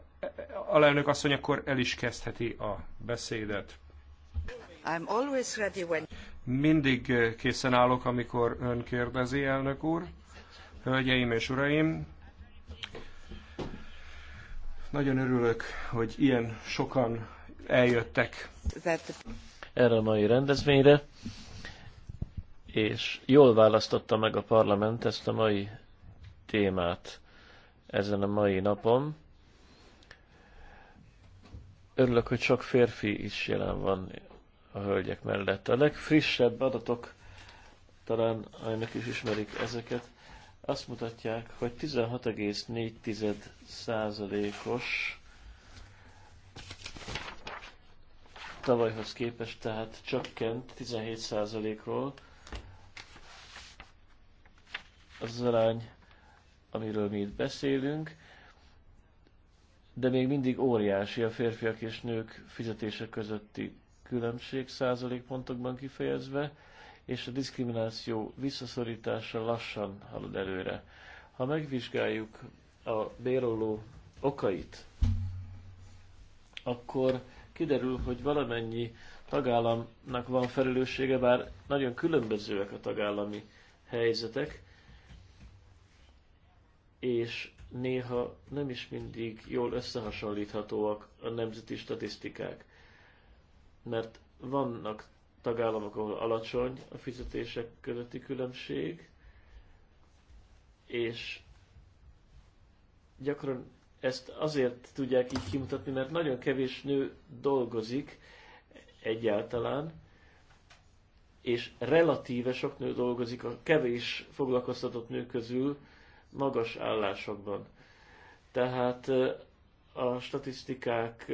alelnök asszony, akkor el is kezdheti a beszédet. I'm always ready when... Mindig készen állok, amikor ön kérdezi, elnök úr. Hölgyeim és uraim, nagyon örülök, hogy ilyen sokan eljöttek erre a mai rendezvényre, és jól választotta meg a parlament ezt a mai témát ezen a mai napon. Örülök, hogy sok férfi is jelen van a hölgyek mellett. A legfrissebb adatok, talán önök is ismerik ezeket, azt mutatják, hogy 16,4 százalékos tavalyhoz képest tehát csökkent 17%-ról az arány, amiről mi itt beszélünk, de még mindig óriási a férfiak és nők fizetése közötti különbség százalékpontokban kifejezve, és a diszkrimináció visszaszorítása lassan halad előre. Ha megvizsgáljuk a béroló okait, akkor kiderül, hogy valamennyi tagállamnak van felelőssége, bár nagyon különbözőek a tagállami helyzetek, és néha nem is mindig jól összehasonlíthatóak a nemzeti statisztikák. Mert vannak tagállamok, ahol alacsony a fizetések közötti különbség, és gyakran ezt azért tudják így kimutatni, mert nagyon kevés nő dolgozik egyáltalán, és relatíve sok nő dolgozik a kevés foglalkoztatott nő közül magas állásokban. Tehát a statisztikák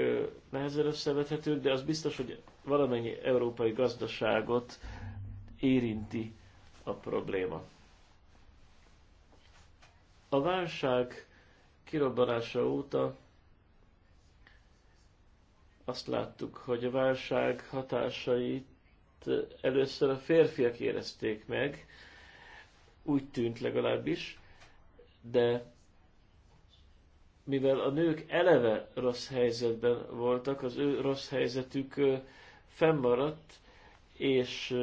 nehezen összevethetők, de az biztos, hogy valamennyi európai gazdaságot érinti a probléma. A válság kirobbanása óta azt láttuk, hogy a válság hatásait először a férfiak érezték meg, úgy tűnt legalábbis, de mivel a nők eleve rossz helyzetben voltak, az ő rossz helyzetük fennmaradt, és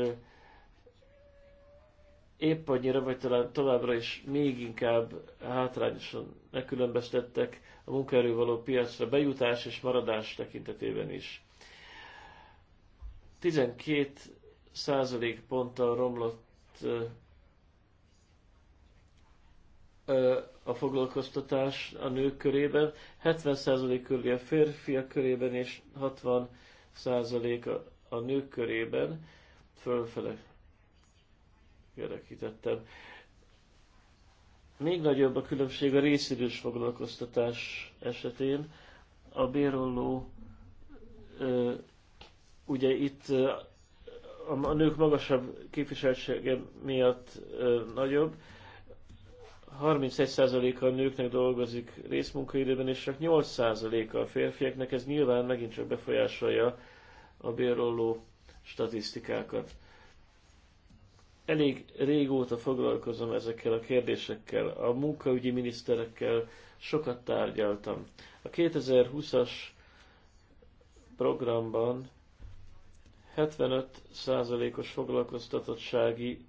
épp annyira, vagy talán továbbra is még inkább hátrányosan megkülönböztettek a munkaerő való piacra bejutás és maradás tekintetében is. 12 százalék ponttal romlott a foglalkoztatás a nők körében, 70 százalék körül a férfiak körében, és 60 százalék a nők körében fölfele kerekítettem. Még nagyobb a különbség a részidős foglalkoztatás esetén. A bérolló ugye itt a nők magasabb képviseltsége miatt nagyobb. 31%-a a nőknek dolgozik részmunkaidőben, és csak 8%-a a férfiaknak. Ez nyilván megint csak befolyásolja a bérolló statisztikákat elég régóta foglalkozom ezekkel a kérdésekkel, a munkaügyi miniszterekkel sokat tárgyaltam. A 2020-as programban 75%-os foglalkoztatottsági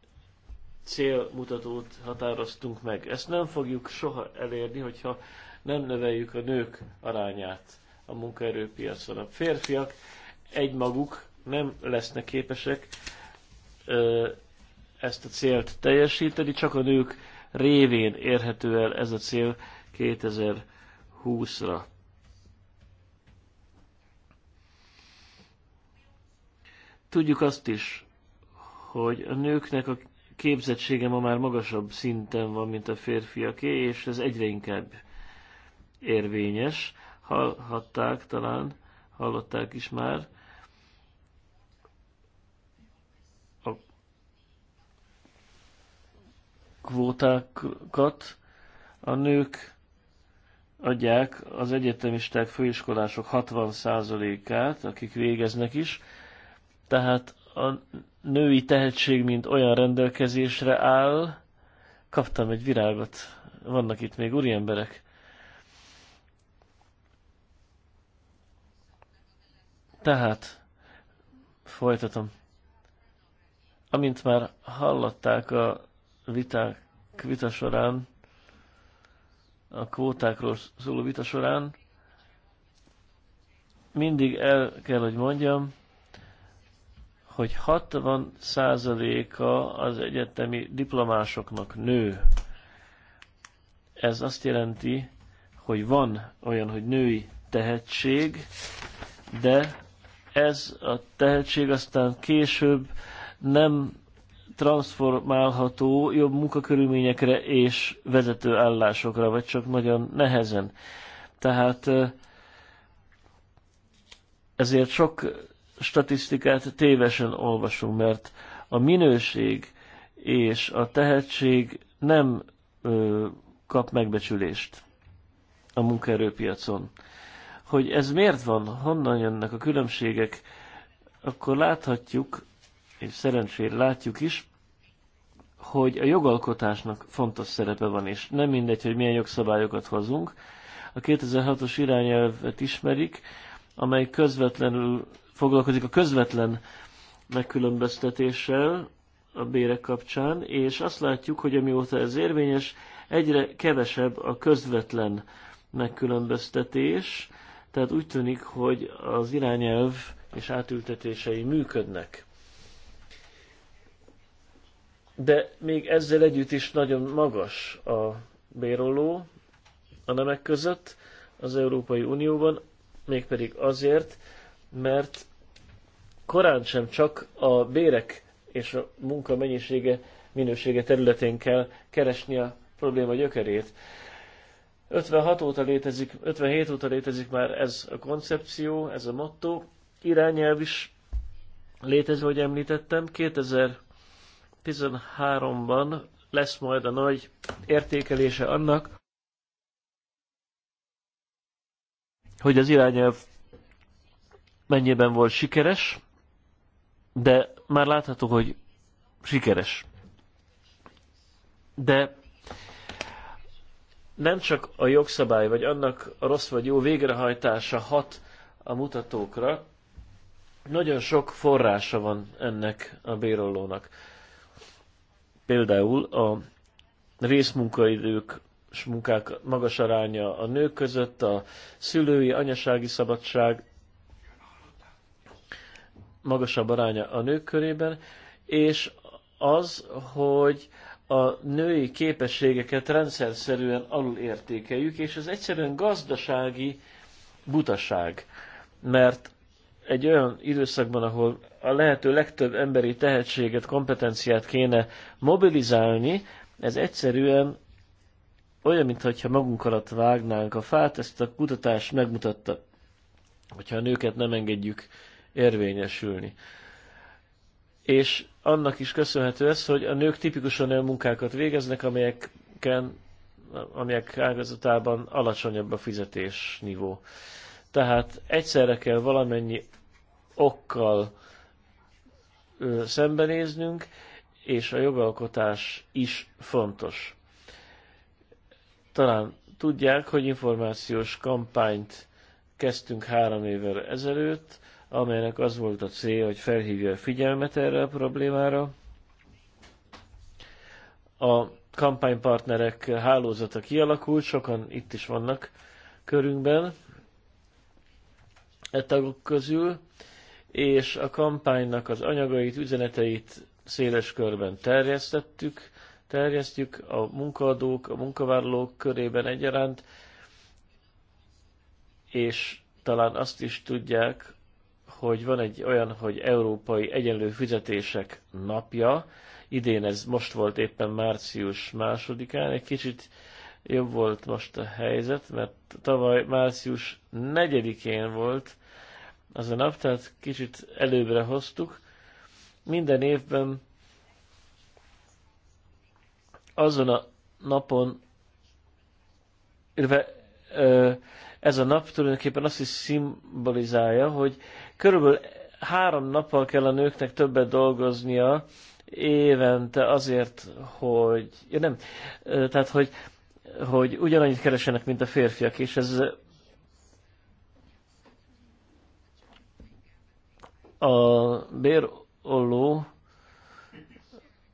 célmutatót határoztunk meg. Ezt nem fogjuk soha elérni, hogyha nem növeljük a nők arányát a munkaerőpiacon. A férfiak egymaguk nem lesznek képesek ezt a célt teljesíteni, csak a nők révén érhető el ez a cél 2020-ra. Tudjuk azt is, hogy a nőknek a képzettsége ma már magasabb szinten van, mint a férfiaké, és ez egyre inkább érvényes. Hallhatták talán, hallották is már, kvótákat a nők adják az egyetemisták, főiskolások 60%-át, akik végeznek is, tehát a női tehetség, mint olyan rendelkezésre áll, kaptam egy virágot, vannak itt még úriemberek. Tehát, folytatom. Amint már hallották a viták, vita során, a kvótákról szóló vita során mindig el kell, hogy mondjam, hogy 60%-a az egyetemi diplomásoknak nő. Ez azt jelenti, hogy van olyan, hogy női tehetség, de ez a tehetség aztán később nem transformálható jobb munkakörülményekre és vezető állásokra, vagy csak nagyon nehezen. Tehát ezért sok statisztikát tévesen olvasunk, mert a minőség és a tehetség nem ö, kap megbecsülést a munkaerőpiacon. Hogy ez miért van, honnan jönnek a különbségek, akkor láthatjuk, és szerencsére látjuk is, hogy a jogalkotásnak fontos szerepe van, és nem mindegy, hogy milyen jogszabályokat hozunk. A 2006-os irányelvet ismerik, amely közvetlenül foglalkozik a közvetlen megkülönböztetéssel a bérek kapcsán, és azt látjuk, hogy amióta ez érvényes, egyre kevesebb a közvetlen megkülönböztetés, tehát úgy tűnik, hogy az irányelv és átültetései működnek de még ezzel együtt is nagyon magas a béroló a nemek között az Európai Unióban, mégpedig azért, mert korán sem csak a bérek és a munka mennyisége, minősége területén kell keresni a probléma gyökerét. 56 óta létezik, 57 óta létezik már ez a koncepció, ez a motto. Irányelv is létező, hogy említettem. 2000 13-ban lesz majd a nagy értékelése annak, hogy az irányelv mennyiben volt sikeres, de már látható, hogy sikeres. De nem csak a jogszabály, vagy annak a rossz vagy jó végrehajtása hat a mutatókra, nagyon sok forrása van ennek a bérollónak. Például a részmunkaidők és munkák magas aránya a nők között, a szülői anyasági szabadság magasabb aránya a nők körében, és az, hogy a női képességeket rendszerszerűen alulértékeljük, és ez egyszerűen gazdasági butaság, mert egy olyan időszakban, ahol a lehető legtöbb emberi tehetséget, kompetenciát kéne mobilizálni, ez egyszerűen olyan, mintha magunk alatt vágnánk a fát, ezt a kutatás megmutatta, hogyha a nőket nem engedjük érvényesülni. És annak is köszönhető ez, hogy a nők tipikusan olyan munkákat végeznek, amelyeken, amelyek ágazatában alacsonyabb a fizetés nívó. Tehát egyszerre kell valamennyi okkal szembenéznünk, és a jogalkotás is fontos. Talán tudják, hogy információs kampányt kezdtünk három évvel ezelőtt, amelynek az volt a célja, hogy felhívja a figyelmet erre a problémára. A kampánypartnerek hálózata kialakult, sokan itt is vannak körünkben, e tagok közül, és a kampánynak az anyagait, üzeneteit széles körben terjesztettük, terjesztjük a munkaadók, a munkavállalók körében egyaránt, és talán azt is tudják, hogy van egy olyan, hogy Európai Egyenlő Fizetések napja, idén ez most volt éppen március másodikán, egy kicsit jobb volt most a helyzet, mert tavaly március negyedikén volt az a nap, tehát kicsit előbbre hoztuk. Minden évben azon a napon, illetve ez a nap tulajdonképpen azt is szimbolizálja, hogy körülbelül három nappal kell a nőknek többet dolgoznia évente azért, hogy ja nem, tehát hogy, hogy ugyanannyit keresenek, mint a férfiak, és ez a bérolló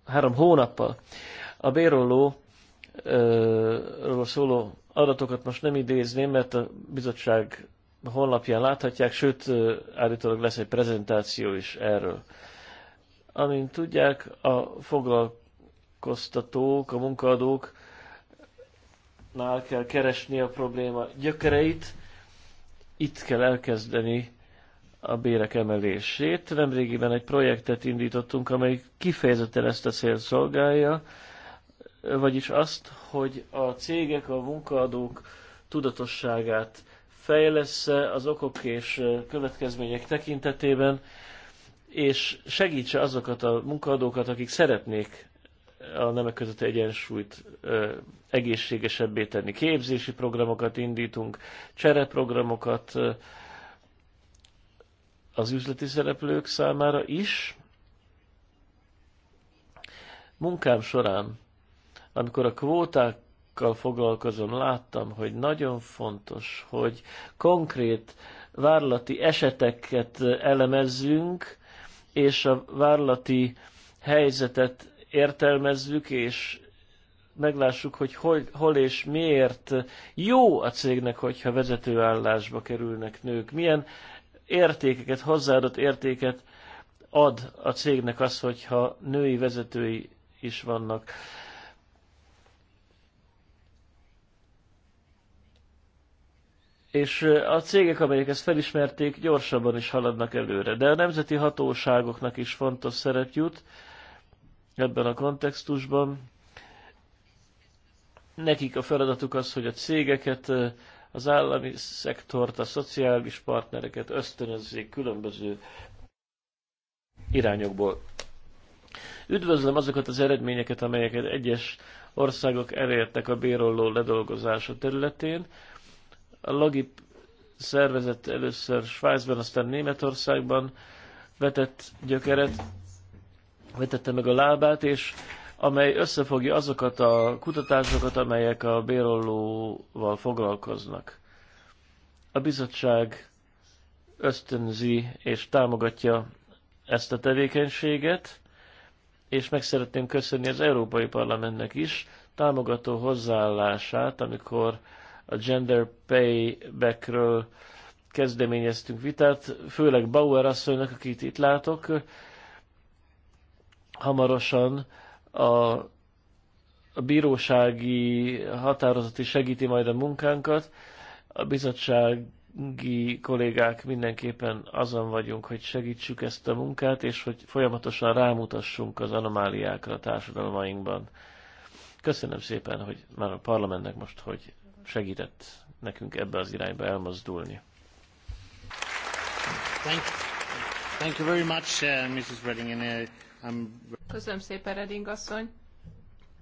három hónappal a bérollóról szóló adatokat most nem idézném, mert a bizottság honlapján láthatják, sőt állítólag lesz egy prezentáció is erről. Amint tudják, a foglalkoztatók, a munkaadók nál kell keresni a probléma gyökereit, itt kell elkezdeni a bérek emelését. Nemrégiben egy projektet indítottunk, amely kifejezetten ezt a célt szolgálja, vagyis azt, hogy a cégek, a munkaadók tudatosságát fejlesz az okok és következmények tekintetében, és segítse azokat a munkaadókat, akik szeretnék a nemek közötti egyensúlyt ö, egészségesebbé tenni. Képzési programokat indítunk, csereprogramokat, ö, az üzleti szereplők számára is. Munkám során, amikor a kvótákkal foglalkozom, láttam, hogy nagyon fontos, hogy konkrét várlati eseteket elemezzünk, és a várlati helyzetet értelmezzük, és meglássuk, hogy hol, hol és miért jó a cégnek, hogyha vezetőállásba kerülnek nők. Milyen értékeket, hozzáadott értéket ad a cégnek az, hogyha női vezetői is vannak. És a cégek, amelyek ezt felismerték, gyorsabban is haladnak előre. De a nemzeti hatóságoknak is fontos szerep jut ebben a kontextusban. Nekik a feladatuk az, hogy a cégeket az állami szektort, a szociális partnereket ösztönözzék különböző irányokból. Üdvözlöm azokat az eredményeket, amelyeket egyes országok elértek a bérolló ledolgozása területén. A Logip szervezet először Svájcban, aztán Németországban vetett gyökeret, vetette meg a lábát, és amely összefogja azokat a kutatásokat, amelyek a bérollóval foglalkoznak. A bizottság ösztönzi és támogatja ezt a tevékenységet, és meg szeretném köszönni az Európai Parlamentnek is támogató hozzáállását, amikor a gender paybackről kezdeményeztünk vitát, főleg Bauer asszonynak, akit itt látok, hamarosan a, a bírósági határozati segíti majd a munkánkat. A bizottsági kollégák mindenképpen azon vagyunk, hogy segítsük ezt a munkát, és hogy folyamatosan rámutassunk az anomáliákra a társadalmainkban. Köszönöm szépen, hogy már a parlamentnek most, hogy segített nekünk ebbe az irányba elmozdulni. Thank, thank you very much, uh, Mrs. Redding. And, uh, Köszönöm szépen, Reding asszony.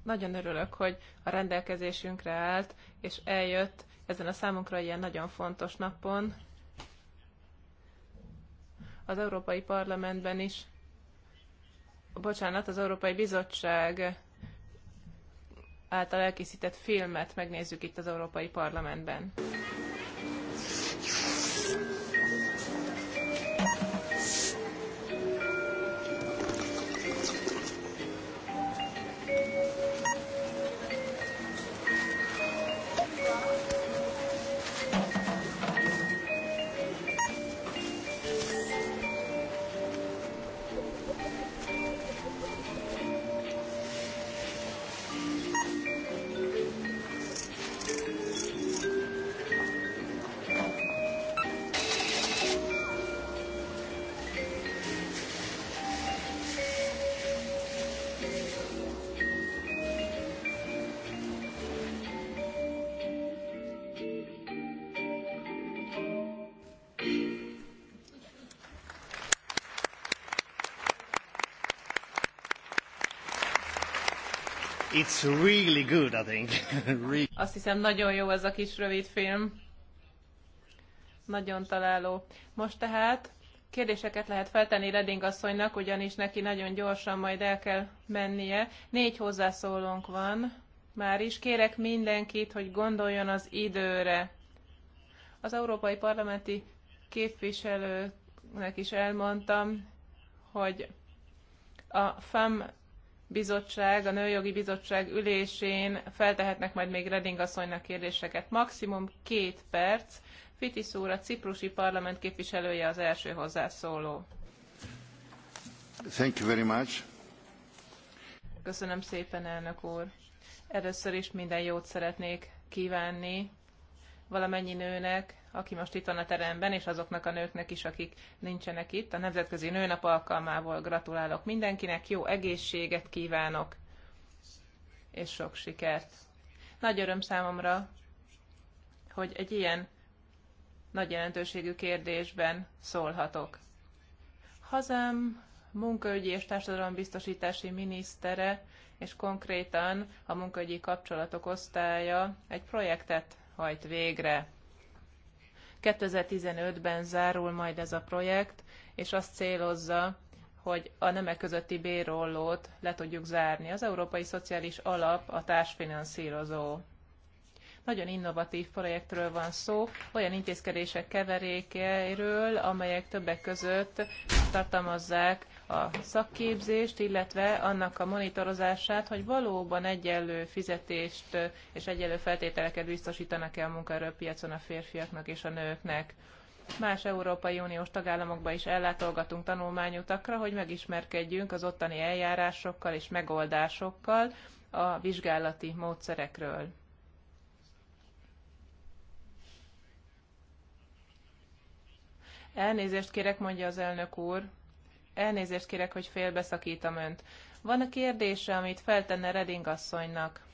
Nagyon örülök, hogy a rendelkezésünkre állt, és eljött ezen a számunkra ilyen nagyon fontos napon. Az Európai Parlamentben is, bocsánat, az Európai Bizottság által elkészített filmet megnézzük itt az Európai Parlamentben. It's really good, I think. [laughs] really. Azt hiszem, nagyon jó ez a kis rövid film. Nagyon találó. Most tehát kérdéseket lehet feltenni Redding asszonynak, ugyanis neki nagyon gyorsan majd el kell mennie. Négy hozzászólónk van már is. Kérek mindenkit, hogy gondoljon az időre. Az Európai Parlamenti képviselőnek is elmondtam, hogy a FAM bizottság, a nőjogi bizottság ülésén feltehetnek majd még Reding asszonynak kérdéseket. Maximum két perc. Fitis úr, a ciprusi parlament képviselője az első hozzászóló. Thank you very much. Köszönöm szépen, elnök úr. Először is minden jót szeretnék kívánni valamennyi nőnek, aki most itt van a teremben, és azoknak a nőknek is, akik nincsenek itt. A Nemzetközi Nőnap alkalmával gratulálok mindenkinek, jó egészséget kívánok, és sok sikert. Nagy öröm számomra, hogy egy ilyen nagy jelentőségű kérdésben szólhatok. Hazám munkaügyi és társadalombiztosítási minisztere és konkrétan a munkaügyi kapcsolatok osztálya egy projektet hajt végre. 2015-ben zárul majd ez a projekt, és azt célozza, hogy a nemek közötti bérollót le tudjuk zárni. Az Európai Szociális Alap a társfinanszírozó nagyon innovatív projektről van szó, olyan intézkedések keverékéről, amelyek többek között tartalmazzák a szakképzést, illetve annak a monitorozását, hogy valóban egyenlő fizetést és egyenlő feltételeket biztosítanak-e a munkaerőpiacon a férfiaknak és a nőknek. Más Európai Uniós tagállamokba is ellátogatunk tanulmányutakra, hogy megismerkedjünk az ottani eljárásokkal és megoldásokkal a vizsgálati módszerekről. Elnézést kérek, mondja az elnök úr. Elnézést kérek, hogy félbeszakítom önt. Van a kérdése, amit feltenne Reding asszonynak.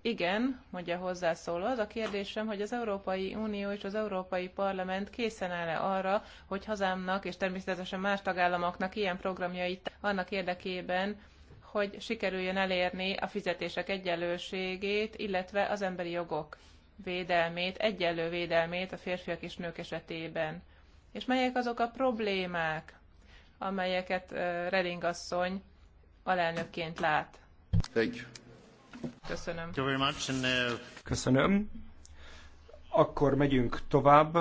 Igen, mondja hozzászóló, az a kérdésem, hogy az Európai Unió és az Európai Parlament készen áll-e arra, hogy hazámnak és természetesen más tagállamoknak ilyen programjait annak érdekében, hogy sikerüljön elérni a fizetések egyenlőségét, illetve az emberi jogok védelmét, egyenlő védelmét a férfiak és nők esetében. És melyek azok a problémák, amelyeket Reding asszony alelnökként lát? Thank you. Köszönöm. Thank you very much and, uh... Köszönöm. Akkor megyünk tovább.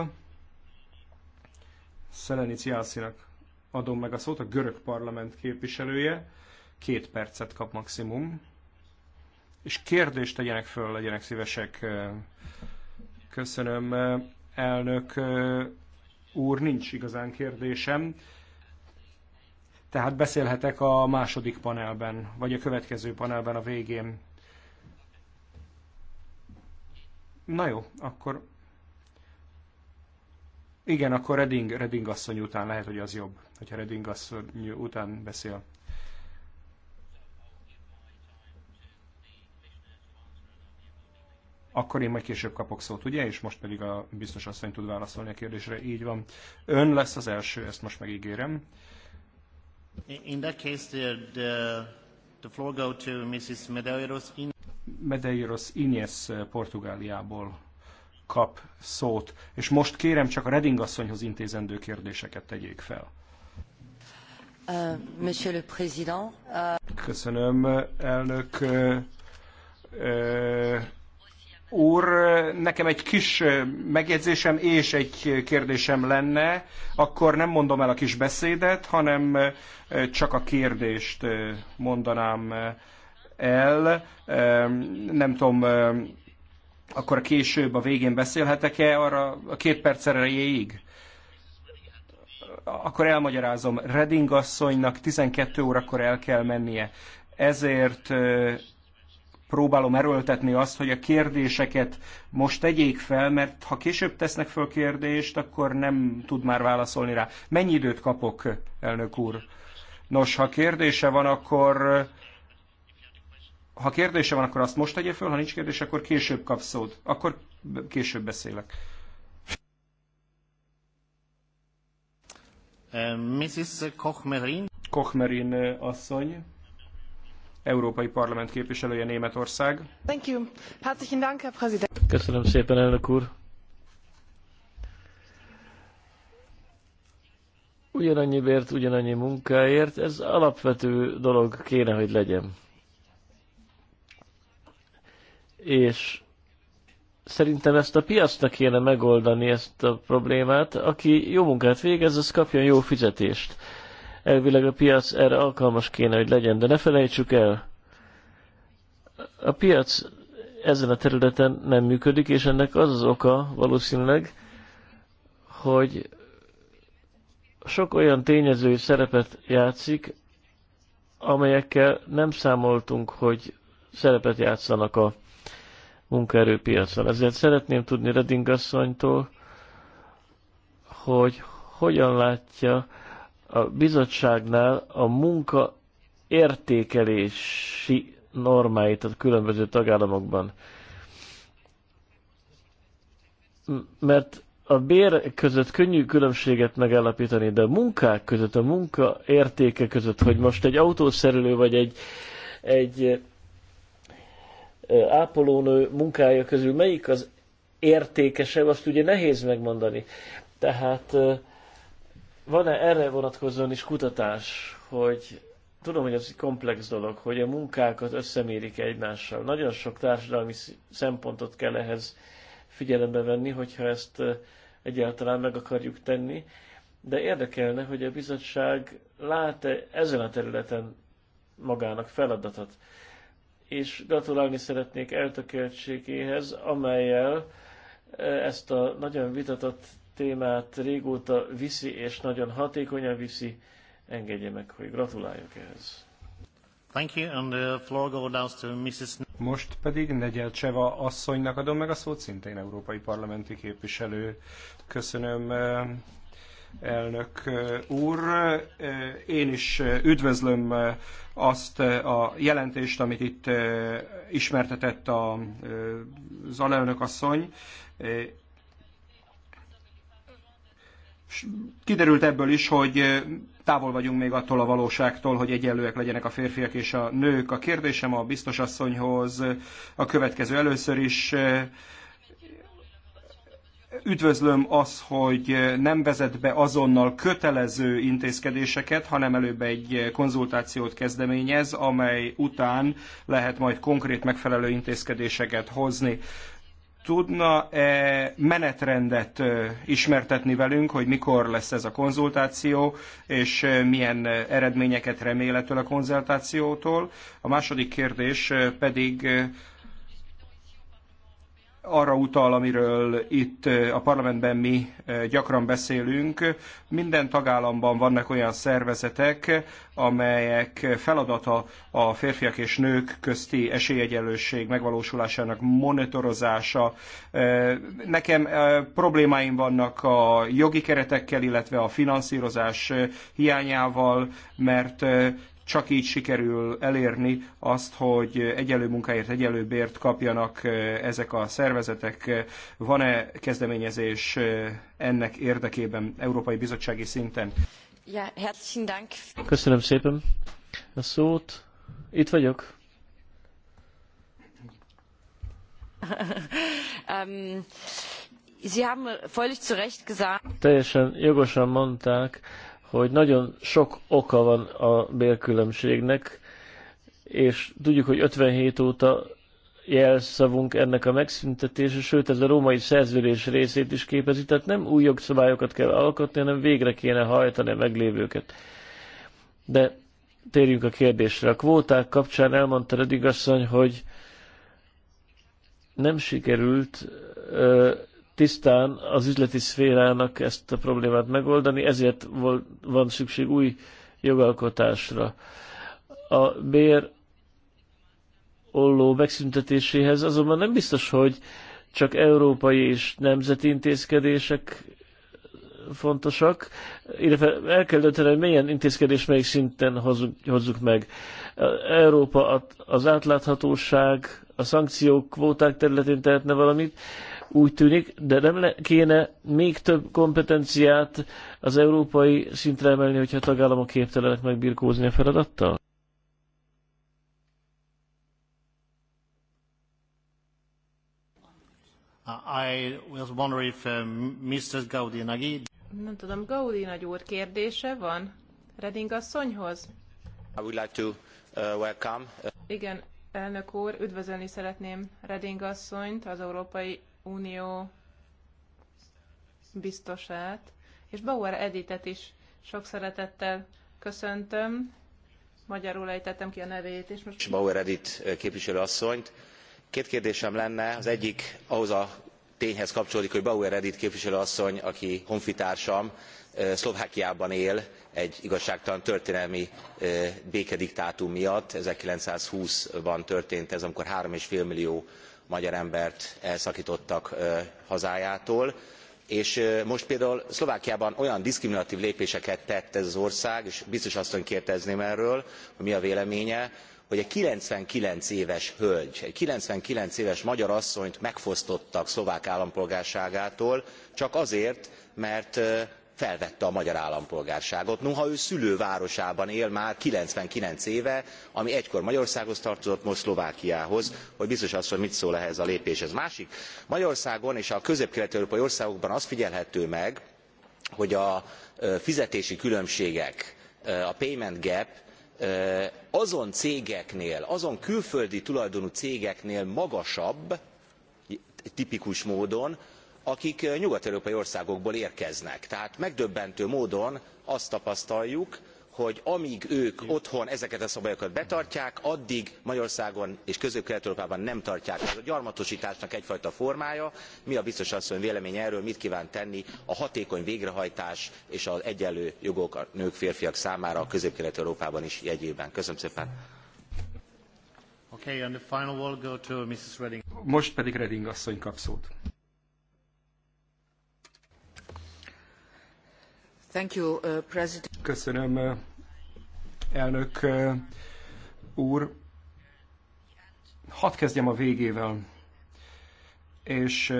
Szelenici Ászinak adom meg a szót, a görög parlament képviselője. Két percet kap maximum. És kérdést tegyenek föl, legyenek szívesek. Köszönöm, elnök úr, nincs igazán kérdésem. Tehát beszélhetek a második panelben, vagy a következő panelben a végén. Na jó, akkor... Igen, akkor Reding, Reding asszony után lehet, hogy az jobb, hogyha Reding asszony után beszél. akkor én majd később kapok szót, ugye? És most pedig a biztos asszony tud válaszolni a kérdésre. Így van. Ön lesz az első, ezt most megígérem. In that case, the, the, the floor go to Mrs. Medeiros in... Medeiros Inés eh, Portugáliából kap szót, és most kérem csak a Reding asszonyhoz intézendő kérdéseket tegyék fel. Uh, Monsieur le Président. Uh... Köszönöm, elnök. Uh, úr, nekem egy kis megjegyzésem és egy kérdésem lenne, akkor nem mondom el a kis beszédet, hanem csak a kérdést mondanám el. Nem tudom, akkor később a végén beszélhetek-e arra a két perc erejéig? Akkor elmagyarázom, Reding asszonynak 12 órakor el kell mennie. Ezért próbálom erőltetni azt, hogy a kérdéseket most tegyék fel, mert ha később tesznek föl kérdést, akkor nem tud már válaszolni rá. Mennyi időt kapok, elnök úr? Nos, ha kérdése van, akkor ha kérdése van, akkor azt most tegye föl, ha nincs kérdés, akkor később kapsz szót. Akkor később beszélek. Mrs. Kochmerin. Kochmerin eh, asszony. Európai Parlament képviselője Németország. Thank you. Herzlichen Dank, Herr Präsident. Köszönöm szépen, elnök úr. Ugyanannyi bért, ugyanannyi munkáért, ez alapvető dolog kéne, hogy legyen. És szerintem ezt a piacnak kéne megoldani ezt a problémát. Aki jó munkát végez, az kapjon jó fizetést. Elvileg a piac erre alkalmas kéne, hogy legyen, de ne felejtsük el, a piac ezen a területen nem működik, és ennek az az oka valószínűleg, hogy sok olyan tényező szerepet játszik, amelyekkel nem számoltunk, hogy szerepet játszanak a munkaerőpiacon. Ezért szeretném tudni Redding asszonytól, hogy hogyan látja a bizottságnál a munka értékelési normáit a különböző tagállamokban. Mert a bér között könnyű különbséget megállapítani, de a munkák között, a munka értéke között, hogy most egy autószerelő vagy egy, egy ápolónő munkája közül melyik az értékesebb, azt ugye nehéz megmondani. Tehát van-e erre vonatkozóan is kutatás, hogy tudom, hogy ez egy komplex dolog, hogy a munkákat összemérik egymással. Nagyon sok társadalmi szempontot kell ehhez figyelembe venni, hogyha ezt egyáltalán meg akarjuk tenni, de érdekelne, hogy a bizottság lát-e ezen a területen magának feladatot. És gratulálni szeretnék eltökéltségéhez, amelyel ezt a nagyon vitatott témát régóta viszi, és nagyon hatékonyan viszi. Engedje meg, hogy gratuláljak ehhez. Thank you, and the floor goes down to Mrs. Most pedig Cseva asszonynak adom meg a szót, szintén európai parlamenti képviselő. Köszönöm, eh, elnök eh, úr. Eh, én is üdvözlöm azt a jelentést, amit itt ismertetett az alelnök asszony Kiderült ebből is, hogy távol vagyunk még attól a valóságtól, hogy egyenlőek legyenek a férfiak és a nők. A kérdésem a biztosasszonyhoz a következő. Először is üdvözlöm az, hogy nem vezet be azonnal kötelező intézkedéseket, hanem előbb egy konzultációt kezdeményez, amely után lehet majd konkrét megfelelő intézkedéseket hozni. Tudna-e menetrendet e, ismertetni velünk, hogy mikor lesz ez a konzultáció, és e, milyen e, eredményeket remél ettől a konzultációtól? A második kérdés pedig arra utal, amiről itt a parlamentben mi gyakran beszélünk. Minden tagállamban vannak olyan szervezetek, amelyek feladata a férfiak és nők közti esélyegyenlőség megvalósulásának monitorozása. Nekem problémáim vannak a jogi keretekkel, illetve a finanszírozás hiányával, mert csak így sikerül elérni azt, hogy egyelő munkáért egyelő bért kapjanak eh, ezek a szervezetek. Van-e kezdeményezés eh, ennek érdekében Európai Bizottsági szinten? Ja, herzlichen Dank. Köszönöm szépen a szót. Itt vagyok. [laughs] Ähm, Sie haben völlig zu Recht gesagt. Teljesen jogosan mondták, hogy nagyon sok oka van a bérkülönbségnek, és tudjuk, hogy 57 óta jelszavunk ennek a megszüntetése, sőt ez a római szerződés részét is képezi, tehát nem új jogszabályokat kell alkotni, hanem végre kéne hajtani a meglévőket. De térjünk a kérdésre. A kvóták kapcsán elmondta Redig asszony, hogy nem sikerült ö, tisztán az üzleti szférának ezt a problémát megoldani, ezért van szükség új jogalkotásra. A bér olló megszüntetéséhez azonban nem biztos, hogy csak európai és nemzeti intézkedések fontosak, illetve el kell dönteni, hogy milyen intézkedés melyik szinten hozzuk, hozzuk meg. Európa az átláthatóság, a szankciók, kvóták területén tehetne valamit, úgy tűnik, de nem le, kéne még több kompetenciát az európai szintre emelni, hogyha a tagállamok képtelenek megbirkózni a feladattal? Uh, I was wondering if uh, Mr. Gaudi Nagy... Nem tudom, Gaudi nagy úr kérdése van Reding asszonyhoz? I would like to uh, welcome... Igen, elnök úr, üdvözölni szeretném Reding asszonyt, az Európai Unió biztosát, és Bauer Editet is sok szeretettel köszöntöm. Magyarul ejtettem ki a nevét. És most... Bauer Edit képviselő asszonyt. Két kérdésem lenne, az egyik ahhoz a tényhez kapcsolódik, hogy Bauer Edit képviselő asszony, aki honfitársam, Szlovákiában él egy igazságtalan történelmi békediktátum miatt. 1920-ban történt ez, amikor 3,5 millió magyar embert elszaktottak hazájától és most például szlovákiában olyan diszkriminatv lépéseket tett ez az ország és biztos asszonyt kérdezném erről hogy mi a véleménye hogy egy ninety nine éves hölgy egy ninety nine éves magyar asszonyt megfosztottak szlovák állampolgárságától csak azért mert felvette a magyar állampolgárságot noha ő szülővárosában él már ninety nine éve ami egykor magyarországhoz tartozott most szlovákiához hogy biztos asszony mit szól ehhez a lépéshez. másik magyarországon és a közép kelet európai országokban az figyelhető meg hogy a fizetési különbségek a payment gap azon cégeknél azon külföldi tulajdonú cégeknél magasabb tipikus módon akik nyugat európai országokból érkeznek tehát megdöbbentő módon azt tapasztaljuk hogy amg ők otthon ezeket a szabályokat betartják addig magyarországon és közép kelet európában nem tartják. ez a gyarmatostásnak egyfajta formája. mi a biztos asszony véleménye erről mit kván tenni a hatékony végrehajtás és az egyenlő jogok a nők férfiak számára közép kelet európában is jegyében? köszönöm szépen! Most pedig Reding asszony kap szót. Uh, Köszönöm, uh, elnök uh, úr. Hadd kezdjem a végével, és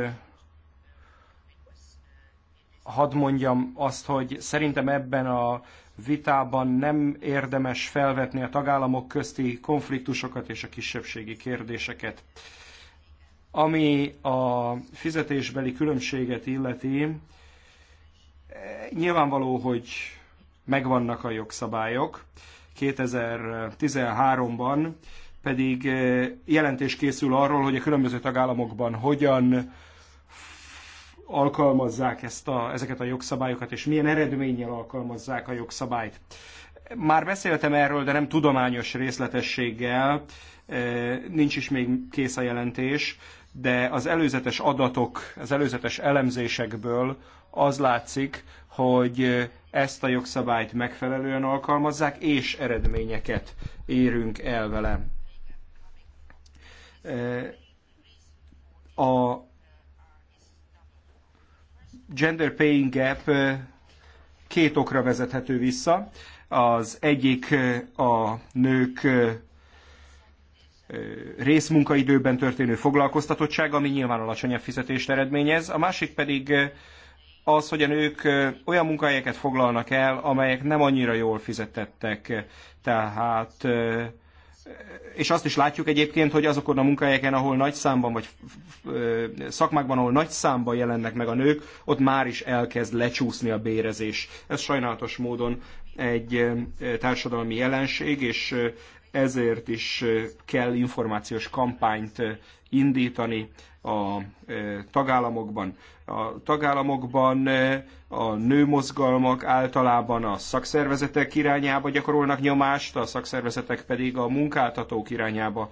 hadd mondjam azt, hogy szerintem ebben a vitában nem érdemes felvetni a tagállamok közti konfliktusokat és a kisebbségi kérdéseket. Ami a fizetésbeli különbséget illeti, Nyilvánvaló, hogy megvannak a jogszabályok. 2013-ban pedig eh, jelentés készül arról, hogy a különböző tagállamokban hogyan alkalmazzák ezt a, ezeket a jogszabályokat, és milyen eredménnyel alkalmazzák a jogszabályt. Már beszéltem erről, de nem tudományos részletességgel, eh, nincs is még kész a jelentés, de az előzetes adatok, az előzetes elemzésekből az látszik, hogy ezt a jogszabályt megfelelően alkalmazzák, és eredményeket érünk el vele. A gender paying gap két okra vezethető vissza. Az egyik a nők részmunkaidőben történő foglalkoztatottság, ami nyilván alacsonyabb fizetést eredményez, a másik pedig az, hogy a nők olyan munkahelyeket foglalnak el, amelyek nem annyira jól fizetettek. Tehát és azt is látjuk egyébként, hogy azokon a munkahelyeken, ahol nagy számban, vagy szakmákban, ahol nagy számban jelennek meg a nők, ott már is elkezd lecsúszni a bérezés. Ez sajnálatos módon egy társadalmi jelenség, és ezért is kell információs kampányt indítani a e, tagállamokban. A tagállamokban e, a nőmozgalmak általában a szakszervezetek irányába gyakorolnak nyomást, a szakszervezetek pedig a munkáltatók irányába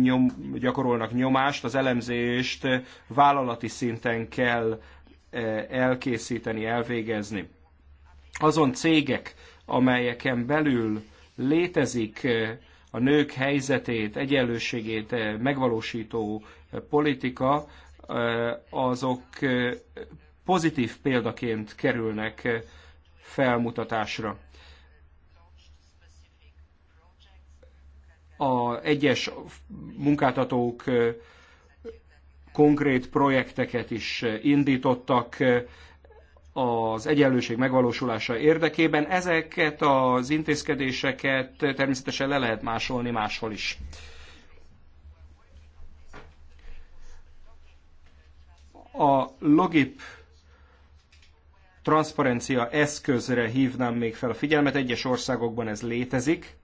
nyom, gyakorolnak nyomást. Az elemzést vállalati szinten kell e, elkészíteni, elvégezni. Azon cégek, amelyeken belül létezik a nők helyzetét, egyenlőségét eh, megvalósító eh, politika, eh, azok pozitív példaként kerülnek felmutatásra. A egyes munkáltatók konkrét projekteket is indítottak, az egyenlőség megvalósulása érdekében. Ezeket az intézkedéseket természetesen le lehet másolni máshol is. A Logip transzparencia eszközre hívnám még fel a figyelmet, egyes országokban ez létezik.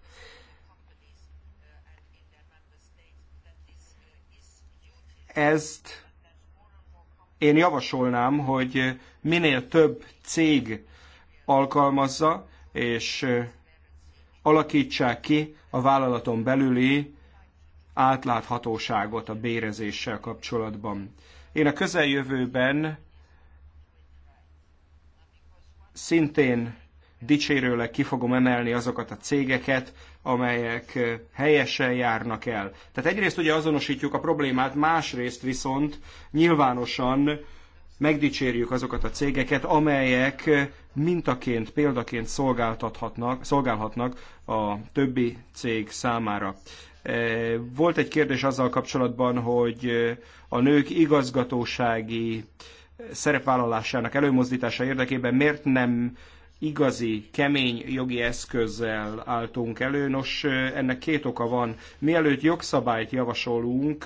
Ezt én javasolnám, hogy minél több cég alkalmazza és alakítsák ki a vállalaton belüli átláthatóságot a bérezéssel kapcsolatban. Én a közeljövőben szintén dicsérőleg ki fogom emelni azokat a cégeket, amelyek helyesen járnak el. Tehát egyrészt ugye azonosítjuk a problémát, másrészt viszont nyilvánosan megdicsérjük azokat a cégeket, amelyek mintaként, példaként szolgáltathatnak, szolgálhatnak a többi cég számára. Volt egy kérdés azzal kapcsolatban, hogy a nők igazgatósági szerepvállalásának előmozdítása érdekében miért nem igazi, kemény jogi eszközzel álltunk elő. Nos, ennek két oka van. Mielőtt jogszabályt javasolunk,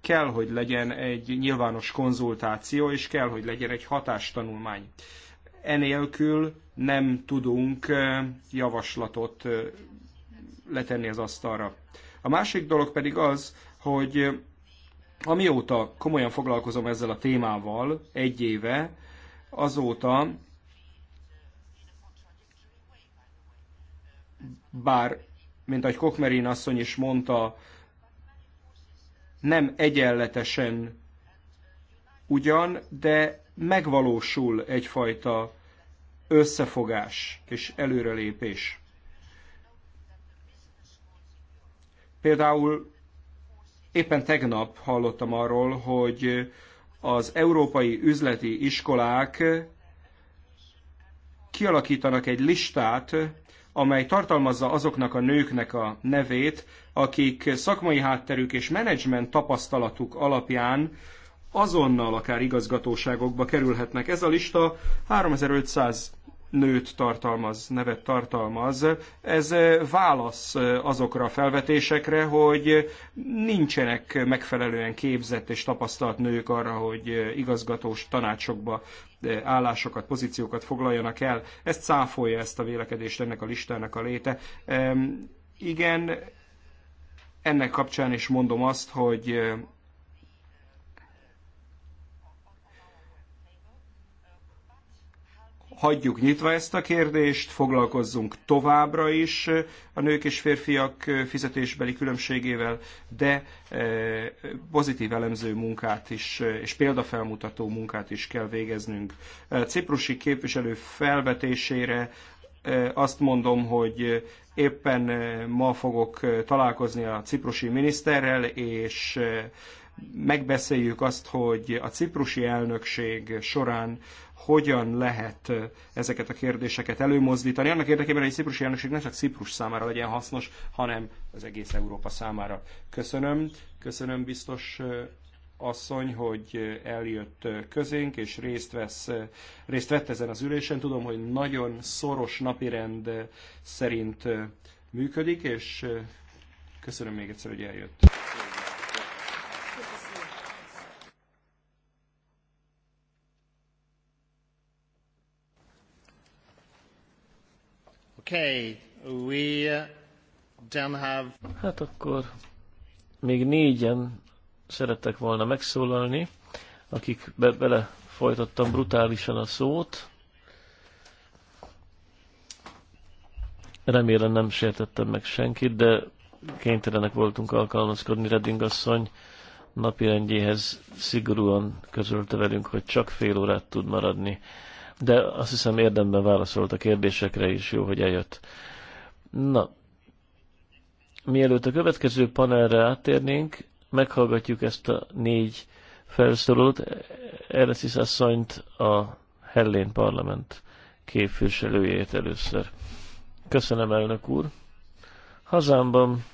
kell, hogy legyen egy nyilvános konzultáció, és kell, hogy legyen egy hatástanulmány. Enélkül nem tudunk javaslatot letenni az asztalra. A másik dolog pedig az, hogy amióta komolyan foglalkozom ezzel a témával, egy éve, azóta bár, mint ahogy Kokmerin asszony is mondta, nem egyenletesen ugyan, de megvalósul egyfajta összefogás és előrelépés. Például éppen tegnap hallottam arról, hogy az európai üzleti iskolák kialakítanak egy listát amely tartalmazza azoknak a nőknek a nevét, akik szakmai hátterük és menedzsment tapasztalatuk alapján azonnal akár igazgatóságokba kerülhetnek. Ez a lista 3500 nőt tartalmaz, nevet tartalmaz. Ez eh, válasz eh, azokra a felvetésekre, hogy nincsenek megfelelően képzett és tapasztalt nők arra, hogy eh, igazgatós tanácsokba állásokat, pozíciókat foglaljanak el. Ezt cáfolja ezt a vélekedést, ennek a listának a léte. Igen, ennek kapcsán is mondom azt, hogy hagyjuk nyitva ezt a kérdést, foglalkozzunk továbbra is a nők és férfiak fizetésbeli különbségével, de pozitív elemző munkát is, és példafelmutató munkát is kell végeznünk. Ciprusi képviselő felvetésére azt mondom, hogy éppen ma fogok találkozni a ciprusi miniszterrel, és megbeszéljük azt, hogy a ciprusi elnökség során hogyan lehet ezeket a kérdéseket előmozdítani, annak érdekében, hogy egy ciprusi elnökség ne csak Ciprus számára legyen hasznos, hanem az egész Európa számára. Köszönöm, köszönöm biztos asszony, hogy eljött közénk, és részt, vesz, részt vett ezen az ülésen. Tudom, hogy nagyon szoros napirend szerint működik, és köszönöm még egyszer, hogy eljött. Okay, we uh, have... Hát akkor még négyen szerettek volna megszólalni, akik be bele folytattam brutálisan a szót. Remélem nem sértettem meg senkit, de kénytelenek voltunk alkalmazkodni Redding asszony napirendjéhez szigorúan közölte velünk, hogy csak fél órát tud maradni de azt hiszem érdemben válaszolt a kérdésekre is, jó, hogy eljött. Na, mielőtt a következő panelre áttérnénk, meghallgatjuk ezt a négy felszólót, Eresis asszonyt a Hellén Parlament képviselőjét először. Köszönöm, elnök úr! Hazámban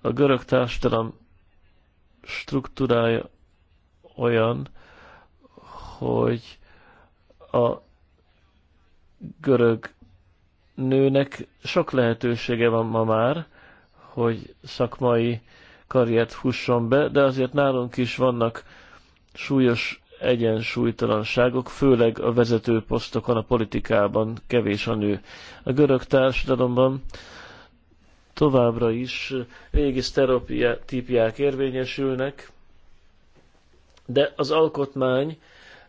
a görög társadalom struktúrája olyan, hogy a görög nőnek sok lehetősége van ma már, hogy szakmai karriert fusson be, de azért nálunk is vannak súlyos egyensúlytalanságok, főleg a vezető posztokon a politikában kevés a nő. A görög társadalomban továbbra is régi sztereotípiák érvényesülnek, de az alkotmány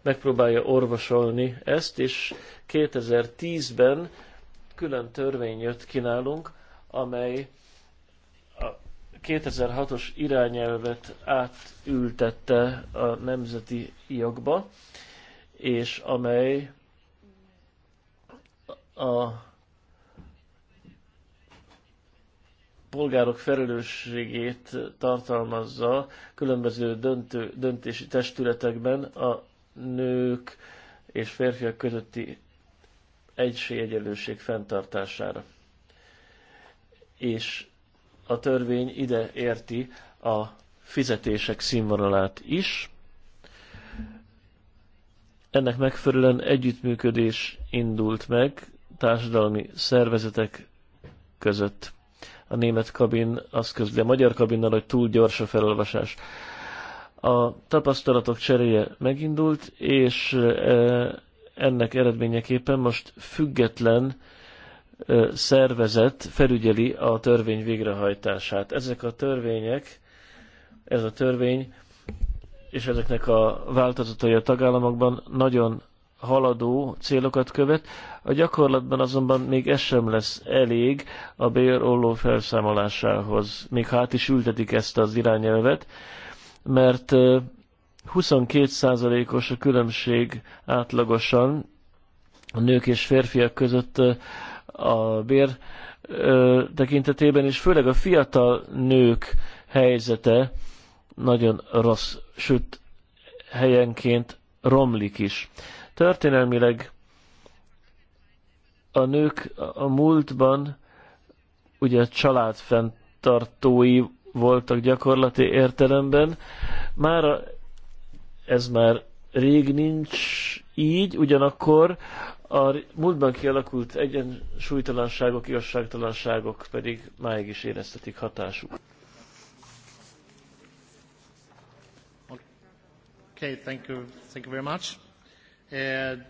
megpróbálja orvosolni ezt, és 2010-ben külön törvény jött ki nálunk, amely a 2006-os irányelvet átültette a nemzeti jogba, és amely a polgárok felelősségét tartalmazza különböző döntő, döntési testületekben a nők és férfiak közötti egységegyenlőség fenntartására. És a törvény ide érti a fizetések színvonalát is. Ennek megfelelően együttműködés indult meg társadalmi szervezetek között. A német kabin azt közli a magyar kabinnal, hogy túl gyors a felolvasás. A tapasztalatok cseréje megindult, és ennek eredményeképpen most független szervezet felügyeli a törvény végrehajtását. Ezek a törvények, ez a törvény, és ezeknek a változatai a tagállamokban nagyon haladó célokat követ. A gyakorlatban azonban még ez sem lesz elég a bérolló felszámolásához, még hát is ültetik ezt az irányelvet mert 22%-os a különbség átlagosan a nők és férfiak között a bér tekintetében, és főleg a fiatal nők helyzete nagyon rossz, sőt helyenként romlik is. Történelmileg a nők a múltban ugye a család fenntartói voltak gyakorlati értelemben. már ez már rég nincs így, ugyanakkor a múltban kialakult egyensúlytalanságok, igazságtalanságok pedig máig is éreztetik hatásuk. Okay, thank you, thank you very much. Uh,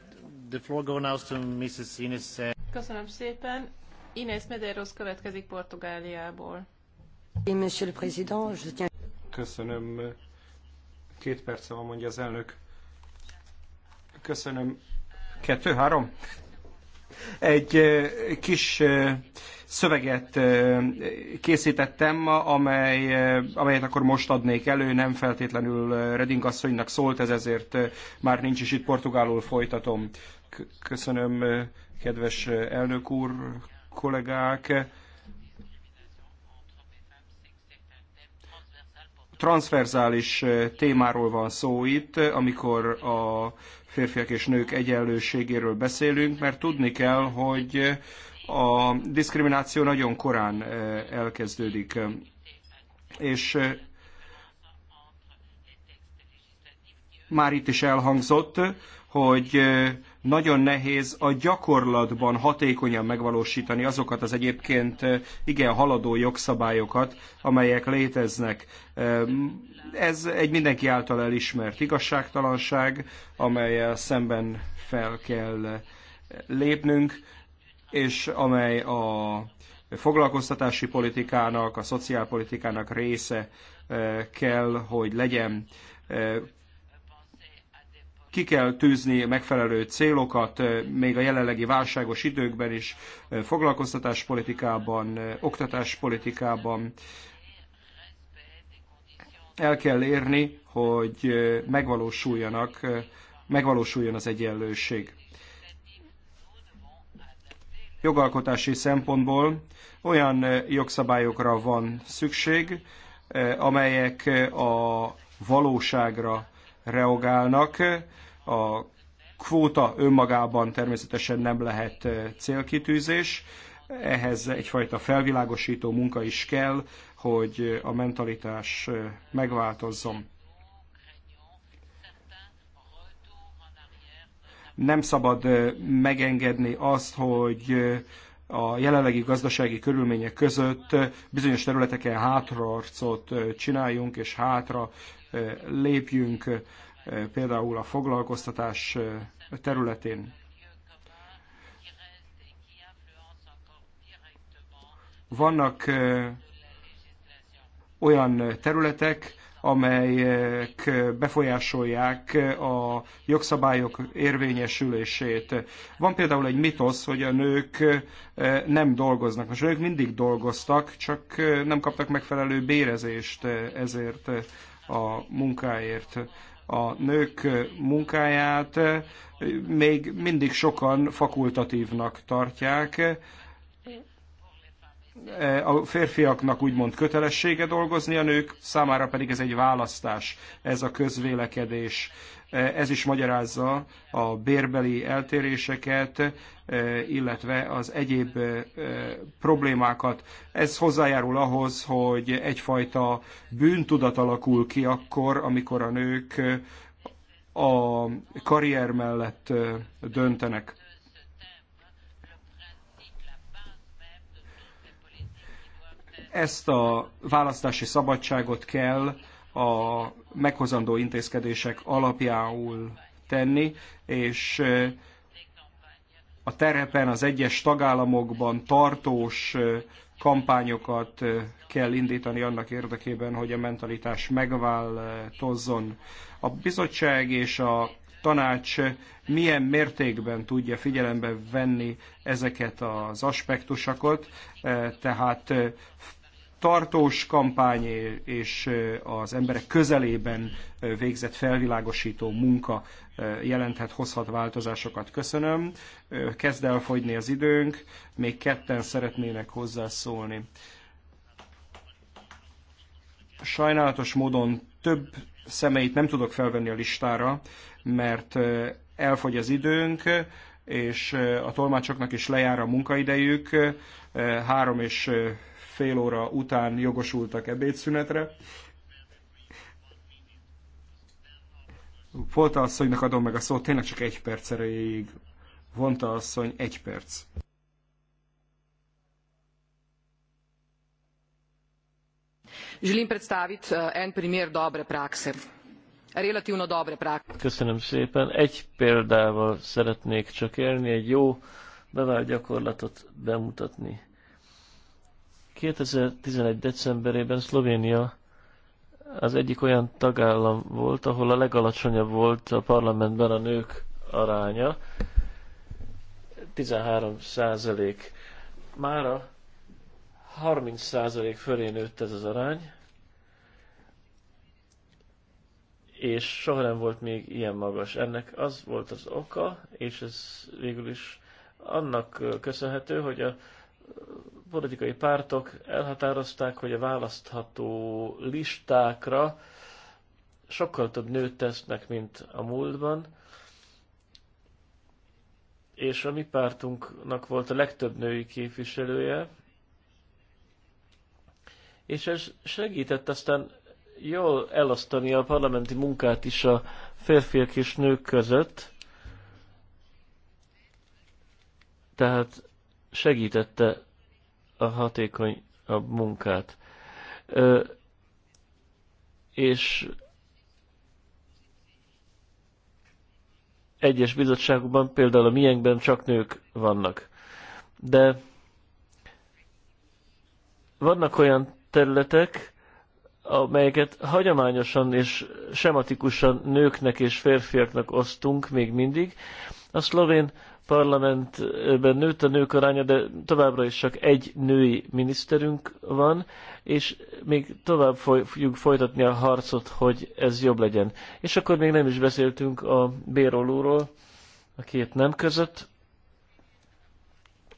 the floor goes now to Mrs. Ines. Uh, Köszönöm szépen. Ines Medeiros következik Portugáliából. Köszönöm. Két perce van, mondja az elnök. Köszönöm. Kettő, három? Egy kis szöveget készítettem, amely, amelyet akkor most adnék elő, nem feltétlenül Reding asszonynak szólt, ez ezért már nincs is itt, portugálul folytatom. Köszönöm, kedves elnök úr, kollégák transzverzális témáról van szó itt, amikor a férfiak és nők egyenlőségéről beszélünk, mert tudni kell, hogy a diszkrimináció nagyon korán elkezdődik. És már itt is elhangzott, hogy nagyon nehéz a gyakorlatban hatékonyan megvalósítani azokat az egyébként igen haladó jogszabályokat, amelyek léteznek. Ez egy mindenki által elismert igazságtalanság, amelyel szemben fel kell lépnünk, és amely a foglalkoztatási politikának, a szociálpolitikának része kell, hogy legyen ki kell tűzni megfelelő célokat, eh, még a jelenlegi válságos időkben is, eh, foglalkoztatáspolitikában, eh, oktatáspolitikában. El kell érni, hogy megvalósuljanak, megvalósuljon az egyenlőség. Jogalkotási szempontból olyan jogszabályokra van szükség, amelyek a valóságra reagálnak, a kvóta önmagában természetesen nem lehet eh, célkitűzés, ehhez egyfajta felvilágosító munka is kell, hogy eh, a mentalitás eh, megváltozzon. Nem szabad megengedni azt, hogy a jelenlegi gazdasági körülmények között bizonyos területeken hátraarcot csináljunk és hátra lépjünk például a foglalkoztatás területén. Vannak olyan területek, amelyek befolyásolják a jogszabályok érvényesülését. Van például egy mitosz, hogy a nők nem dolgoznak. Most a nők mindig dolgoztak, csak nem kaptak megfelelő bérezést ezért a munkáért a nők munkáját eh, még mindig sokan fakultatívnak tartják. Eh, a férfiaknak úgymond kötelessége dolgozni, a nők számára pedig ez egy választás, ez a közvélekedés. Ez is magyarázza a bérbeli eltéréseket, e, illetve az egyéb e, problémákat. Ez hozzájárul ahhoz, hogy egyfajta bűntudat alakul ki akkor, amikor a nők a karrier mellett e, döntenek. Ezt a választási szabadságot kell a meghozandó intézkedések alapjául tenni, és a terepen, az egyes tagállamokban tartós kampányokat kell indítani annak érdekében, hogy a mentalitás megváltozzon. A bizottság és a tanács milyen mértékben tudja figyelembe venni ezeket az aspektusokat, tehát tartós kampány és az emberek közelében végzett felvilágosító munka jelenthet, hozhat változásokat. Köszönöm. Kezd el fogyni az időnk, még ketten szeretnének hozzászólni. Sajnálatos módon több személyt nem tudok felvenni a listára, mert elfogy az időnk, és a tolmácsoknak is lejár a munkaidejük, három és fél óra után jogosultak ebédszünetre. az, hogy adom meg a szót, tényleg csak egy perc erejéig. Vonta asszony, egy perc. Želim predstaviti eh, en primer dobre prakse. Relatívno dobre prakse. Köszönöm szépen. Egy példával szeretnék csak élni, egy jó bevált gyakorlatot bemutatni. 2011. decemberében Szlovénia az egyik olyan tagállam volt, ahol a legalacsonyabb volt a parlamentben a nők aránya, 13 százalék. Mára 30 százalék fölé nőtt ez az arány, és soha nem volt még ilyen magas. Ennek az volt az oka, és ez végül is annak köszönhető, hogy a politikai pártok elhatározták, hogy a választható listákra sokkal több nőt tesznek, mint a múltban, és a mi pártunknak volt a legtöbb női képviselője, és ez segített aztán jól elosztani a parlamenti munkát is a férfiak és nők között, tehát segítette a hatékony a munkát. Ö, és egyes bizottságokban, például a miénkben csak nők vannak. De vannak olyan területek, amelyeket hagyományosan és sematikusan nőknek és férfiaknak osztunk még mindig. A szlovén parlamentben nőtt a nők aránya, de továbbra is csak egy női miniszterünk van, és még tovább fogjuk folytatni a harcot, hogy ez jobb legyen. És akkor még nem is beszéltünk a bérolóról, a két nem között.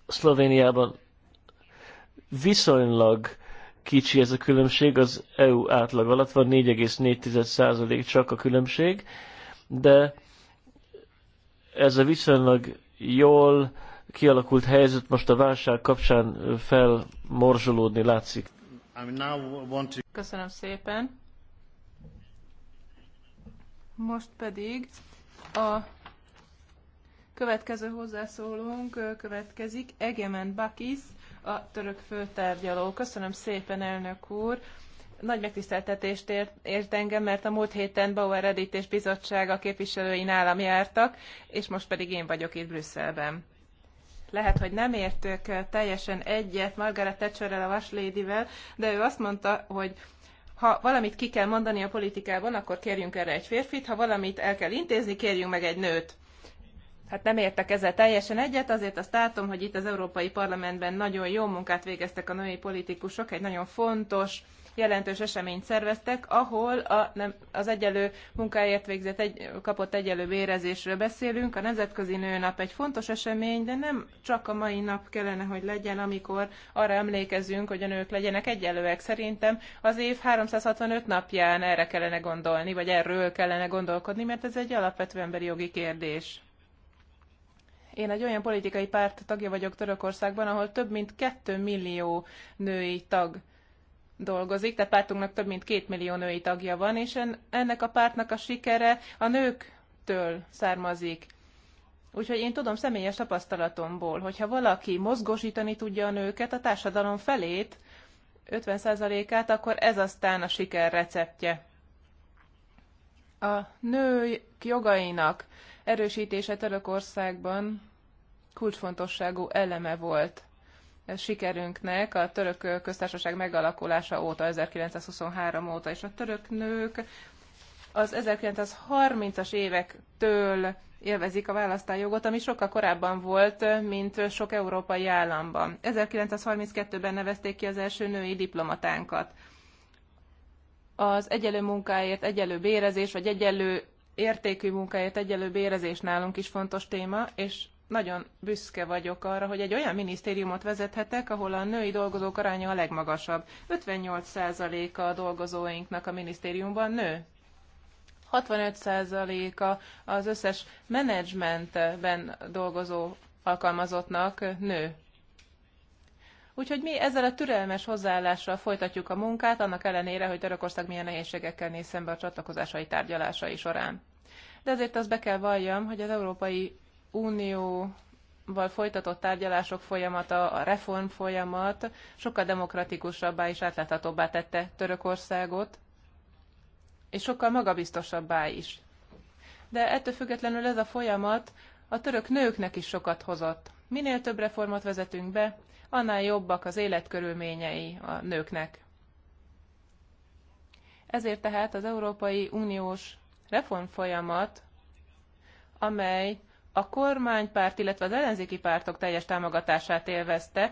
Szlovéniában viszonylag kicsi ez a különbség, az EU átlag alatt van 4,4% csak a különbség, de ez a viszonylag jól kialakult helyzet most a válság kapcsán felmorzsolódni látszik. Köszönöm szépen. Most pedig a következő hozzászólónk következik, Egemen Bakis, a török főtárgyaló. Köszönöm szépen, elnök úr nagy megtiszteltetést ért, ért engem, mert a múlt héten Bauer Edítés Bizottsága képviselői nálam jártak, és most pedig én vagyok itt Brüsszelben. Lehet, hogy nem értök teljesen egyet Margaret Thatcherrel, a Vaslédivel, de ő azt mondta, hogy ha valamit ki kell mondani a politikában, akkor kérjünk erre egy férfit, ha valamit el kell intézni, kérjünk meg egy nőt. Hát nem értek ezzel teljesen egyet, azért azt látom, hogy itt az Európai Parlamentben nagyon jó munkát végeztek a női politikusok, egy nagyon fontos jelentős eseményt szerveztek, ahol a, nem, az egyelő munkáért végzett, egy, kapott egyelő bérezésről beszélünk. A Nemzetközi Nőnap egy fontos esemény, de nem csak a mai nap kellene, hogy legyen, amikor arra emlékezünk, hogy a nők legyenek egyelőek. Szerintem az év 365 napján erre kellene gondolni, vagy erről kellene gondolkodni, mert ez egy alapvető emberi jogi kérdés. Én egy olyan politikai párt tagja vagyok Törökországban, ahol több mint 2 millió női tag dolgozik, tehát pártunknak több mint két millió női tagja van, és ennek a pártnak a sikere a nőktől származik. Úgyhogy én tudom személyes tapasztalatomból, hogyha valaki mozgósítani tudja a nőket, a társadalom felét, 50%-át, akkor ez aztán a siker receptje. A nők jogainak erősítése Törökországban kulcsfontosságú eleme volt sikerünknek a török köztársaság megalakulása óta, 1923 óta, és a török nők az 1930-as évektől élvezik a választájogot, ami sokkal korábban volt, mint sok európai államban. 1932-ben nevezték ki az első női diplomatánkat. Az egyelő munkáért egyelő bérezés, vagy egyelő értékű munkáért egyelő bérezés nálunk is fontos téma, és nagyon büszke vagyok arra, hogy egy olyan minisztériumot vezethetek, ahol a női dolgozók aránya a legmagasabb. 58%-a a dolgozóinknak a minisztériumban nő. 65%-a az összes menedzsmentben dolgozó alkalmazottnak nő. Úgyhogy mi ezzel a türelmes hozzáállással folytatjuk a munkát, annak ellenére, hogy Törökország milyen nehézségekkel néz szembe a csatlakozásai tárgyalásai során. De azért azt be kell valljam, hogy az Európai Unióval folytatott tárgyalások folyamata, a reform folyamat sokkal demokratikusabbá és átláthatóbbá tette Törökországot, és sokkal magabiztosabbá is. De ettől függetlenül ez a folyamat a török nőknek is sokat hozott. Minél több reformot vezetünk be, annál jobbak az életkörülményei a nőknek. Ezért tehát az Európai Uniós reformfolyamat, amely a kormánypárt, illetve az ellenzéki pártok teljes támogatását élvezte,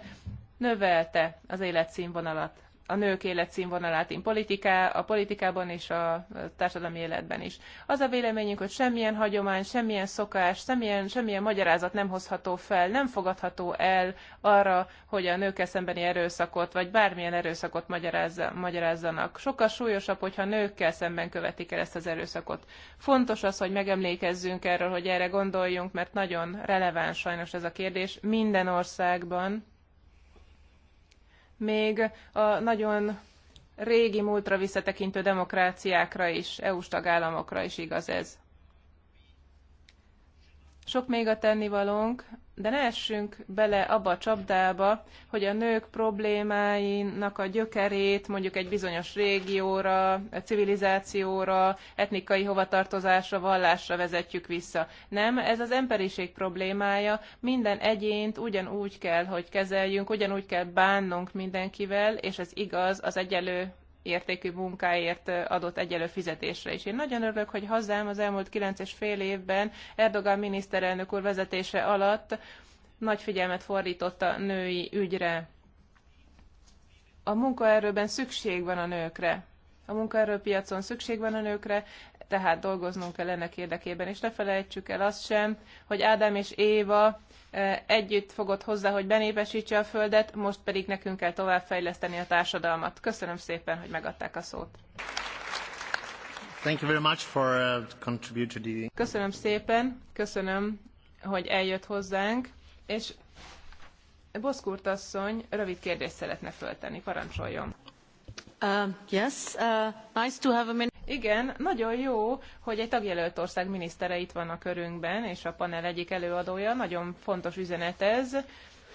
növelte az életszínvonalat a nők életszínvonalát in politiká, a politikában és a társadalmi életben is. Az a véleményünk, hogy semmilyen hagyomány, semmilyen szokás, semmilyen, semmilyen magyarázat nem hozható fel, nem fogadható el arra, hogy a nők szembeni erőszakot, vagy bármilyen erőszakot magyarázza, magyarázzanak. Sokkal súlyosabb, hogyha nőkkel szemben követik el ezt az erőszakot. Fontos az, hogy megemlékezzünk erről, hogy erre gondoljunk, mert nagyon releváns sajnos ez a kérdés minden országban, még a nagyon régi múltra visszatekintő demokráciákra is, EU-s tagállamokra is igaz ez. Sok még a tennivalónk, de ne essünk bele abba a csapdába, hogy a nők problémáinak a gyökerét mondjuk egy bizonyos régióra, civilizációra, etnikai hovatartozásra, vallásra vezetjük vissza. Nem, ez az emberiség problémája. Minden egyént ugyanúgy kell, hogy kezeljünk, ugyanúgy kell bánnunk mindenkivel, és ez igaz az egyelő értékű munkáért adott egyelő fizetésre is. Én nagyon örülök, hogy hazám az elmúlt kilenc és fél évben Erdogan miniszterelnök úr vezetése alatt nagy figyelmet fordított a női ügyre. A munkaerőben szükség van a nőkre. A munkaerőpiacon szükség van a nőkre, tehát dolgoznunk kell ennek érdekében, és ne felejtsük el azt sem, hogy Ádám és Éva eh, együtt fogott hozzá, hogy benépesítse a Földet, most pedig nekünk kell továbbfejleszteni a társadalmat. Köszönöm szépen, hogy megadták a szót. Thank you very much for, uh, the... Köszönöm szépen, köszönöm, hogy eljött hozzánk, és Boszkurt asszony rövid kérdést szeretne föltenni, parancsoljon. Uh, yes, uh, nice to have a igen, nagyon jó, hogy egy tagjelölt ország minisztere itt van a körünkben, és a panel egyik előadója. Nagyon fontos üzenet ez,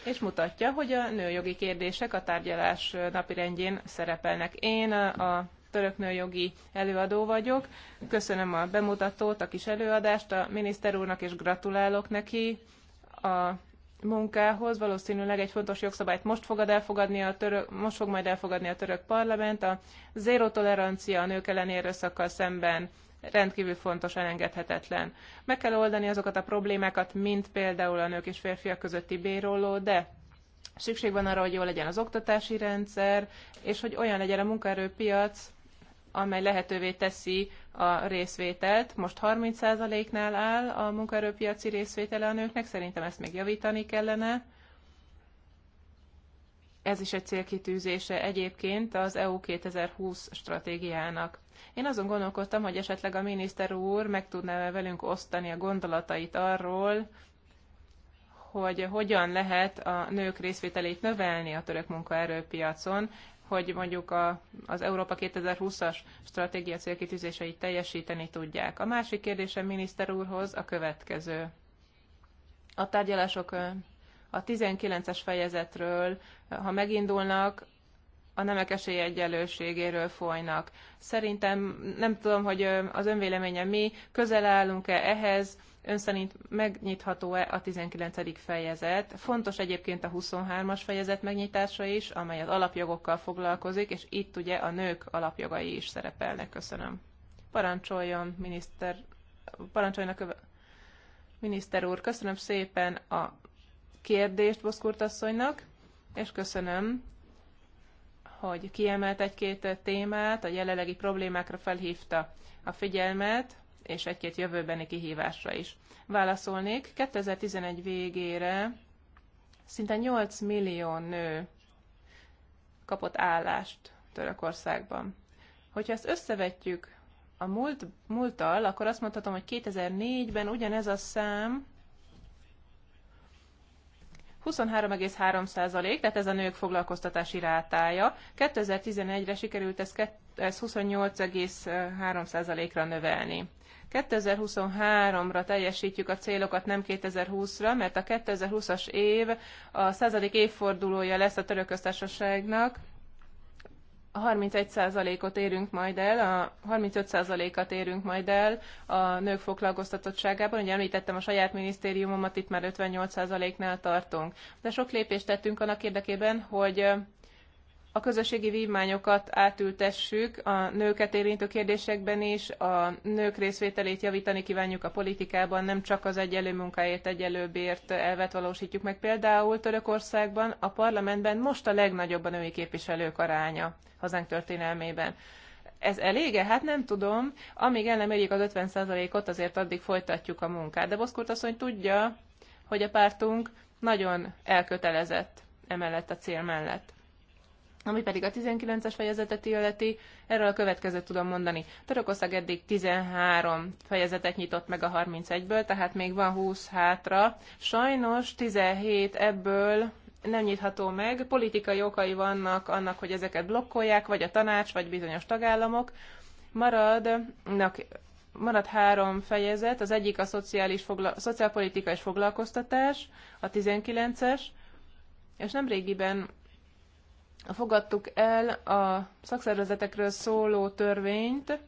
és mutatja, hogy a nőjogi kérdések a tárgyalás napirendjén szerepelnek. Én a török nőjogi előadó vagyok. Köszönöm a bemutatót, a kis előadást a miniszter úrnak, és gratulálok neki a munkához. Valószínűleg egy fontos jogszabályt most, fogad elfogadni a török, most fog majd elfogadni a török parlament. A zéró tolerancia a nők elleni erőszakkal szemben rendkívül fontos, elengedhetetlen. Meg kell oldani azokat a problémákat, mint például a nők és férfiak közötti béróló, de szükség van arra, hogy jó legyen az oktatási rendszer, és hogy olyan legyen a munkaerőpiac, amely lehetővé teszi a részvételt. Most 30%-nál áll a munkaerőpiaci részvétele a nőknek, szerintem ezt még javítani kellene. Ez is egy célkitűzése egyébként az EU 2020 stratégiának. Én azon gondolkodtam, hogy esetleg a miniszter úr meg tudná -e velünk osztani a gondolatait arról, hogy hogyan lehet a nők részvételét növelni a török munkaerőpiacon, hogy mondjuk a, az Európa 2020-as stratégia célkitűzéseit teljesíteni tudják. A másik kérdésem miniszter úrhoz a következő. A tárgyalások a 19-es fejezetről, ha megindulnak, a nemek esélyegyenlőségéről folynak. Szerintem nem tudom, hogy az önvéleménye mi, közel állunk-e ehhez, ön szerint megnyitható-e a 19. fejezet? Fontos egyébként a 23-as fejezet megnyitása is, amely az alapjogokkal foglalkozik, és itt ugye a nők alapjogai is szerepelnek. Köszönöm. Parancsoljon, miniszter, parancsoljon a köve... miniszter úr, köszönöm szépen a kérdést Boszkurt asszonynak, és köszönöm hogy kiemelt egy-két témát, a jelenlegi problémákra felhívta a figyelmet, és egy-két jövőbeni kihívásra is. Válaszolnék, 2011 végére szinte 8 millió nő kapott állást Törökországban. Hogyha ezt összevetjük a múlt, múlttal, akkor azt mondhatom, hogy 2004-ben ugyanez a szám 23,3%, tehát ez a nők foglalkoztatási rátája. 2011-re sikerült ezt ez 28,3%-ra növelni. 2023-ra teljesítjük a célokat, nem 2020-ra, mert a 2020-as év a századik évfordulója lesz a török köztársaságnak, 31%-ot érünk majd el, a 35%-at érünk majd el a nők foglalkoztatottságában. Ugye említettem a saját minisztériumomat, itt már 58%-nál tartunk. De sok lépést tettünk annak érdekében, hogy a közösségi vívmányokat átültessük a nőket érintő kérdésekben is, a nők részvételét javítani kívánjuk a politikában, nem csak az egyenlő munkáért, egyenlő bért elvet valósítjuk meg. Például Törökországban a parlamentben most a legnagyobb a női képviselők aránya hazánk történelmében. Ez elége? Hát nem tudom. Amíg el nem érjük az 50%-ot, azért addig folytatjuk a munkát. De Boszkurt asszony tudja, hogy a pártunk nagyon elkötelezett emellett a cél mellett. Ami pedig a 19-es fejezetet illeti, erről a következőt tudom mondani. Törökország eddig 13 fejezetet nyitott meg a 31-ből, tehát még van 20 hátra. Sajnos 17 ebből nem nyitható meg, politikai okai vannak annak, hogy ezeket blokkolják, vagy a tanács, vagy bizonyos tagállamok. Maradnak marad három fejezet, az egyik a szociális fogla- szociálpolitika és foglalkoztatás, a 19-es, és nemrégiben fogadtuk el a szakszervezetekről szóló törvényt,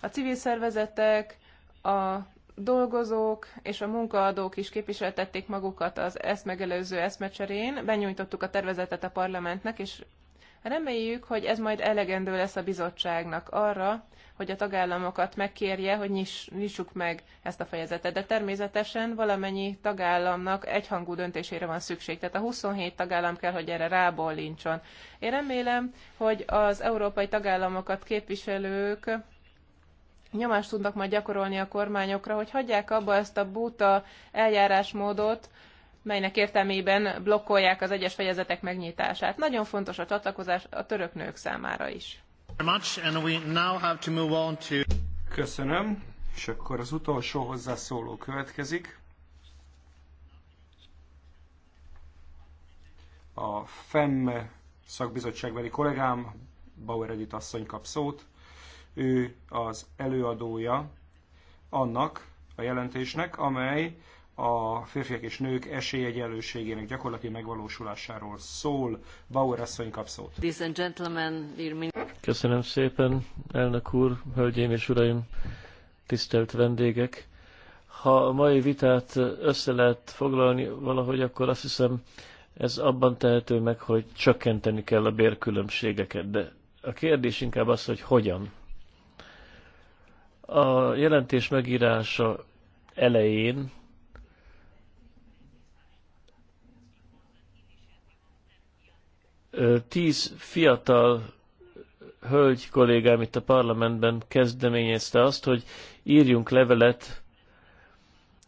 a civil szervezetek, a dolgozók és a munkaadók is képviseltették magukat az ezt megelőző eszmecserén, benyújtottuk a tervezetet a parlamentnek, és reméljük, hogy ez majd elegendő lesz a bizottságnak arra, hogy a tagállamokat megkérje, hogy nyiss, nyissuk meg ezt a fejezetet. De természetesen valamennyi tagállamnak egyhangú döntésére van szükség. Tehát a 27 tagállam kell, hogy erre rábólincson. Én remélem, hogy az európai tagállamokat képviselők nyomást tudnak majd gyakorolni a kormányokra, hogy hagyják abba ezt a buta eljárásmódot, melynek értelmében blokkolják az egyes fejezetek megnyitását. Nagyon fontos a csatlakozás a török nők számára is. Köszönöm, és akkor az utolsó hozzászóló következik. A FEM szakbizottságbeli kollégám, Bauer Edith asszony kap szót. Ő az előadója annak a jelentésnek, amely a férfiak és nők esélyegyenlőségének gyakorlati megvalósulásáról szól. Bauer asszony kap szót. Köszönöm szépen, elnök úr, hölgyeim és uraim, tisztelt vendégek. Ha a mai vitát össze lehet foglalni valahogy, akkor azt hiszem, ez abban tehető meg, hogy csökkenteni kell a bérkülönbségeket, de a kérdés inkább az, hogy hogyan. A jelentés megírása elején Tíz fiatal hölgy kollégám itt a parlamentben kezdeményezte azt, hogy írjunk levelet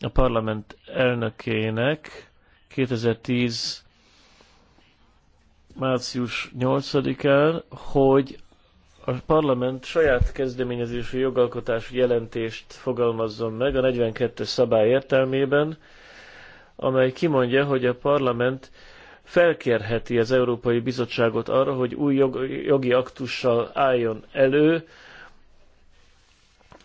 a parlament elnökének 2010 március 8-án, hogy a parlament saját kezdeményezésű jogalkotási jelentést fogalmazzon meg a 42-es szabály értelmében, amely kimondja, hogy a parlament felkérheti az Európai Bizottságot arra, hogy új jogi aktussal álljon elő,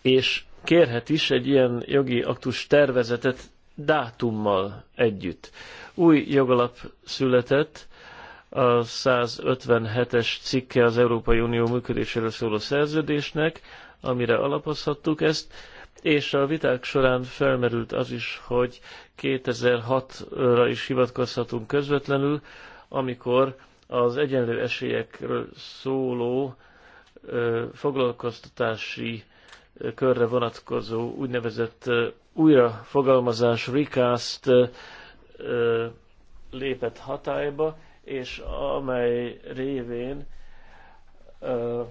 és kérhet is egy ilyen jogi aktus tervezetet dátummal együtt. Új jogalap született, a 157-es cikke az Európai Unió működéséről szóló szerződésnek, amire alapozhattuk ezt és a viták során felmerült az is, hogy 2006-ra is hivatkozhatunk közvetlenül, amikor az egyenlő esélyekről szóló ö, foglalkoztatási ö, körre vonatkozó úgynevezett ö, újrafogalmazás, recast ö, lépett hatályba, és amely révén ö,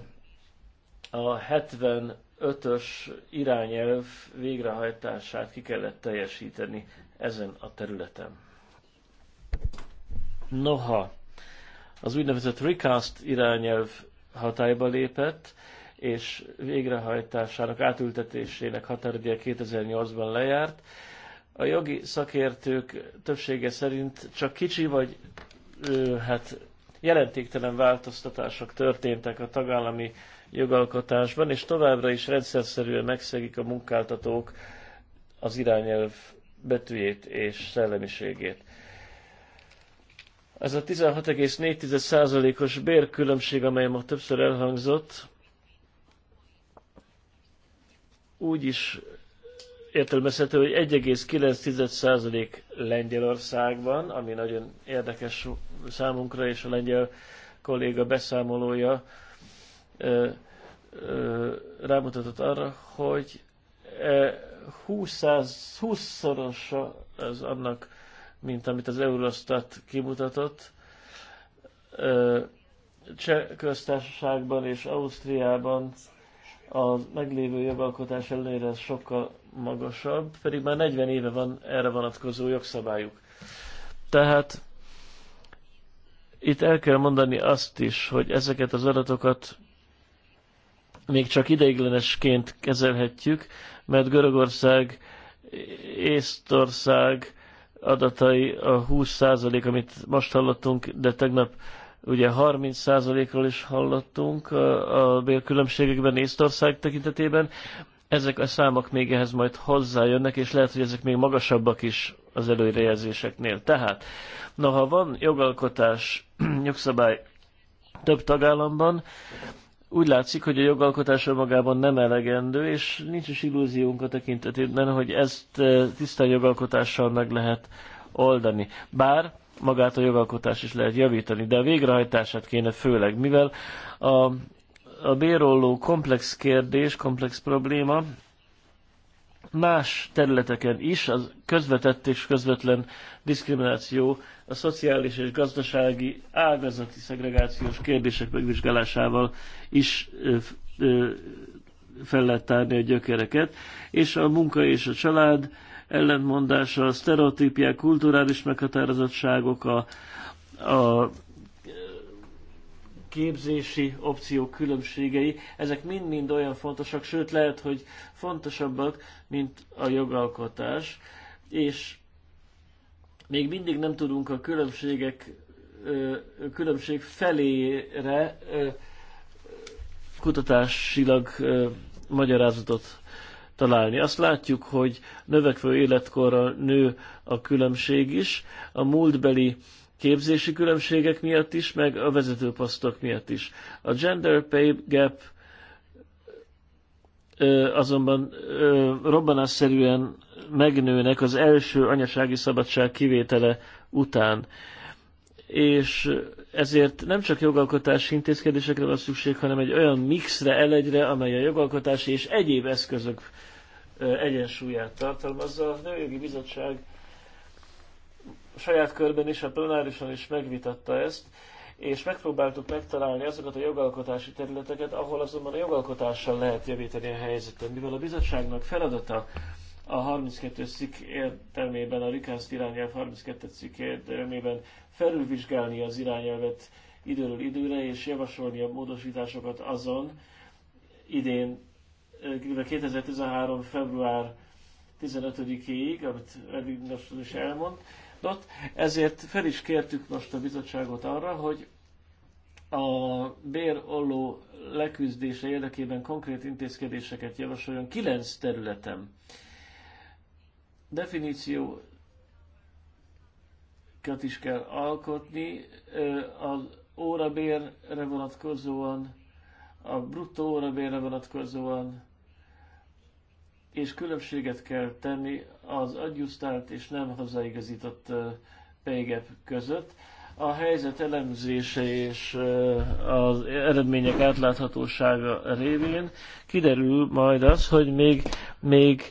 a 70 ötös irányelv végrehajtását ki kellett teljesíteni ezen a területen. Noha, az úgynevezett recast irányelv hatályba lépett, és végrehajtásának, átültetésének határidője 2008-ban lejárt. A jogi szakértők többsége szerint csak kicsi vagy hát jelentéktelen változtatások történtek a tagállami jogalkotásban, és továbbra is rendszerszerűen megszegik a munkáltatók az irányelv betűjét és szellemiségét. Ez a 16,4%-os bérkülönbség, amely ma többször elhangzott, úgy is értelmezhető, hogy 1,9% Lengyelországban, ami nagyon érdekes számunkra, és a lengyel kolléga beszámolója ö, ö, rámutatott arra, hogy 20, 20 az annak, mint amit az Eurostat kimutatott. Cseh köztársaságban és Ausztriában a meglévő jogalkotás ellenére ez sokkal magasabb, pedig már 40 éve van erre vonatkozó jogszabályuk. Tehát itt el kell mondani azt is, hogy ezeket az adatokat még csak ideiglenesként kezelhetjük, mert Görögország, Észtország adatai a 20% amit most hallottunk, de tegnap Ugye 30%-ról is hallottunk a bérkülönbségekben Észtország tekintetében. Ezek a számok még ehhez majd hozzájönnek, és lehet, hogy ezek még magasabbak is az előrejelzéseknél. Tehát, na ha van jogalkotás, jogszabály [clears throat] több tagállamban, úgy látszik, hogy a jogalkotás önmagában nem elegendő, és nincs is illúziónk a tekintetében, hogy ezt tisztán jogalkotással meg lehet oldani. Bár magát a jogalkotás is lehet javítani, de a végrehajtását kéne főleg, mivel a, a bérolló komplex kérdés, komplex probléma más területeken is, az közvetett és közvetlen diszkrimináció, a szociális és gazdasági ágazati szegregációs kérdések megvizsgálásával is ö, ö, fel lehet tárni a gyökereket, és a munka és a család ellentmondása, a sztereotípiák, kulturális meghatározottságok, a, a képzési opciók különbségei, ezek mind-mind olyan fontosak, sőt lehet, hogy fontosabbak, mint a jogalkotás, és még mindig nem tudunk a különbségek különbség felére kutatásilag magyarázatot találni. Azt látjuk, hogy növekvő életkorra nő a különbség is, a múltbeli képzési különbségek miatt is, meg a vezetőposztok miatt is. A gender pay gap azonban robbanásszerűen megnőnek az első anyasági szabadság kivétele után. És ezért nem csak jogalkotási intézkedésekre van szükség, hanem egy olyan mixre, elegyre, amely a jogalkotási és egyéb eszközök egyensúlyát tartalmazza. A Nőjogi Bizottság a saját körben is, a plenárison is megvitatta ezt, és megpróbáltuk megtalálni azokat a jogalkotási területeket, ahol azonban a jogalkotással lehet javítani a helyzetet, mivel a bizottságnak feladata a 32 cikk értelmében, a Rikánszt irányelv 32 cikk értelmében felülvizsgálni az irányelvet időről időre, és javasolni a módosításokat azon idén 2013. február 15-ig, amit eddig most is elmondott, ezért fel is kértük most a bizottságot arra, hogy a bérolló leküzdése érdekében konkrét intézkedéseket javasoljon kilenc területen. Definíció is kell alkotni, az órabérre vonatkozóan, a bruttó órabérre vonatkozóan, és különbséget kell tenni az adjusztált és nem hozzáigazított PEGEP között. A helyzet elemzése és az eredmények átláthatósága révén kiderül majd az, hogy még, még,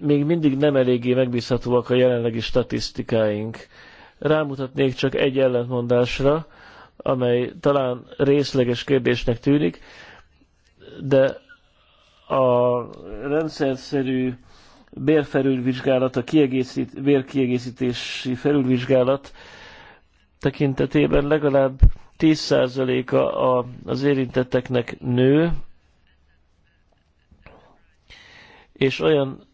még mindig nem eléggé megbízhatóak a jelenlegi statisztikáink. Rámutatnék csak egy ellentmondásra, amely talán részleges kérdésnek tűnik, de a rendszerszerű bérfelülvizsgálat, a kiegészít, bérkiegészítési felülvizsgálat tekintetében legalább 10%-a az érintetteknek nő, és olyan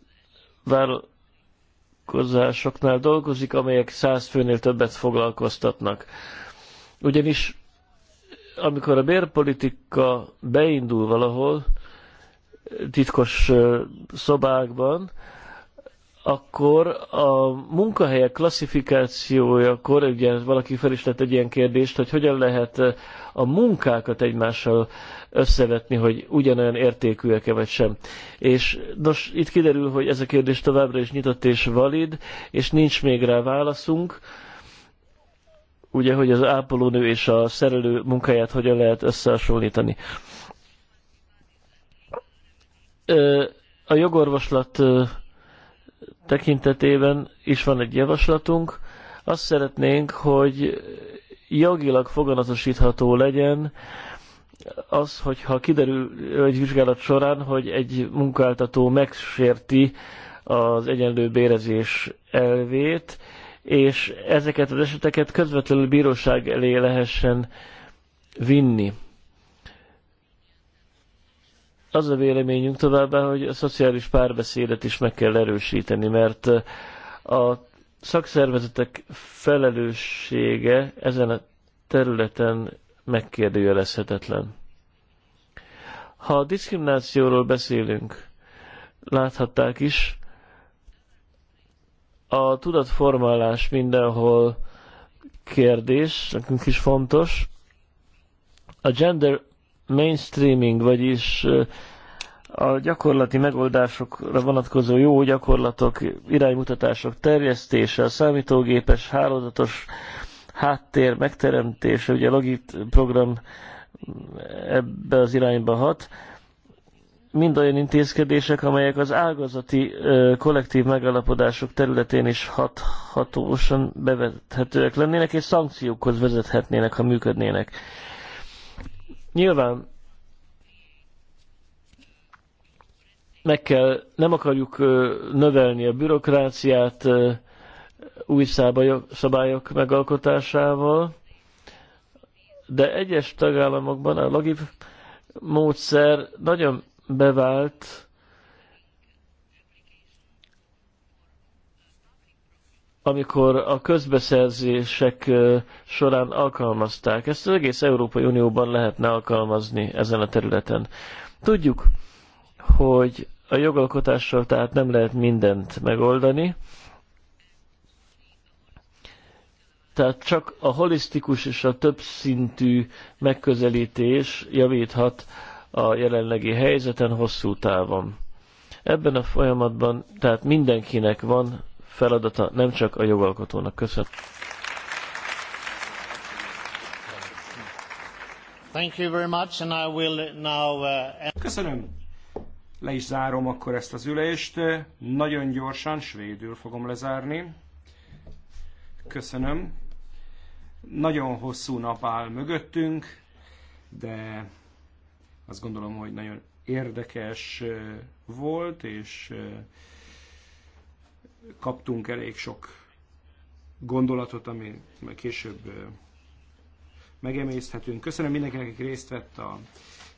vállalkozásoknál dolgozik, amelyek 100 főnél többet foglalkoztatnak. Ugyanis amikor a bérpolitika beindul valahol, titkos szobákban, akkor a munkahelyek akkor ugye valaki fel is lett egy ilyen kérdést, hogy hogyan lehet a munkákat egymással összevetni, hogy ugyanolyan értékűek-e vagy sem. És nos, itt kiderül, hogy ez a kérdés továbbra is nyitott és valid, és nincs még rá válaszunk. Ugye, hogy az ápolónő és a szerelő munkáját hogyan lehet összehasonlítani. A jogorvoslat tekintetében is van egy javaslatunk. Azt szeretnénk, hogy jogilag foganatosítható legyen az, hogyha kiderül egy vizsgálat során, hogy egy munkáltató megsérti az egyenlő bérezés elvét, és ezeket az eseteket közvetlenül bíróság elé lehessen vinni. Az a véleményünk továbbá, hogy a szociális párbeszédet is meg kell erősíteni, mert eh, a szakszervezetek felelőssége ezen a területen megkérdőjelezhetetlen. Ha a diszkriminációról beszélünk, láthatták is, a tudatformálás mindenhol kérdés, nekünk is fontos. A gender mainstreaming, vagyis a gyakorlati megoldásokra vonatkozó jó gyakorlatok, iránymutatások terjesztése, a számítógépes, hálózatos háttér megteremtése, ugye a Logit program ebbe az irányba hat, mind olyan intézkedések, amelyek az ágazati kollektív megalapodások területén is hat, hatósan bevethetőek lennének, és szankciókhoz vezethetnének, ha működnének. Nyilván meg kell, nem akarjuk növelni a bürokráciát új szabályok megalkotásával, de egyes tagállamokban a logikai módszer nagyon bevált, amikor a közbeszerzések során alkalmazták. Ezt az egész Európai Unióban lehetne alkalmazni ezen a területen. Tudjuk, hogy a jogalkotással tehát nem lehet mindent megoldani, tehát csak a holisztikus és a többszintű megközelítés javíthat a jelenlegi helyzeten hosszú távon. Ebben a folyamatban tehát mindenkinek van feladata, nem csak a jogalkotónak. Köszönöm. Thank you very much, and I will now, uh... Köszönöm. Le is zárom akkor ezt az ülést. Nagyon gyorsan, svédül fogom lezárni. Köszönöm. Nagyon hosszú nap áll mögöttünk, de azt gondolom, hogy nagyon érdekes uh, volt, és uh, kaptunk elég sok gondolatot, ami majd később megemészthetünk. Köszönöm mindenkinek, aki részt vett a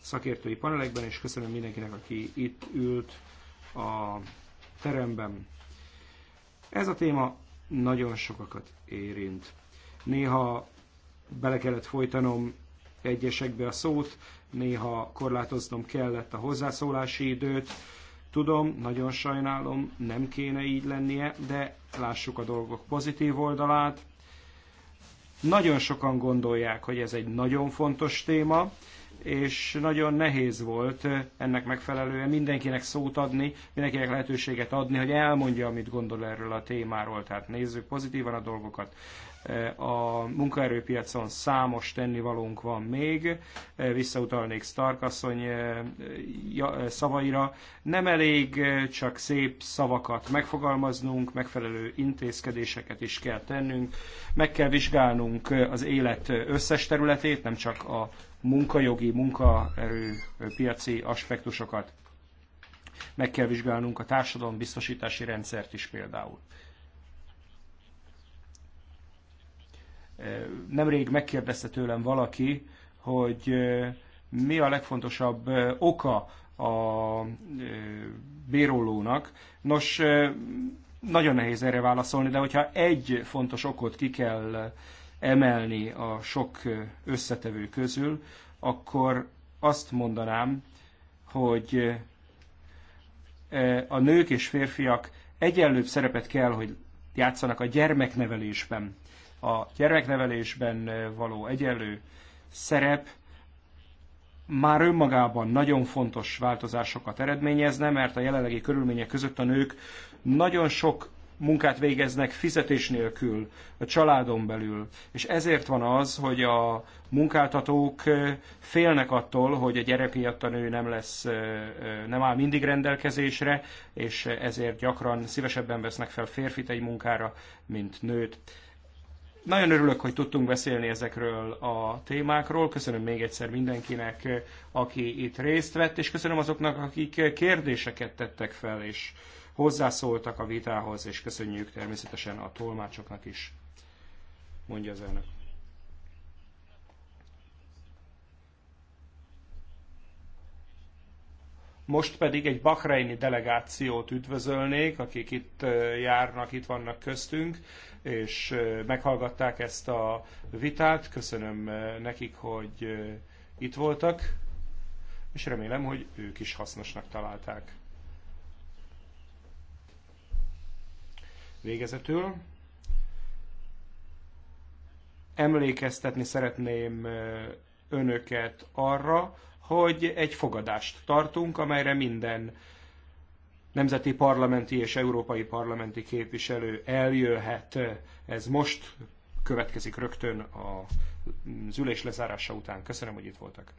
szakértői panelekben, és köszönöm mindenkinek, aki itt ült a teremben. Ez a téma nagyon sokakat érint. Néha bele kellett folytanom egyesekbe a szót, néha korlátoznom kellett a hozzászólási időt, Tudom, nagyon sajnálom, nem kéne így lennie, de lássuk a dolgok pozitív oldalát. Nagyon sokan gondolják, hogy ez egy nagyon fontos téma, és nagyon nehéz volt ennek megfelelően mindenkinek szót adni, mindenkinek lehetőséget adni, hogy elmondja, amit gondol erről a témáról. Tehát nézzük pozitívan a dolgokat. Eh, a munkaerőpiacon számos tennivalónk van még, eh, visszautalnék Starkasszony eh, szavaira. Nem elég csak szép szavakat megfogalmaznunk, megfelelő intézkedéseket is kell tennünk, meg kell vizsgálnunk az élet összes területét, nem csak a munkajogi, munkaerőpiaci aspektusokat. Meg kell vizsgálnunk a társadalombiztosítási rendszert is például. Nemrég megkérdezte tőlem valaki, hogy mi a legfontosabb oka a bérolónak. Nos, nagyon nehéz erre válaszolni, de hogyha egy fontos okot ki kell emelni a sok összetevő közül, akkor azt mondanám, hogy a nők és férfiak egyenlőbb szerepet kell, hogy játszanak a gyermeknevelésben a gyereknevelésben való egyenlő szerep már önmagában nagyon fontos változásokat eredményezne, mert a jelenlegi körülmények között a nők nagyon sok munkát végeznek fizetés nélkül, a családon belül. És ezért van az, hogy a munkáltatók félnek attól, hogy a gyerek miatt a nő nem lesz, nem áll mindig rendelkezésre, és ezért gyakran szívesebben vesznek fel férfit egy munkára, mint nőt. Nagyon örülök, hogy tudtunk beszélni ezekről a témákról. Köszönöm még egyszer mindenkinek, aki itt részt vett, és köszönöm azoknak, akik kérdéseket tettek fel, és hozzászóltak a vitához, és köszönjük természetesen a tolmácsoknak is, mondja az elnök. Most pedig egy bahreini delegációt üdvözölnék, akik itt járnak, itt vannak köztünk, és meghallgatták ezt a vitát. Köszönöm nekik, hogy itt voltak, és remélem, hogy ők is hasznosnak találták. Végezetül emlékeztetni szeretném önöket arra, hogy egy fogadást tartunk, amelyre minden nemzeti parlamenti és európai parlamenti képviselő eljöhet. Ez most következik rögtön az ülés lezárása után. Köszönöm, hogy itt voltak.